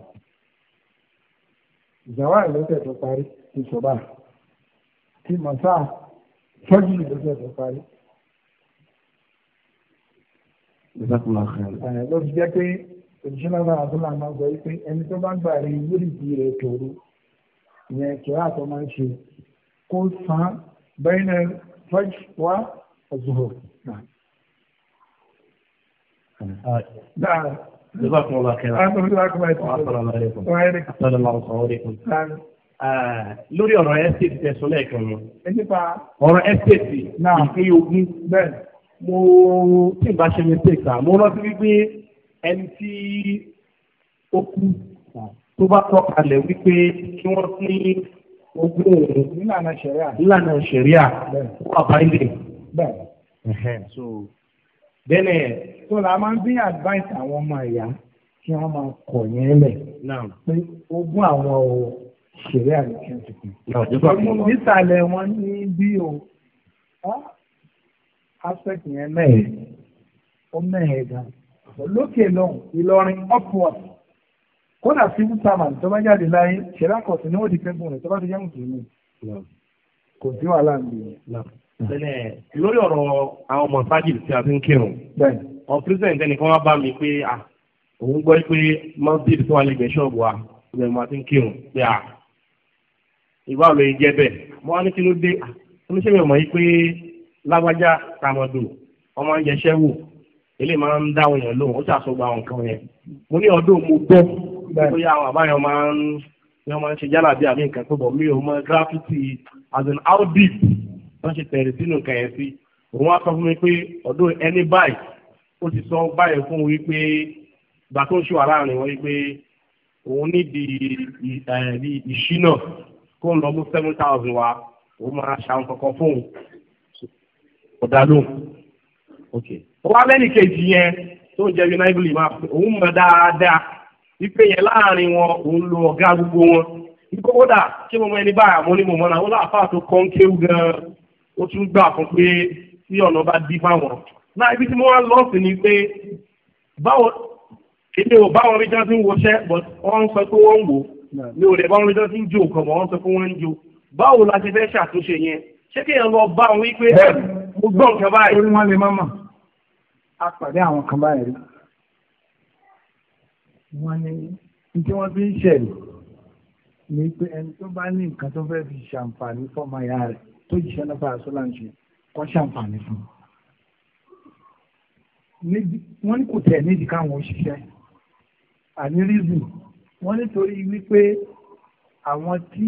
zawal ló tẹ̀ tó parí ti sọ̀bà ti mọ̀sá fọ́jú ló tẹ̀ parí ìsàkùnlá kan. ló fi jẹ́ pé òṣìṣẹ́lá náà àtúnlá máa ń sọ pé ẹni tó bá gbà rí wíìlì rẹ̀ tòru ìyẹn kìlá àtọ́ máa ń ṣe kó san bẹ́ẹ̀ náà fẹ́ẹ́ wá ọ̀zọ̀rọ̀ náà. جزاكم الله خيرا السلام عليكم السلام عليكم lórí ọ̀rọ̀ ẹ́stéètì tẹ̀sán lẹ́ẹ̀kan mọ́ ọ̀rọ̀ ẹ́stéètì ìpín ogún mo tí ìbá ṣe mistake ta mo rántí wípé ẹni tí ó kú tó bá tọ́kalẹ̀ wípé kí wọ́n ní ogún òun nílànà ṣẹ̀ríà nílànà ṣẹ̀ríà ó àbáyé so bẹ́ẹ̀ tó la máa ń bí advice àwọn ọmọ ẹ̀yà kí wọ́n máa kọ̀ yẹn lẹ̀ pé ogún àwọn ò ṣẹ̀ríà nìkan tuntun. nísàlẹ̀ wọn ní bí o. aspect yẹn mẹ́ẹ̀ ó mẹ́ẹ̀ gan lókè lọ́hùn Ìlọrin upward kódà civil servant tó bá jáde láyé ṣẹlá ni wọ́n di kẹ́gbọ̀n rẹ̀ tó bá ti jẹ́ mùsùlùmí kò sí wàhálà ń bì lórí ọ̀rọ̀ àwọn ọmọ sájì tí a ti ń kírun ọ̀pẹ́sẹ̀ntẹ́ nìkan wá bá mi pé òun gbọ́ pé mọ́sídìí tó wà lẹ́gbẹ̀ẹ́ ṣọ́ọ̀bù wa ìbẹ̀rù máa ti ń kírun pé à ìwà òlòyìn jẹ́ bẹ́ẹ̀ mo wá ní kí ló dé lágbájá tàmọ̀dù ọmọ ń jẹṣẹ́ wò ilé máa ń dá òyìn lóhùn ó ṣàṣọgbà àwọn nǹkan yẹn mo ní ọdún mo gbọ́ bóyá àwọn àbáyọ máa ń ní wọ́n ṣe yálà bí àmì nǹkan tó bọ̀ mí ò mọ graffiti as an how deep ṣe tẹ̀rẹ̀ sínú nǹkan yẹn sí òun wá sọ fún mi pé ọdún ẹni báyìí ó ti sọ báyìí fún wí pé ìgbà tó ń ṣe wà láàrin wọn pé òun nídìí ìṣínà kó ń lọ mú seven thousand wa òun máa ṣàwọn kankan fóun ọ̀dà ok wọ́n lẹ́nu yẹn tó ń jẹ́ united league máa òun mọ̀ dáadáa wípé yẹn láàrin wọn òun lo ọ̀gá gbogbo wọn nígbà kódà kí mo mọ ẹni báyà mo ní mo mọ̀ náà wọ́n láàfáà tó kọ́ gan-an ó tún gbà fún pé tí ọ̀nà bá dí fáwọn náà ibi tí mo wá lọ́ọ̀sì ni pé báwo èdè ò báwọn méjì ti ń wọṣẹ́ but wọ́n ń sọ pé wọ́n ń wò ní òde báwọn méjì ti ń jó nǹkan mọ̀ wọ́n ń sọ pé wọ́n ń jó báwo la ṣe fẹ́ ṣàtúnṣe yẹn ṣé kéèyàn lọ bá wọn wípé mo gbọ́ nǹkan báyìí. torí wọ́n lè má mọ̀ a pàdé àwọn kan báyìí rí wọ́n ní ní tí wọ́n fi ń ṣẹ̀lẹ̀ ní pé ẹni tó bá ní nǹkan tó fẹ́ fi ṣàǹfààní fọ́mọ ìyá rẹ̀ tó jìṣẹ́ náà fà sọ́lá ń ṣe kọ́ ṣàǹfààní fún un. wọ́n ní kò tẹ̀ nídìí káwọn òṣìṣẹ́ àní rízù wọ́n nítorí wípé àwọn tí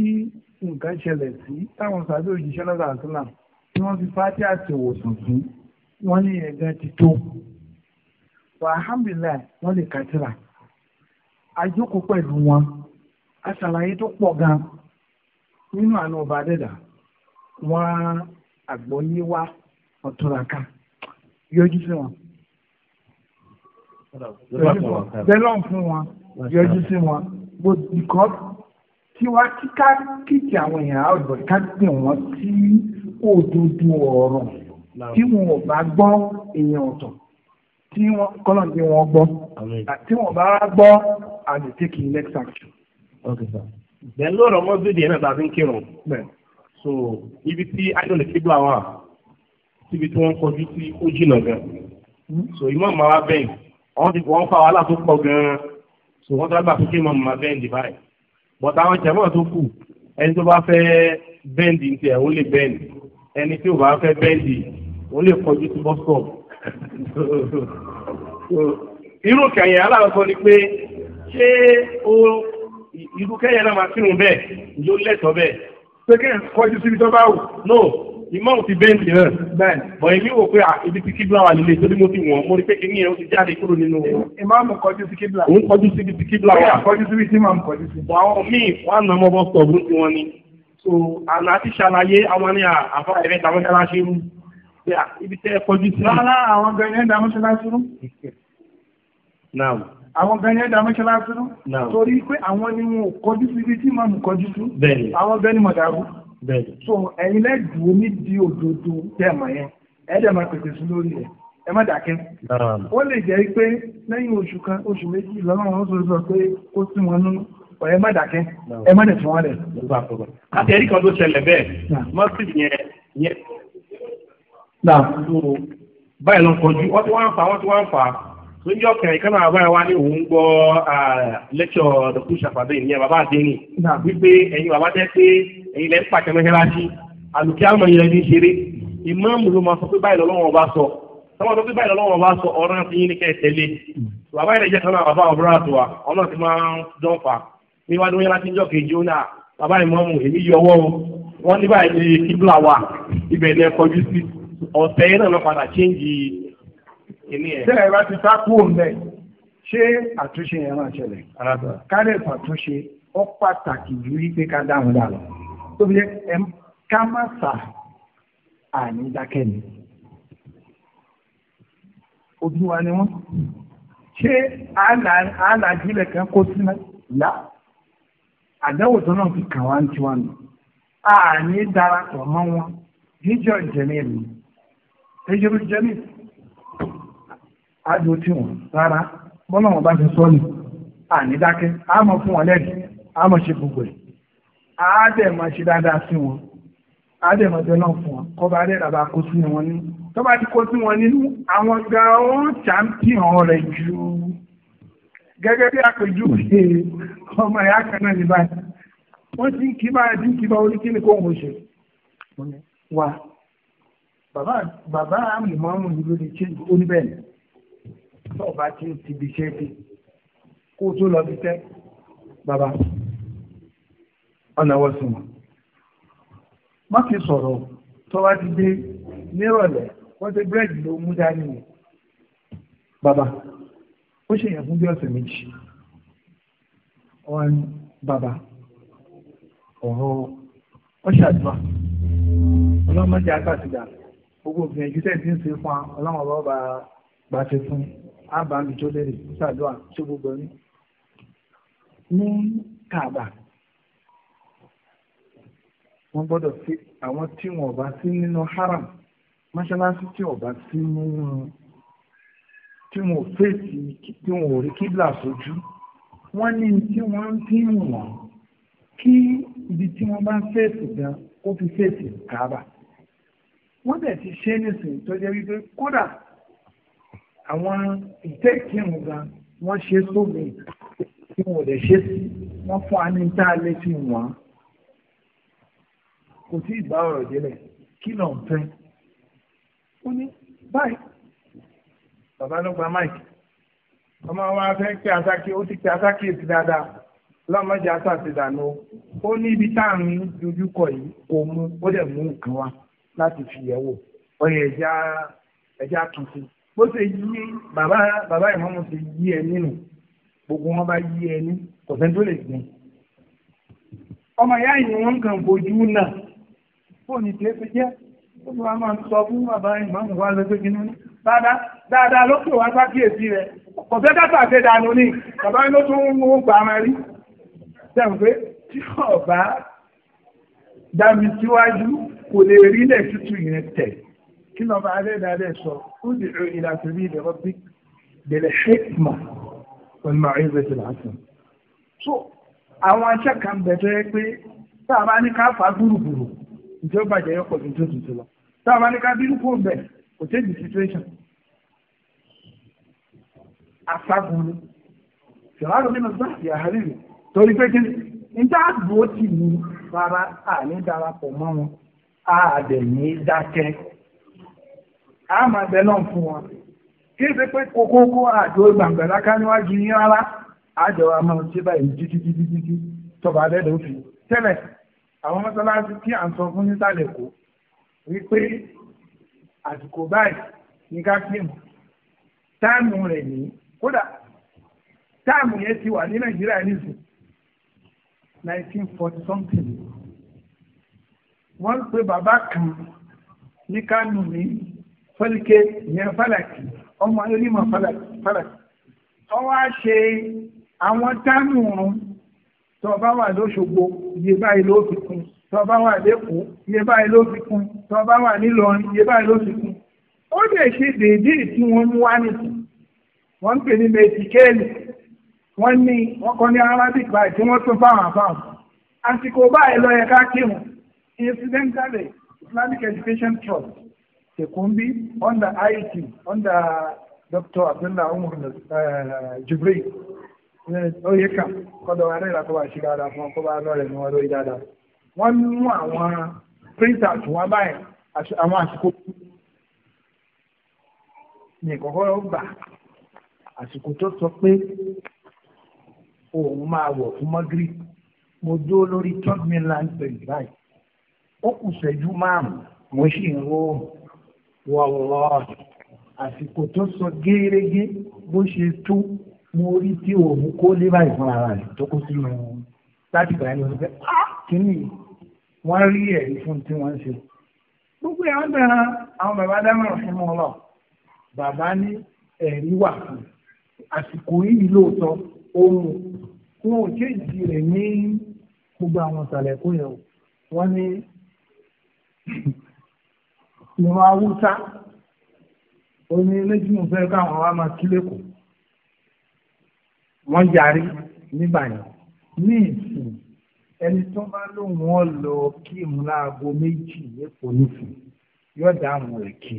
nǹkan ṣẹlẹ̀ sí táwọn sàbẹ̀ òṣìṣẹ́ náà fà sọ́lá ń ṣe wọ́n fi fati àtẹ̀wòsàn fún wọ́n ní ẹ̀gán ti tó wàhámìlá wọ́n lè kàtìrà àjókòó pẹ̀lú wọn aṣàlàyé tó pọ̀ gan nínú àna ọba adẹ́dà wọ́n àgbọ́yé wá ọ̀tọ̀ràká yọjú sí wọn bẹ́lọ̀ fún wọn yọjú sí wọn gbòdìkọ́ tí wá kíkà kíkì àwọn èèyàn àwòdìbò ká gbìn wọn sí òdodo ọ̀rọ̀ tí wọn ò bá gbọ́ èèyàn ọ̀tọ̀ tí wọn kọ́nà tí wọn gbọ́ tí wọn bá gbọ́ and they take the next action. okay sir. bẹ́ẹ̀ lọ́rọ̀ mọ́sídìí náà tàbí kírun. so ibi tí idol kíbla wà síbi tí wọ́n kọjú sí ó jìnnà gan. Hmm? so imam máa wá bẹ́ẹ̀ wọ́n ti wọ́n fa wàhálà tó pọ̀ gan-an so wọ́n tọ́lá gbà pé kí imam máa bẹ́ẹ̀ dì báyìí. bọ̀tà àwọn jẹ̀mọ́ tó kù ẹni tó bá fẹ́ bẹ́ẹ̀ dì ní tiẹ̀ ó lè bẹ́ẹ̀ dì ẹni tí ò bá fẹ́ bẹ́ẹ̀dì ó lè kọjú sí bọ́sọ̀ irú kẹyẹ aláwọ̀sọ ni pé ṣé o irú kẹyẹ náà máa sínú bẹ́ẹ̀ yóò lẹ́tọ̀ọ́ bẹ́ẹ̀ pé kẹyẹ kọjú síbi tó bá wù no ìmọ̀ ti bẹ́ẹ̀lì náà bẹ́ẹ̀ bọ̀ èmi wò pé ibi tí kíbla wà nílé torí mo ti wọ̀n mo rí pé kíní yẹn ó ti jáde kúrò nínú. ìmáàmù kọjú sí kíbla. òun kọjú síbi tí kíbla wà. kọjú síbi tí màmù kọjú sí. àwọn míì wọn àna ọmọ bọ́ sọ̀rọ̀ so àná àti ṣàlàyé àwọn ní àfọ ẹ̀rẹ́ ìdámọ́ṣáláṣí rú ibi tẹ́ ẹ kọjú sí. rárá àwọn gan ni ẹ dámọ́ṣáláṣí rú. àwọn gan ni ẹ dámọ́ṣáláṣí rú. torí pé àwọn ni wọn ò kọjú sí ibi tí màmú kọjú sí. àwọn gan ni mọ̀dàrú. so ẹ̀yin lẹ́dùn omi di òdodo tẹ̀mọ̀ yẹn ẹ̀ẹ́dẹ̀mọ̀ pèsè sí lórí rẹ̀ ẹ má dàkẹ́. ó lè jẹ́ pé lẹ́yìn oṣù kan oṣù méjì lọ́nà wọn sọ pé kó sí wọn nínú ẹ má dàkẹ́ ẹ má dẹ̀tún wọn lẹ̀. àti ẹ̀rí kan tó ṣẹlẹ̀ bẹ́ẹ̀ mọ́sí yẹn yẹn. báyìí ló ń kọjú wọ́n ti wá ń fà wọ́n ti wá ń fà lójú ọkàn ìkànnì àbáyọ wa ní òun gbọ́ lẹ́kṣọ̀ dọ̀kú ṣàfàdé ìyẹn bàbá àdéhìn wípé ẹ̀yin bàbá jẹ́ pé ẹ̀yin lẹ́ ń pàṣẹ mẹ́sàlásí àlùkí àmọ̀ yẹn ní ṣeré ìmáàmù ló máa sọ pé báyìí lọ́wọ́ bá sọ tọ́wọ́ tó bí báyìí lọ́wọ́ bá sọ ọ̀rọ̀ náà ti yín ní kẹ́ tẹ́lẹ̀ mm. bàbá yẹn lè jẹ́ kan bàbá ọ̀bùrọ̀ àtùwà ọ̀nà ti máa ń dán fà bí wọ́n dúró yẹn láti jọ kejì ó náà bàbá ìmọ̀ọ́mù èmi yọwọ́ o wọ́n ní báyìí ní kíbla wà ibẹ̀ ní ẹ̀kọ́jú sí ọ̀sẹ̀ yẹn náà lọ padà chéǹjì ìní ẹ̀. sílẹ̀ ìwà ti sá kúrò ń bẹ̀ ṣé àtúnṣe yẹn máa ṣẹlẹ̀ kárẹ̀ fàtúnṣe ó pàtàkì ju wípé ká dáhùn dà lọ tó fi ẹ ká má sà àní dákẹ́ ojú wa ni wọ́n ṣé àlàjílẹ̀ kan kó sínú là àdáwò tó náà fi kàn wá ń tiwa nù a ní darapọ̀ mọ́ wọn níjọ́ ìjẹ́mi rè ẹjọ́ ìjẹ́mi àjò tí wọn rárá bọ́lá wọn bá ti sọ ni a ní dákẹ́ a mọ̀ fún wọn lẹ́yìn a mọ̀ ṣe gbogbo ẹ̀ a dẹ̀ máa ṣe dáadáa sí wọn a dẹ̀ máa jẹ náà fún wọn kọ́ bá dẹ̀ rà bá kó sí wọn ní tọ́ba ti kó sí wọn nínú àwọn gan-an ó ṣàǹpìyàn rẹ̀ jù gẹ́gẹ́ bí àpèjúwe ọmọ ìyá kan náà ní báyìí wọ́n ti ń kí máa dín kí máa orí kí ni kò ń ṣe wa bàbá bàbá àmùmọ́mù ni ló lè ṣe oníbẹ̀rẹ̀ tó ọba tí ó ti bìṣẹ́ dé kó tó lọ bí tẹ́ bàbá ọ̀nà wọ́sùn wọn. má fi sọ̀rọ̀ tó wá ti dé nírọ̀lẹ́ wọ́n ti búrẹ́dì ló mú dání ni bàbá ó ṣe yẹn fún bí ọ̀sẹ̀ méjì wọn bàbá ọ̀rọ̀ ọ̀ṣàdúrà ọlọ́mọdé àgbàtìgbà gbogbo ìgbìyànjú tẹ̀sí ń ṣe fún ọlọ́mọ bàbá gbàṣẹ fún ábàámi tó lérè ṣàdúrà tó gbogbo ní ní kàbà wọ́n gbọ́dọ̀ sí àwọn tí wọ́n bá sí nínú haram mọ́ṣáláṣí tí wọ́n bá sí nínú tí wọn ò fèsì tí wọn ò rí kíbla sójú wọ́n ní tí wọ́n ń fi wọ́n kí ibi tí wọ́n bá ń fèsì gan kó fi fèsì kábà wọ́n dẹ̀ ti ṣe nísìnyí tó jẹ́ wípé kódà àwọn ìtẹ́kìrùn gan wọ́n ṣe sómi tí wọn ò dẹ̀ ṣe sí wọ́n fún wa ní tá a lè fi wọ́n kò tí ì bá ọ̀rọ̀ kí ló ń fẹ́ ó ní báyìí bàbá ló gba máìkì ọmọ wa fẹ́ kí asákì ó ti kí asákì èsì dáadáa lọ́mọdé asáàtì dànù ó ní ibi tá à ń dojúkọ yìí kò mú ó dẹ̀ mú nǹkan wá láti fi yẹ̀ wò ọyẹ ẹja ẹja tuntun bó ṣe yí bàbá bàbá ìmọ̀mọ́ ṣe yí ẹ nínú gbogbo wọn bá yí ẹ ní kò sẹ́ni tó lè gbìn ọmọ ìyá yìí wọn kàn fojú náà fóònù tí ó ti jẹ́ ó ti wá máa sọ fún bàbá ìmọ̀mọ́ wa lọ pé kí ni bàbá dáadáa ló pè wá sákìyèsí rẹ̀ kò fẹ́ ká tàṣe dànù ni bàbá yín ló tún ń gbà máa rí sẹ́wọ̀n pé tí ọba dami síwájú kò lè rí lẹ̀ tútù yẹn tẹ̀ kí lọ́ba adédáadé sọ ó lè rí ìlàsírí ìdẹ̀rọ̀ bí bẹ̀rẹ̀ hikma wọn máa rí bẹ̀rẹ̀ lásán. so àwọn aṣẹ́ kan bẹ̀rẹ̀ pé tá a bá ní ká fà á gbúrúgbùrú ìjọba jẹyọ pọ̀ ju tó tuntun lọ tá a bá ní ká bínú kó bẹ̀ kò tẹ́jú situation aṣágunni ṣọ̀rọ̀ nínú sáàtì àárẹ̀rẹ̀ torí pé kí n tá àdúró tì ní rárá àní darapọ̀ mọ́ wọn àdẹ̀ ní dákẹ́ a máa bẹ náà fún wọn kí ṣe pé kókókó àjò gbàngbàlá ká níwájú yín rárá àjọ wa máa ṣe báyìí títí títí títí tọba abẹ́dẹ̀ òfin tẹ́lẹ̀ àwọn mọ́sálásí tí à ń sọ fún nísàlẹ̀ kó wípé àsìkò báyìí ní ká fíìmù táìmù rẹ̀ nìyí kódà táàmù yẹn ti wà ní nàìjíríà nísìn nineteen forty something wọ́n pe bàbá kan ní kánú ní fẹ́líkẹ́ ìyẹn fàlàkì ọmọ onímọ̀ fàlàkì ọwọ́ á ṣe àwọn táàmù ọ̀run tó bá wà lóṣogbo iye báyìí ló fi kún tó bá wà lẹ́kọ̀ọ́ iye báyìí ló fi kún tó bá wà nílọrin iye báyìí ló fi kún ó lè ṣe déédéé tí wọ́n mú wá nìkan wọ́n ń pè ní mẹtikẹ́ẹ̀lì wọ́n ní wọ́n kọ́ ní arabic báyìí tí wọ́n tún fáwọn àfáà àsìkò báyìí lọ yẹ kírun incidentally islamic education trust tẹkùnbí under it under dr abdullah umar eh, Jubri. Oye eh, kan kọ́dọ̀ wa rẹ́ra kó bá ṣe dáadáa fún ọ kó bá lọ́ọ̀rẹ́ ní wọn lórí dáadáa wọ́n mú àwọn printers wọn báyìí àwọn àsìkò ní ìkọ̀kọ́ gbà àsìkò tó sọ pé òun máa wọ̀ fún mọ́gírì mo dúró lórí third mainland bẹ̀rẹ̀ báyìí ó kù ṣẹ́jú márùn-ún mo sì ń ró wọ́ọ̀lọ́ọ̀dì àsìkò tó sọ gẹ́gẹ́ bó ṣe tó mo rí tí òun kó lé báyìí fún ara rẹ̀ tó kó sínú láti gbà ní ọdún ah, kínní wọ́n rí ẹ̀rí fún tí wọ́n ń ṣe gbogbo àwọn bẹ̀rẹ̀ àwọn bàbá dámọ̀ràn fún wọn lọ bàbá ní ẹ̀rí wà fún un àsìkò yìí lóòótọ́ ohun wọn ò chéjì rẹ̀ ní gbogbo àwọn ìsàlẹ̀kù yẹn o wọ́n ní ìran haúsá oní lẹ́jìmọ̀ fẹ́ káwọn wa máa kí lẹ́kọ̀ọ́ wọ́n yarí nígbà yẹn ní ìsìn ẹni tó bá lóun ọ lọ kí ìmúláago méjì lẹ́kọ̀ọ́ nísìn yóò dá àwọn rẹ̀ kí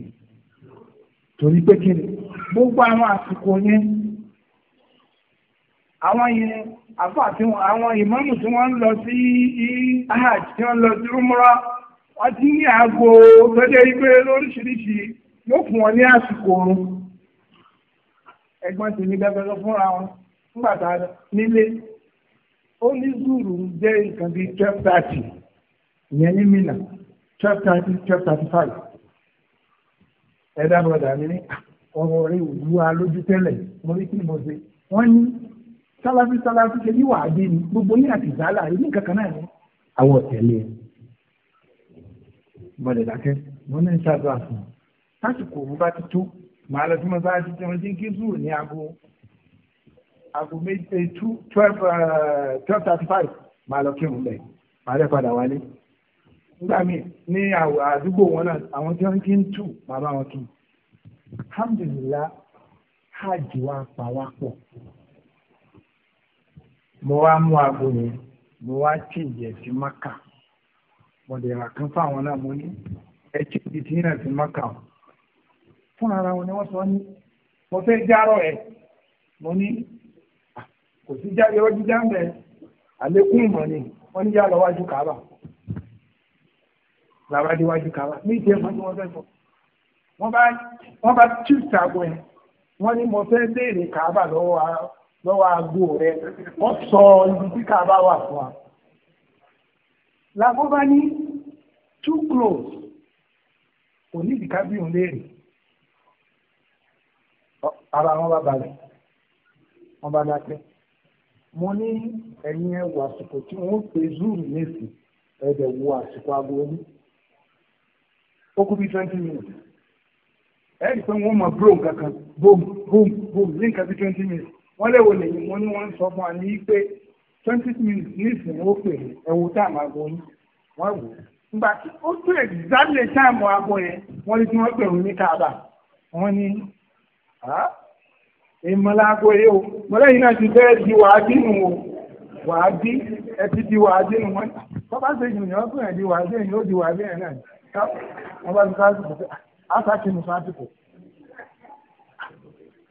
torí pé kí ni gbogbo àwọn àsìkò yẹn àwọn yẹn àfà tí wọn àwọn ìmáàmù tí wọ́n ń lọ sí ahaj tí wọ́n ń lọ sí umrah wọ́n ti ní àgbo tó jẹ́ ipé lóríṣiríṣi yóò fún wọn ní àsìkò oorun ẹ̀gbọ́n tèmi gbẹgbẹrẹ fúnra wọn nígbà tá a nílé ó ní zuru jẹ́ nǹkan bíi twelve thirty ìyẹn ní Mina twelve thirty twelve thirty five ẹ̀dá bọ̀dà mi ní ah, ọ̀rọ̀ rẹ̀ òwú alójú tẹ́lẹ̀ mo rí kí ni mo ṣe wọ́n ní sáláfí sáláfí ṣe ní wàhálì ni gbogbo yín àti ìzálà ilé kankan náà ni àwọn ọ̀tẹ̀lẹ̀ gbọ́dọ̀ dákẹ́ wọ́n ní ṣáàdúrà fún un lásìkò òun bá ti tó màá lọ sí mo bá ti tẹ́wọ́n kí zúù ní aago aago méje eh, two twelve eh, twelve thirty five màá lọ kí òun bẹ̀ màá lẹ́ padà wálé nígbà míì ní àdúgbò wọn náà àwọn tí wọ́n ti ń tù màá bá wọn tù alhamdulilah hajj wa pa wá pọ̀. mo wa mú agbo yẹn mo wa tí ìjẹ maka mo dẹ̀ rà kán náà mo ní ẹ tí ìjẹ sí náà maka o fúnra ara wọn ni wọ́n sọ ní mo fẹ́ járọ̀ ẹ mo ní ah, kò sí jáde ó jíjá ń bẹ àlékún ìmọ̀ ni wọ́n ní yá lọ wájú kàábà làwọn adéwájú kàábà ní ìdí ẹ̀fọn tí wọ́n fẹ́ sọ wọ́n bá wọ́n bá yẹn wọ́n ní mo lọ́wọ́ aago rẹ̀ wọ́n sọ ibi tí kàbá wà fún wa. Làbó bá ní too close kò ní ìdíkà bí òun léèrè. Ara wọn bá balẹ̀, wọ́n bá dákẹ́. Mo ní ẹ̀yin ẹ̀wù àsìkò tí wọ́n pe zúùrù nèsì ẹ̀dẹ̀ wo àsìkò aago ní. Ó kú bí twenty minutes. Ẹ̀ẹ́dì pé wọ́n mọ bróòm kankan bóòm bóòm bóòm ní nǹkan bí twenty minutes wọ́n léwo lèyí mo ní wọ́n ń sọ fún wa ní pé twenty minutes nísìnyí ó pè é ẹ̀wò táàmù àgọ́ yìí wọ́n wò ó nígbà tí ó tún exactly táàmù àgọ́ yẹn wọ́n ní kí wọ́n pè òun ní káàbà wọ́n ní ìmọ̀lá àgọ́ yìí o mọ̀lẹ́yìn náà ti fẹ́ di wàá dínú o wàá dí ẹ ti di wàá dínú wọn tó bá ṣe jùlọ wọ́n pè é di wàá dínú yóò di wàá dínú náà wọ́n bá ti ká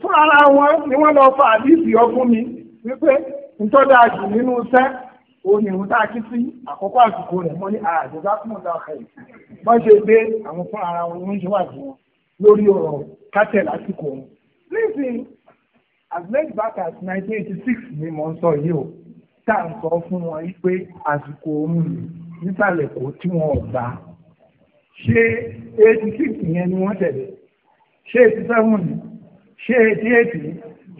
fún ara wọn ni wọ́n lọ fa àdìsí ọkùn mi wípé ntọ́jà jù nínú sẹ́ òní ìhun tá kí sí àkọ́kọ́ àsìkò rẹ̀ mọ́ ní àjọ̀dá fún ọ̀dà ọ̀kẹ́ yìí wọ́n ṣe dé àwọn fún ara wọn wọ́n ṣe wọn lórí ọ̀rọ̀ kátẹ̀ lásìkò wọn. nísìnyí as late back as nineteen eighty six ni mò ń sọ yìí o tá à ń sọ fún wọn yìí pé àsìkò òun nísàlẹ̀ kò tí wọn ò gbà ṣé eighty six yẹn ni wọ́n tẹ̀lé ṣé eighty seven ni ṣé eighty eight ni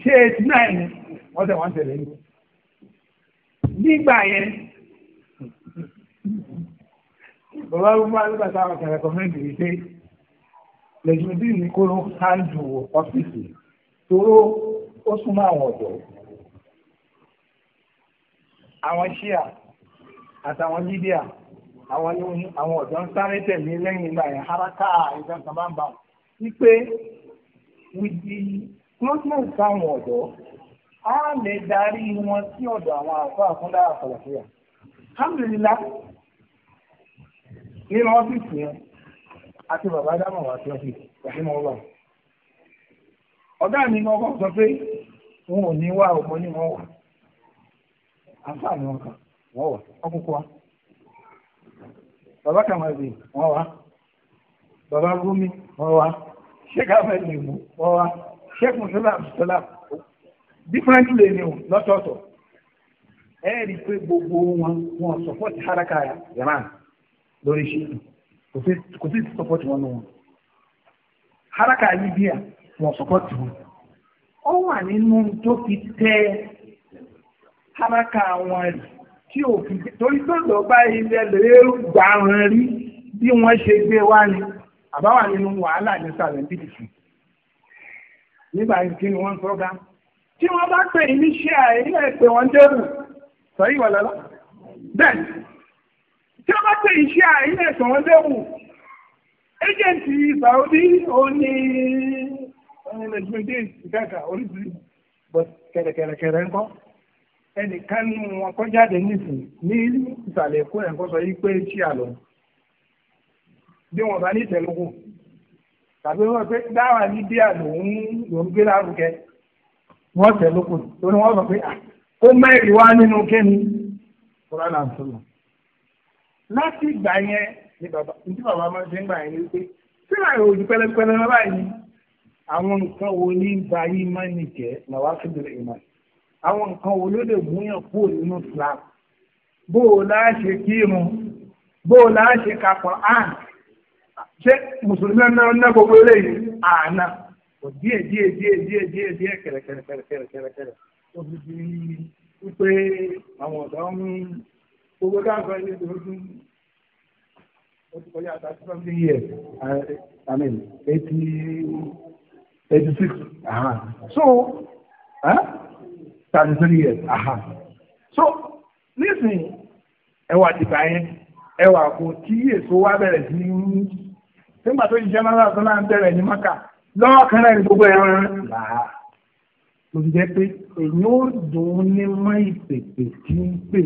ṣé eighty nine ni wọ́n tẹ̀ wọ́n tẹ̀lé ní. nígbà yẹn bàbá gbogbo àlùbà táwọn kan rẹ̀kọ́mẹ́ndì yìí pé lẹ́jọ́dí ní kó ló handle ọ́fíìsì toró ó súnmọ́ àwọn ọ̀dọ́ àwọn ṣíà àtàwọn mídíà àwọn ọ̀dọ́ ń sáré tẹ̀lé lẹ́yìn ìgbà yẹn haraka ìjọba ń bá wọn wípé with the closeness táwọn ọ̀dọ́ á lè darí wọn sí ọ̀dọ̀ àwọn àfa àfúndá àfàlàfíà alhamdulillah nínú ọ́fíìsì yẹn àti bàbá sí ọ́fíìsì mọ́ ọ̀gá mi ni ọkọ̀ sọ pé wọn ò ní wá ọmọ ní wọn wà wọn sheikh ahmed lè mú ọwa sheikh musulmi abdulsala different lè ní o lọ́tọ̀ọ̀tọ̀ ẹ rí i pé gbogbo wọn wọn support haraka yaman lórí ṣíkì kò sí support wọn nù wọn haraka libya wọn support wọn ó wà nínú tó fi tẹ haraka wọn rí tí òfin torí tó lọ bá ilẹ̀ lè gbà wọn rí bí wọ́n ṣe gbé wá ni àbáwà nínú wàhálà ní sàlẹ̀ndìdì fún nígbà kí ni wọ́n sọ́gá tí wọ́n bá pè ní ṣíà ilé ìpè wọn dẹ́rù sọ yìí wọlé lọ bẹ́ẹ̀ tí wọ́n bá pè ní ṣíà ilé ìpè wọn dẹ́rù ẹjẹ̀ǹtì Saudi òní ẹ̀ẹ́dẹ́gbẹ̀dẹ́ ìdáka oríṣiríṣi bọ́t kẹ̀rẹ̀kẹ̀rẹ̀ ńkọ́ ẹnìkan nínú wọn kọjáde nísìn ní ìsàlẹ̀ èkó ẹ̀ńkọ́ sọ yìí pé ṣíà lọ́wọ́ bí wọn bá ní ìtẹ̀lógún tàbí wọn pé dáwà ní bíà lòún lòún gbé lárugẹ wọn tẹ̀lógún tó ní wọn sọ pé ó mẹ́rin wá nínú kẹ́ni kúránà àtúnlọ. láti ìgbà yẹn ni bàbá ní bàbá máa ṣe ń gbà yẹn ni pé síra ìròyìn pẹlẹpẹlẹ náà báyìí àwọn nǹkan wo ní ba yìí máa ń nìkẹ́ làwọn akébèrè ìmọ̀ àwọn nǹkan wo ló lè múyàn kúrò nínú Islam bó o láá ṣe kírun bó o láá ṣe ka Qur'an ṣé mùsùlùmí ná gbogbo eléyìí àná kò díẹ̀ díẹ̀ díẹ̀ díẹ̀ díẹ̀ díẹ̀ kẹ̀rẹ̀kẹ̀rẹ̀kẹ̀rẹ̀kẹ̀rẹ̀ tó fi di wípé àwọn ọ̀dọ́ ń gbogbo dáàbà ilé tó dún ó ti kọjá àtàkùn fún yíyẹ I mean eighty eighty six so thirty three years so nísìnyí ẹwà dìgbà yẹn ẹwà kò tí èso wa bẹ̀rẹ̀ sí í nígbà tó jíjẹ́ náírà tó náà ń bẹ̀rẹ̀ ní maka lọ́wọ́ kan náà ní gbogbo ẹ̀rọ rẹ̀ là á ló fi jẹ́ pé èyí ó dùn ún ní mọ́ ìpèpè tí ń pè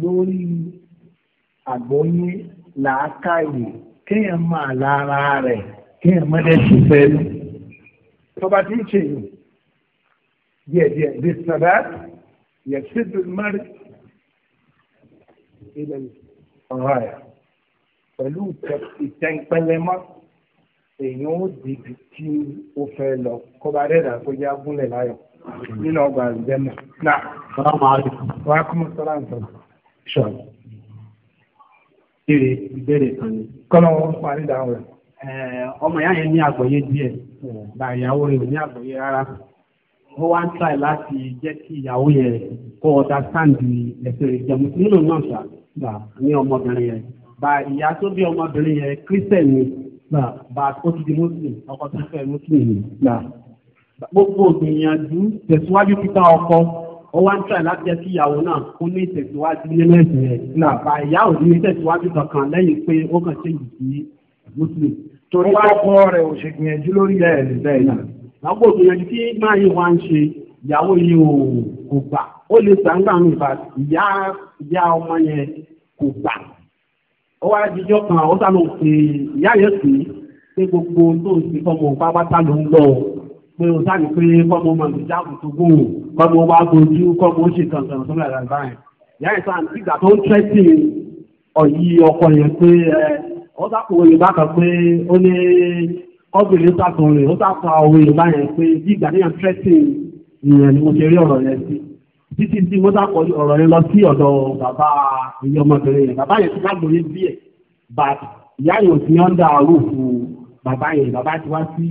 lórí àgbọ́yé làákàyè kéèyàn máa lára rẹ̀ kéèyàn mọ́lẹ̀ sí fẹ́ẹ́ tọba tí ń ṣe yìí díẹ̀ díẹ̀ bí sábà yẹ sí tó mọ́rí ilẹ̀ ọ̀hún pẹ̀lú ìtẹ̀ǹpẹ̀lẹ́mọ́ èèyàn ó di ibi tí ó fẹ́ lọ kó bá dẹ́dà kó yá gúnlẹ̀ láyọ̀ nínú ọgbà àlùjẹ́mọ̀. náà sàlámù alaykum. wa alaykum sàlámù sọ. sọ̀rọ̀ ìbéèrè ìbéèrè kan ni. kọ́nà wọn parí dáhùn rẹ̀. ọmọ ìyá yẹn ní àgbọ́yé díẹ̀ bàyàwó rẹ̀ ò ní àgbọ́yé rárá ó wá ń tàì láti jẹ́ kí ìyàwó yẹn kó ọ̀dà sáǹdì ẹ̀sẹ̀ rẹ̀ nínú náà ṣá ní ọmọbìnrin yẹn bá ìyá tó bí ọmọbìnrin yẹn christian ni bá ó ti di muslim ọkọ tó fẹ́ muslim ni gbogbo gbìyànjú tẹ̀síwájú títà ọkọ ó wá ń tẹ̀ láti jẹ́ kí ìyàwó náà kó ní ìtẹ̀síwájú nínú ẹ̀sìn rẹ̀ náà bá ìyá ò ní tẹ̀síwájú kankan lẹ́yìn pé ó kàn ṣe yìí sí muslim. torí ọkọ rẹ̀ ò ṣe gbìyànjú lórí ẹ̀ bẹ́ẹ̀ náà. àgbo gbìyànjú tí máa yìí wá ń ṣe ìyàwó yìí ò kò gbà ó lè sàǹgbà mi bá ìyá ó wá jíjọ́ kan ó sá ló pè ìyá yẹn pè é pé gbogbo tó ń ti fọmọ pápátá ló ń lọ pé o sáré pé fọmọ màmí jáàbù tó fọmọ wa gojú fọmọ ó kankan tó lẹ́yìn àgbà yẹn ìyá yẹn sáà nígbà tó ń tẹ́sí ọ̀yí ọkọ yẹn pé ẹ ó sápò Yorùbá kan pé ó ní kọ́bìnrin sàtọ̀ rẹ̀ ó sápò àwọn Yorùbá yẹn pé bí ìgbà níyàn tẹ́sí ìyẹn ni mo ṣe rí ọ̀rọ̀ yẹn sí títí tí mo sá kọ ọ̀rọ̀ yẹn lọ sí ọ̀dọ̀ bàbá ìyá ọmọbìnrin yẹn bàbá yẹn ti ká lóyún díẹ̀ but ìyá yẹn ò sí ọ́ndà rúùfù bàbá yẹn bàbá ti wá sí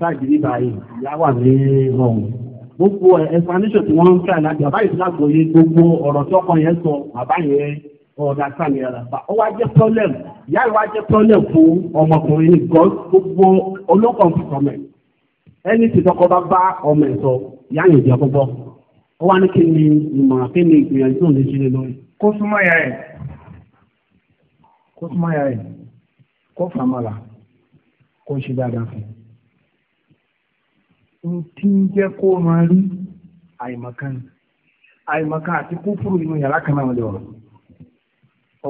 sáàjì nígbà yẹn ìyá wà ní ọ̀hún gbogbo explanation tí wọ́n ń fẹ́ láti bàbá yẹn ti ká lóyún gbogbo ọ̀rọ̀ tí ọkọ yẹn sọ bàbá yẹn ọ̀dà sàmì ẹ̀rà bá wá jẹ́ problem ìyá rẹ̀ wá jẹ́ problem fún ọmọkùnrin ní gọ́ gbogbo olókàn fún ọmọ ẹ̀ ẹni tí tọkọ bá bá ọmọ ẹ̀ sọ ìyá yẹn jẹ́ gbogbo ó wá ní kí ni ìmọ̀ràn kí ni ìgbìyànjú tó ń lè ṣe lórí. kó súnmọ́ ya rẹ̀ kó súnmọ́ ya rẹ̀ kó fàmọ́ra kó ṣe dáadáa fún un. tí ń jẹ́ kó máa rí àìmọ̀kan àìmọ̀kan àti kúfúrú inú yàrá kan náà lọ.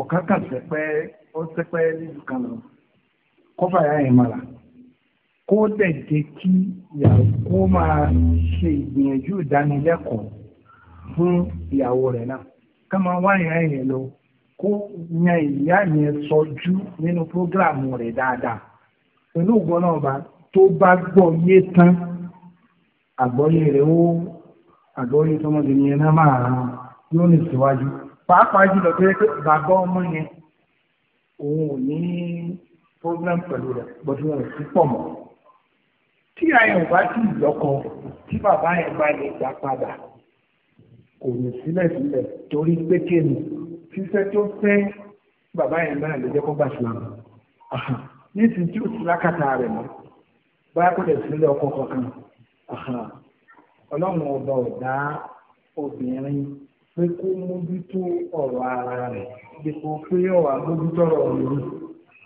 ọ̀kan kà sẹ́pẹ́ ó sẹ́pẹ́ nílùú kan lọ kó fàyà yẹn mọ́ra kó dẹ̀ jẹ́ kí ìyàwó kó máa ṣe ìgbìyànjú ìdánilẹ́kọ̀ọ́ fún ìyàwó rẹ̀ náà ká máa wá ìyá yẹn lọ kó yan ìyá yẹn sọjú nínú prógráàmù rẹ̀ dáadáa pẹ̀lú ògbọ́n náà bá tó bá gbọ́ yé tán àgbọ́yé rẹ̀ ó àgbọ́yé tọmọdé yẹn náà máa rán yóò ní síwájú pàápàá jùlọ tó yẹ pé bàbá ọmọ yẹn òun ò ní program pẹ̀lú rẹ̀ gbọ́dọ̀ wọn sí pọ̀ mọ́ tí àyẹ̀wò bá ti lọ́kọ tí bàbá yẹn bá lè gbà padà kò ní sílẹ̀ sílẹ̀ torí pé kéènì ṣíṣẹ́ tó fẹ́ bàbá yẹn náà lè jẹ́ kó gbà sílámù ní ti tí ó ti lákàtà rẹ̀ mọ́ báyà kó lè sílẹ̀ ọkọ kankan ọlọ́run ọba ọ̀dá obìnrin pé kó mójútó ọ̀rọ̀ ara rẹ̀ dípò pé ọ̀rọ̀ àmójútó ọ̀rọ̀ òun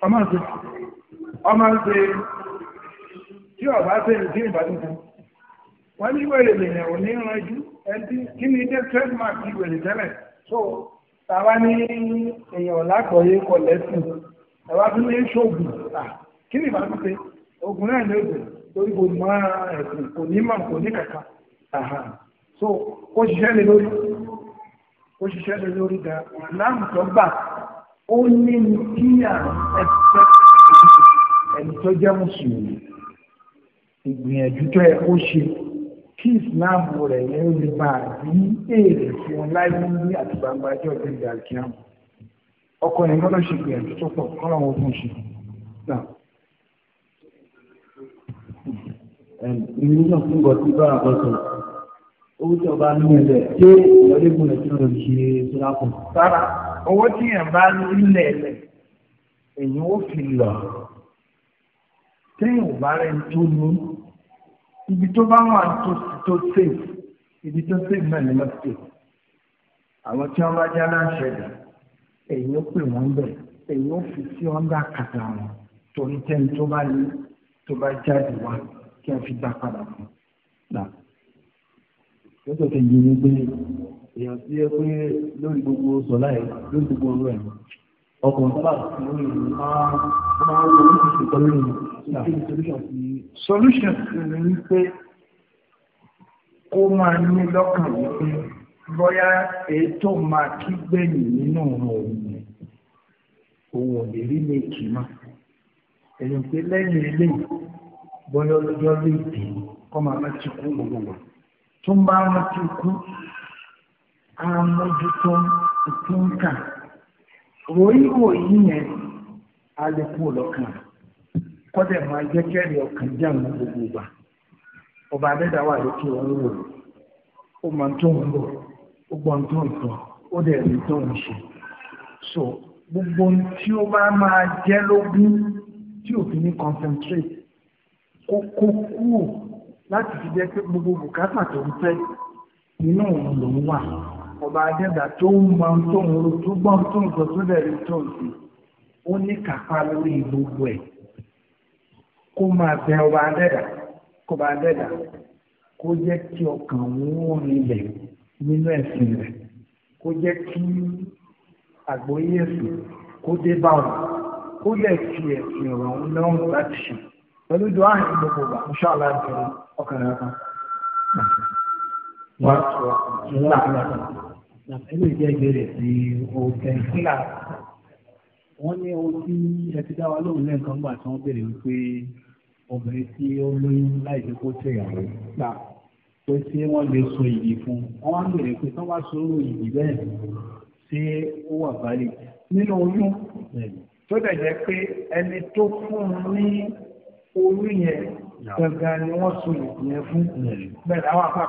ọmọ ṣe ọmọ ṣe tí ọba ṣe ní kí ìbádùn kan wọ́n ní wèrè lèèyàn ò ní ranjú ẹbí kí ni dé trademark ní wèrè tẹ́lẹ̀ so tàwa ní èèyàn lágbọ̀ọ́yé kọ lẹ́sìn tàwa tún ní ṣoògùn à kí ni ìbámu ṣe oògùn náà ní oògùn torí kò mọ ẹ̀sìn kò ní mọ̀ kò ní kàkà so ó ṣiṣẹ́ lé lórí ó ṣiṣẹ́ lé lórí da láwùjọ gbà ó ní kí àwọn ẹ̀sìn ẹni tó jẹ́ mùsùlùmí ìgbìyànjú tó yẹ kó ṣe kí ìsìláàmù rẹ̀ yẹn ó lè máa bí èrè fún un láyé ní àtìgbàgbà ẹjọ́ ìgbà kíámù ọkọ yẹn gbọ́dọ̀ ṣe ìgbìyànjú tó pọ̀ kọ́nà wọn fún ṣe náà. ìrìnà fún bọ̀ sí bára bọ̀ sọ̀rọ̀ owó tí ọba ní ilẹ̀ ṣé ìyọlé gbọ́dọ̀ tí wọ́n ṣe sọ́lá fún. sára owó tí yẹn bá nílẹ̀ lẹ̀ èyí ó fi lọ téèyàn ò bá rẹ̀ tó ní ibi tó bá wà tó tó sèf ibi tó sèf náà ni wọ́n ti àwọn tí wọ́n bá já láṣẹ rẹ̀ èyí ó pè wọ́n bẹ̀ èyí ó fi sí ọ́ndà kàtà wọn torí tẹ́ni tó bá lé tó bá jáde wá kí wọ́n fi dá padà fún un. lọ́sọ̀ kejì ni pé èèyàn sí ẹ pé lórí gbogbo sọ̀lá lórí gbogbo ọ̀rọ̀ ẹ̀ ọkùnrin tó bá ti lórí ìlú máa máa ń lórí ìṣètò lórí ìlú solution ti. solution ti ni wípé kó máa ní lọ́kàn wípé bóyá ètò máa kí gbẹ̀yìn nínú òun òun ò lè rí méjì mọ́ èyí pé lẹ́yìn eléyìí bóyá ọlọ́jọ́ lè dé kó máa bá ti kú gbogbo wa tó ń bá wọn ti kú á mójútó ìpínká ròyìnwò yìí yẹn a lè kú lọ́kàn kọ́dẹ̀ máa jẹ́ kẹ́rì ọkàn jáàmù gbogbo ìgbà ọba adẹ́dá wà lókè wọn ó máa tó ń lò ó gbọ́n tó ń tọ́ ó dẹ̀ rí tó ń ṣe so gbogbo tí ó bá máa jẹ́ lógún tí òfin ní concentrate kó kó kúrò láti fi jẹ́ pé gbogbo bùkátà tó ń fẹ́ nínú òun lòún wà ọba adẹ́gbà tó ń mọ tó ń ro tó gbọ́n tó ń sọ tó dẹ̀rí tó ń sè ó ní kápá lórí gbogbo ẹ̀ kó máa bẹ ọba adẹ́gbà kó ọba adẹ́gbà kó jẹ́ kí ọkàn wọn rinlẹ̀ nínú ẹ̀sìn rẹ̀ kó jẹ́ kí àgbóyè ẹ̀sìn kó dé bá wọn kó lè fi ẹ̀sìn ọ̀rọ̀ ọ̀hún lọ́rùn láti ṣe pẹ̀lú dùn áhìn gbogbo ọ̀gbà ṣáà láti ọkàn rẹ̀ kan. Wọ́n á sọ ọ́ nígbà tó yàtọ̀. Nàìjíríà jẹ́ ìbéèrè tí o kẹ́yìn Wọ́n ní ohun tí ẹ ti dá wa lóhùn lẹ́ẹ̀kan gbà tí wọ́n béèrè wípé obìnrin tí ó lóyún láì jẹ́ kó tẹ̀ gbà pé ṣé wọ́n lè so ìdí fún un. Wọ́n wá ń béèrè pé tí wọ́n bá so ìdí bẹ́ẹ̀ ṣé ó wà báyìí nínú oyún tó dẹ̀ jẹ́ pé ẹni tó fún un ní oyún yẹn gangan ni wọ́n so ìdí yẹn fún bẹ́ẹ̀ ni àwọn àpá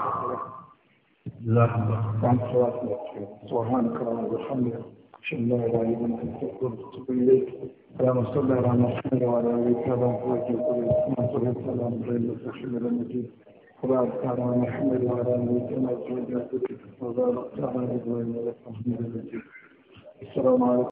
جزاكم الله خير سبحانك اللهم وبحمدك اشهد ان لا اله الا انت استغفرك واتوب اليك اللهم صل على محمد وعلى ال محمد كما صليت على ابراهيم انك حميد مجيد وبارك على محمد وعلى ال كما صليت على ابراهيم انك حميد مجيد السلام عليكم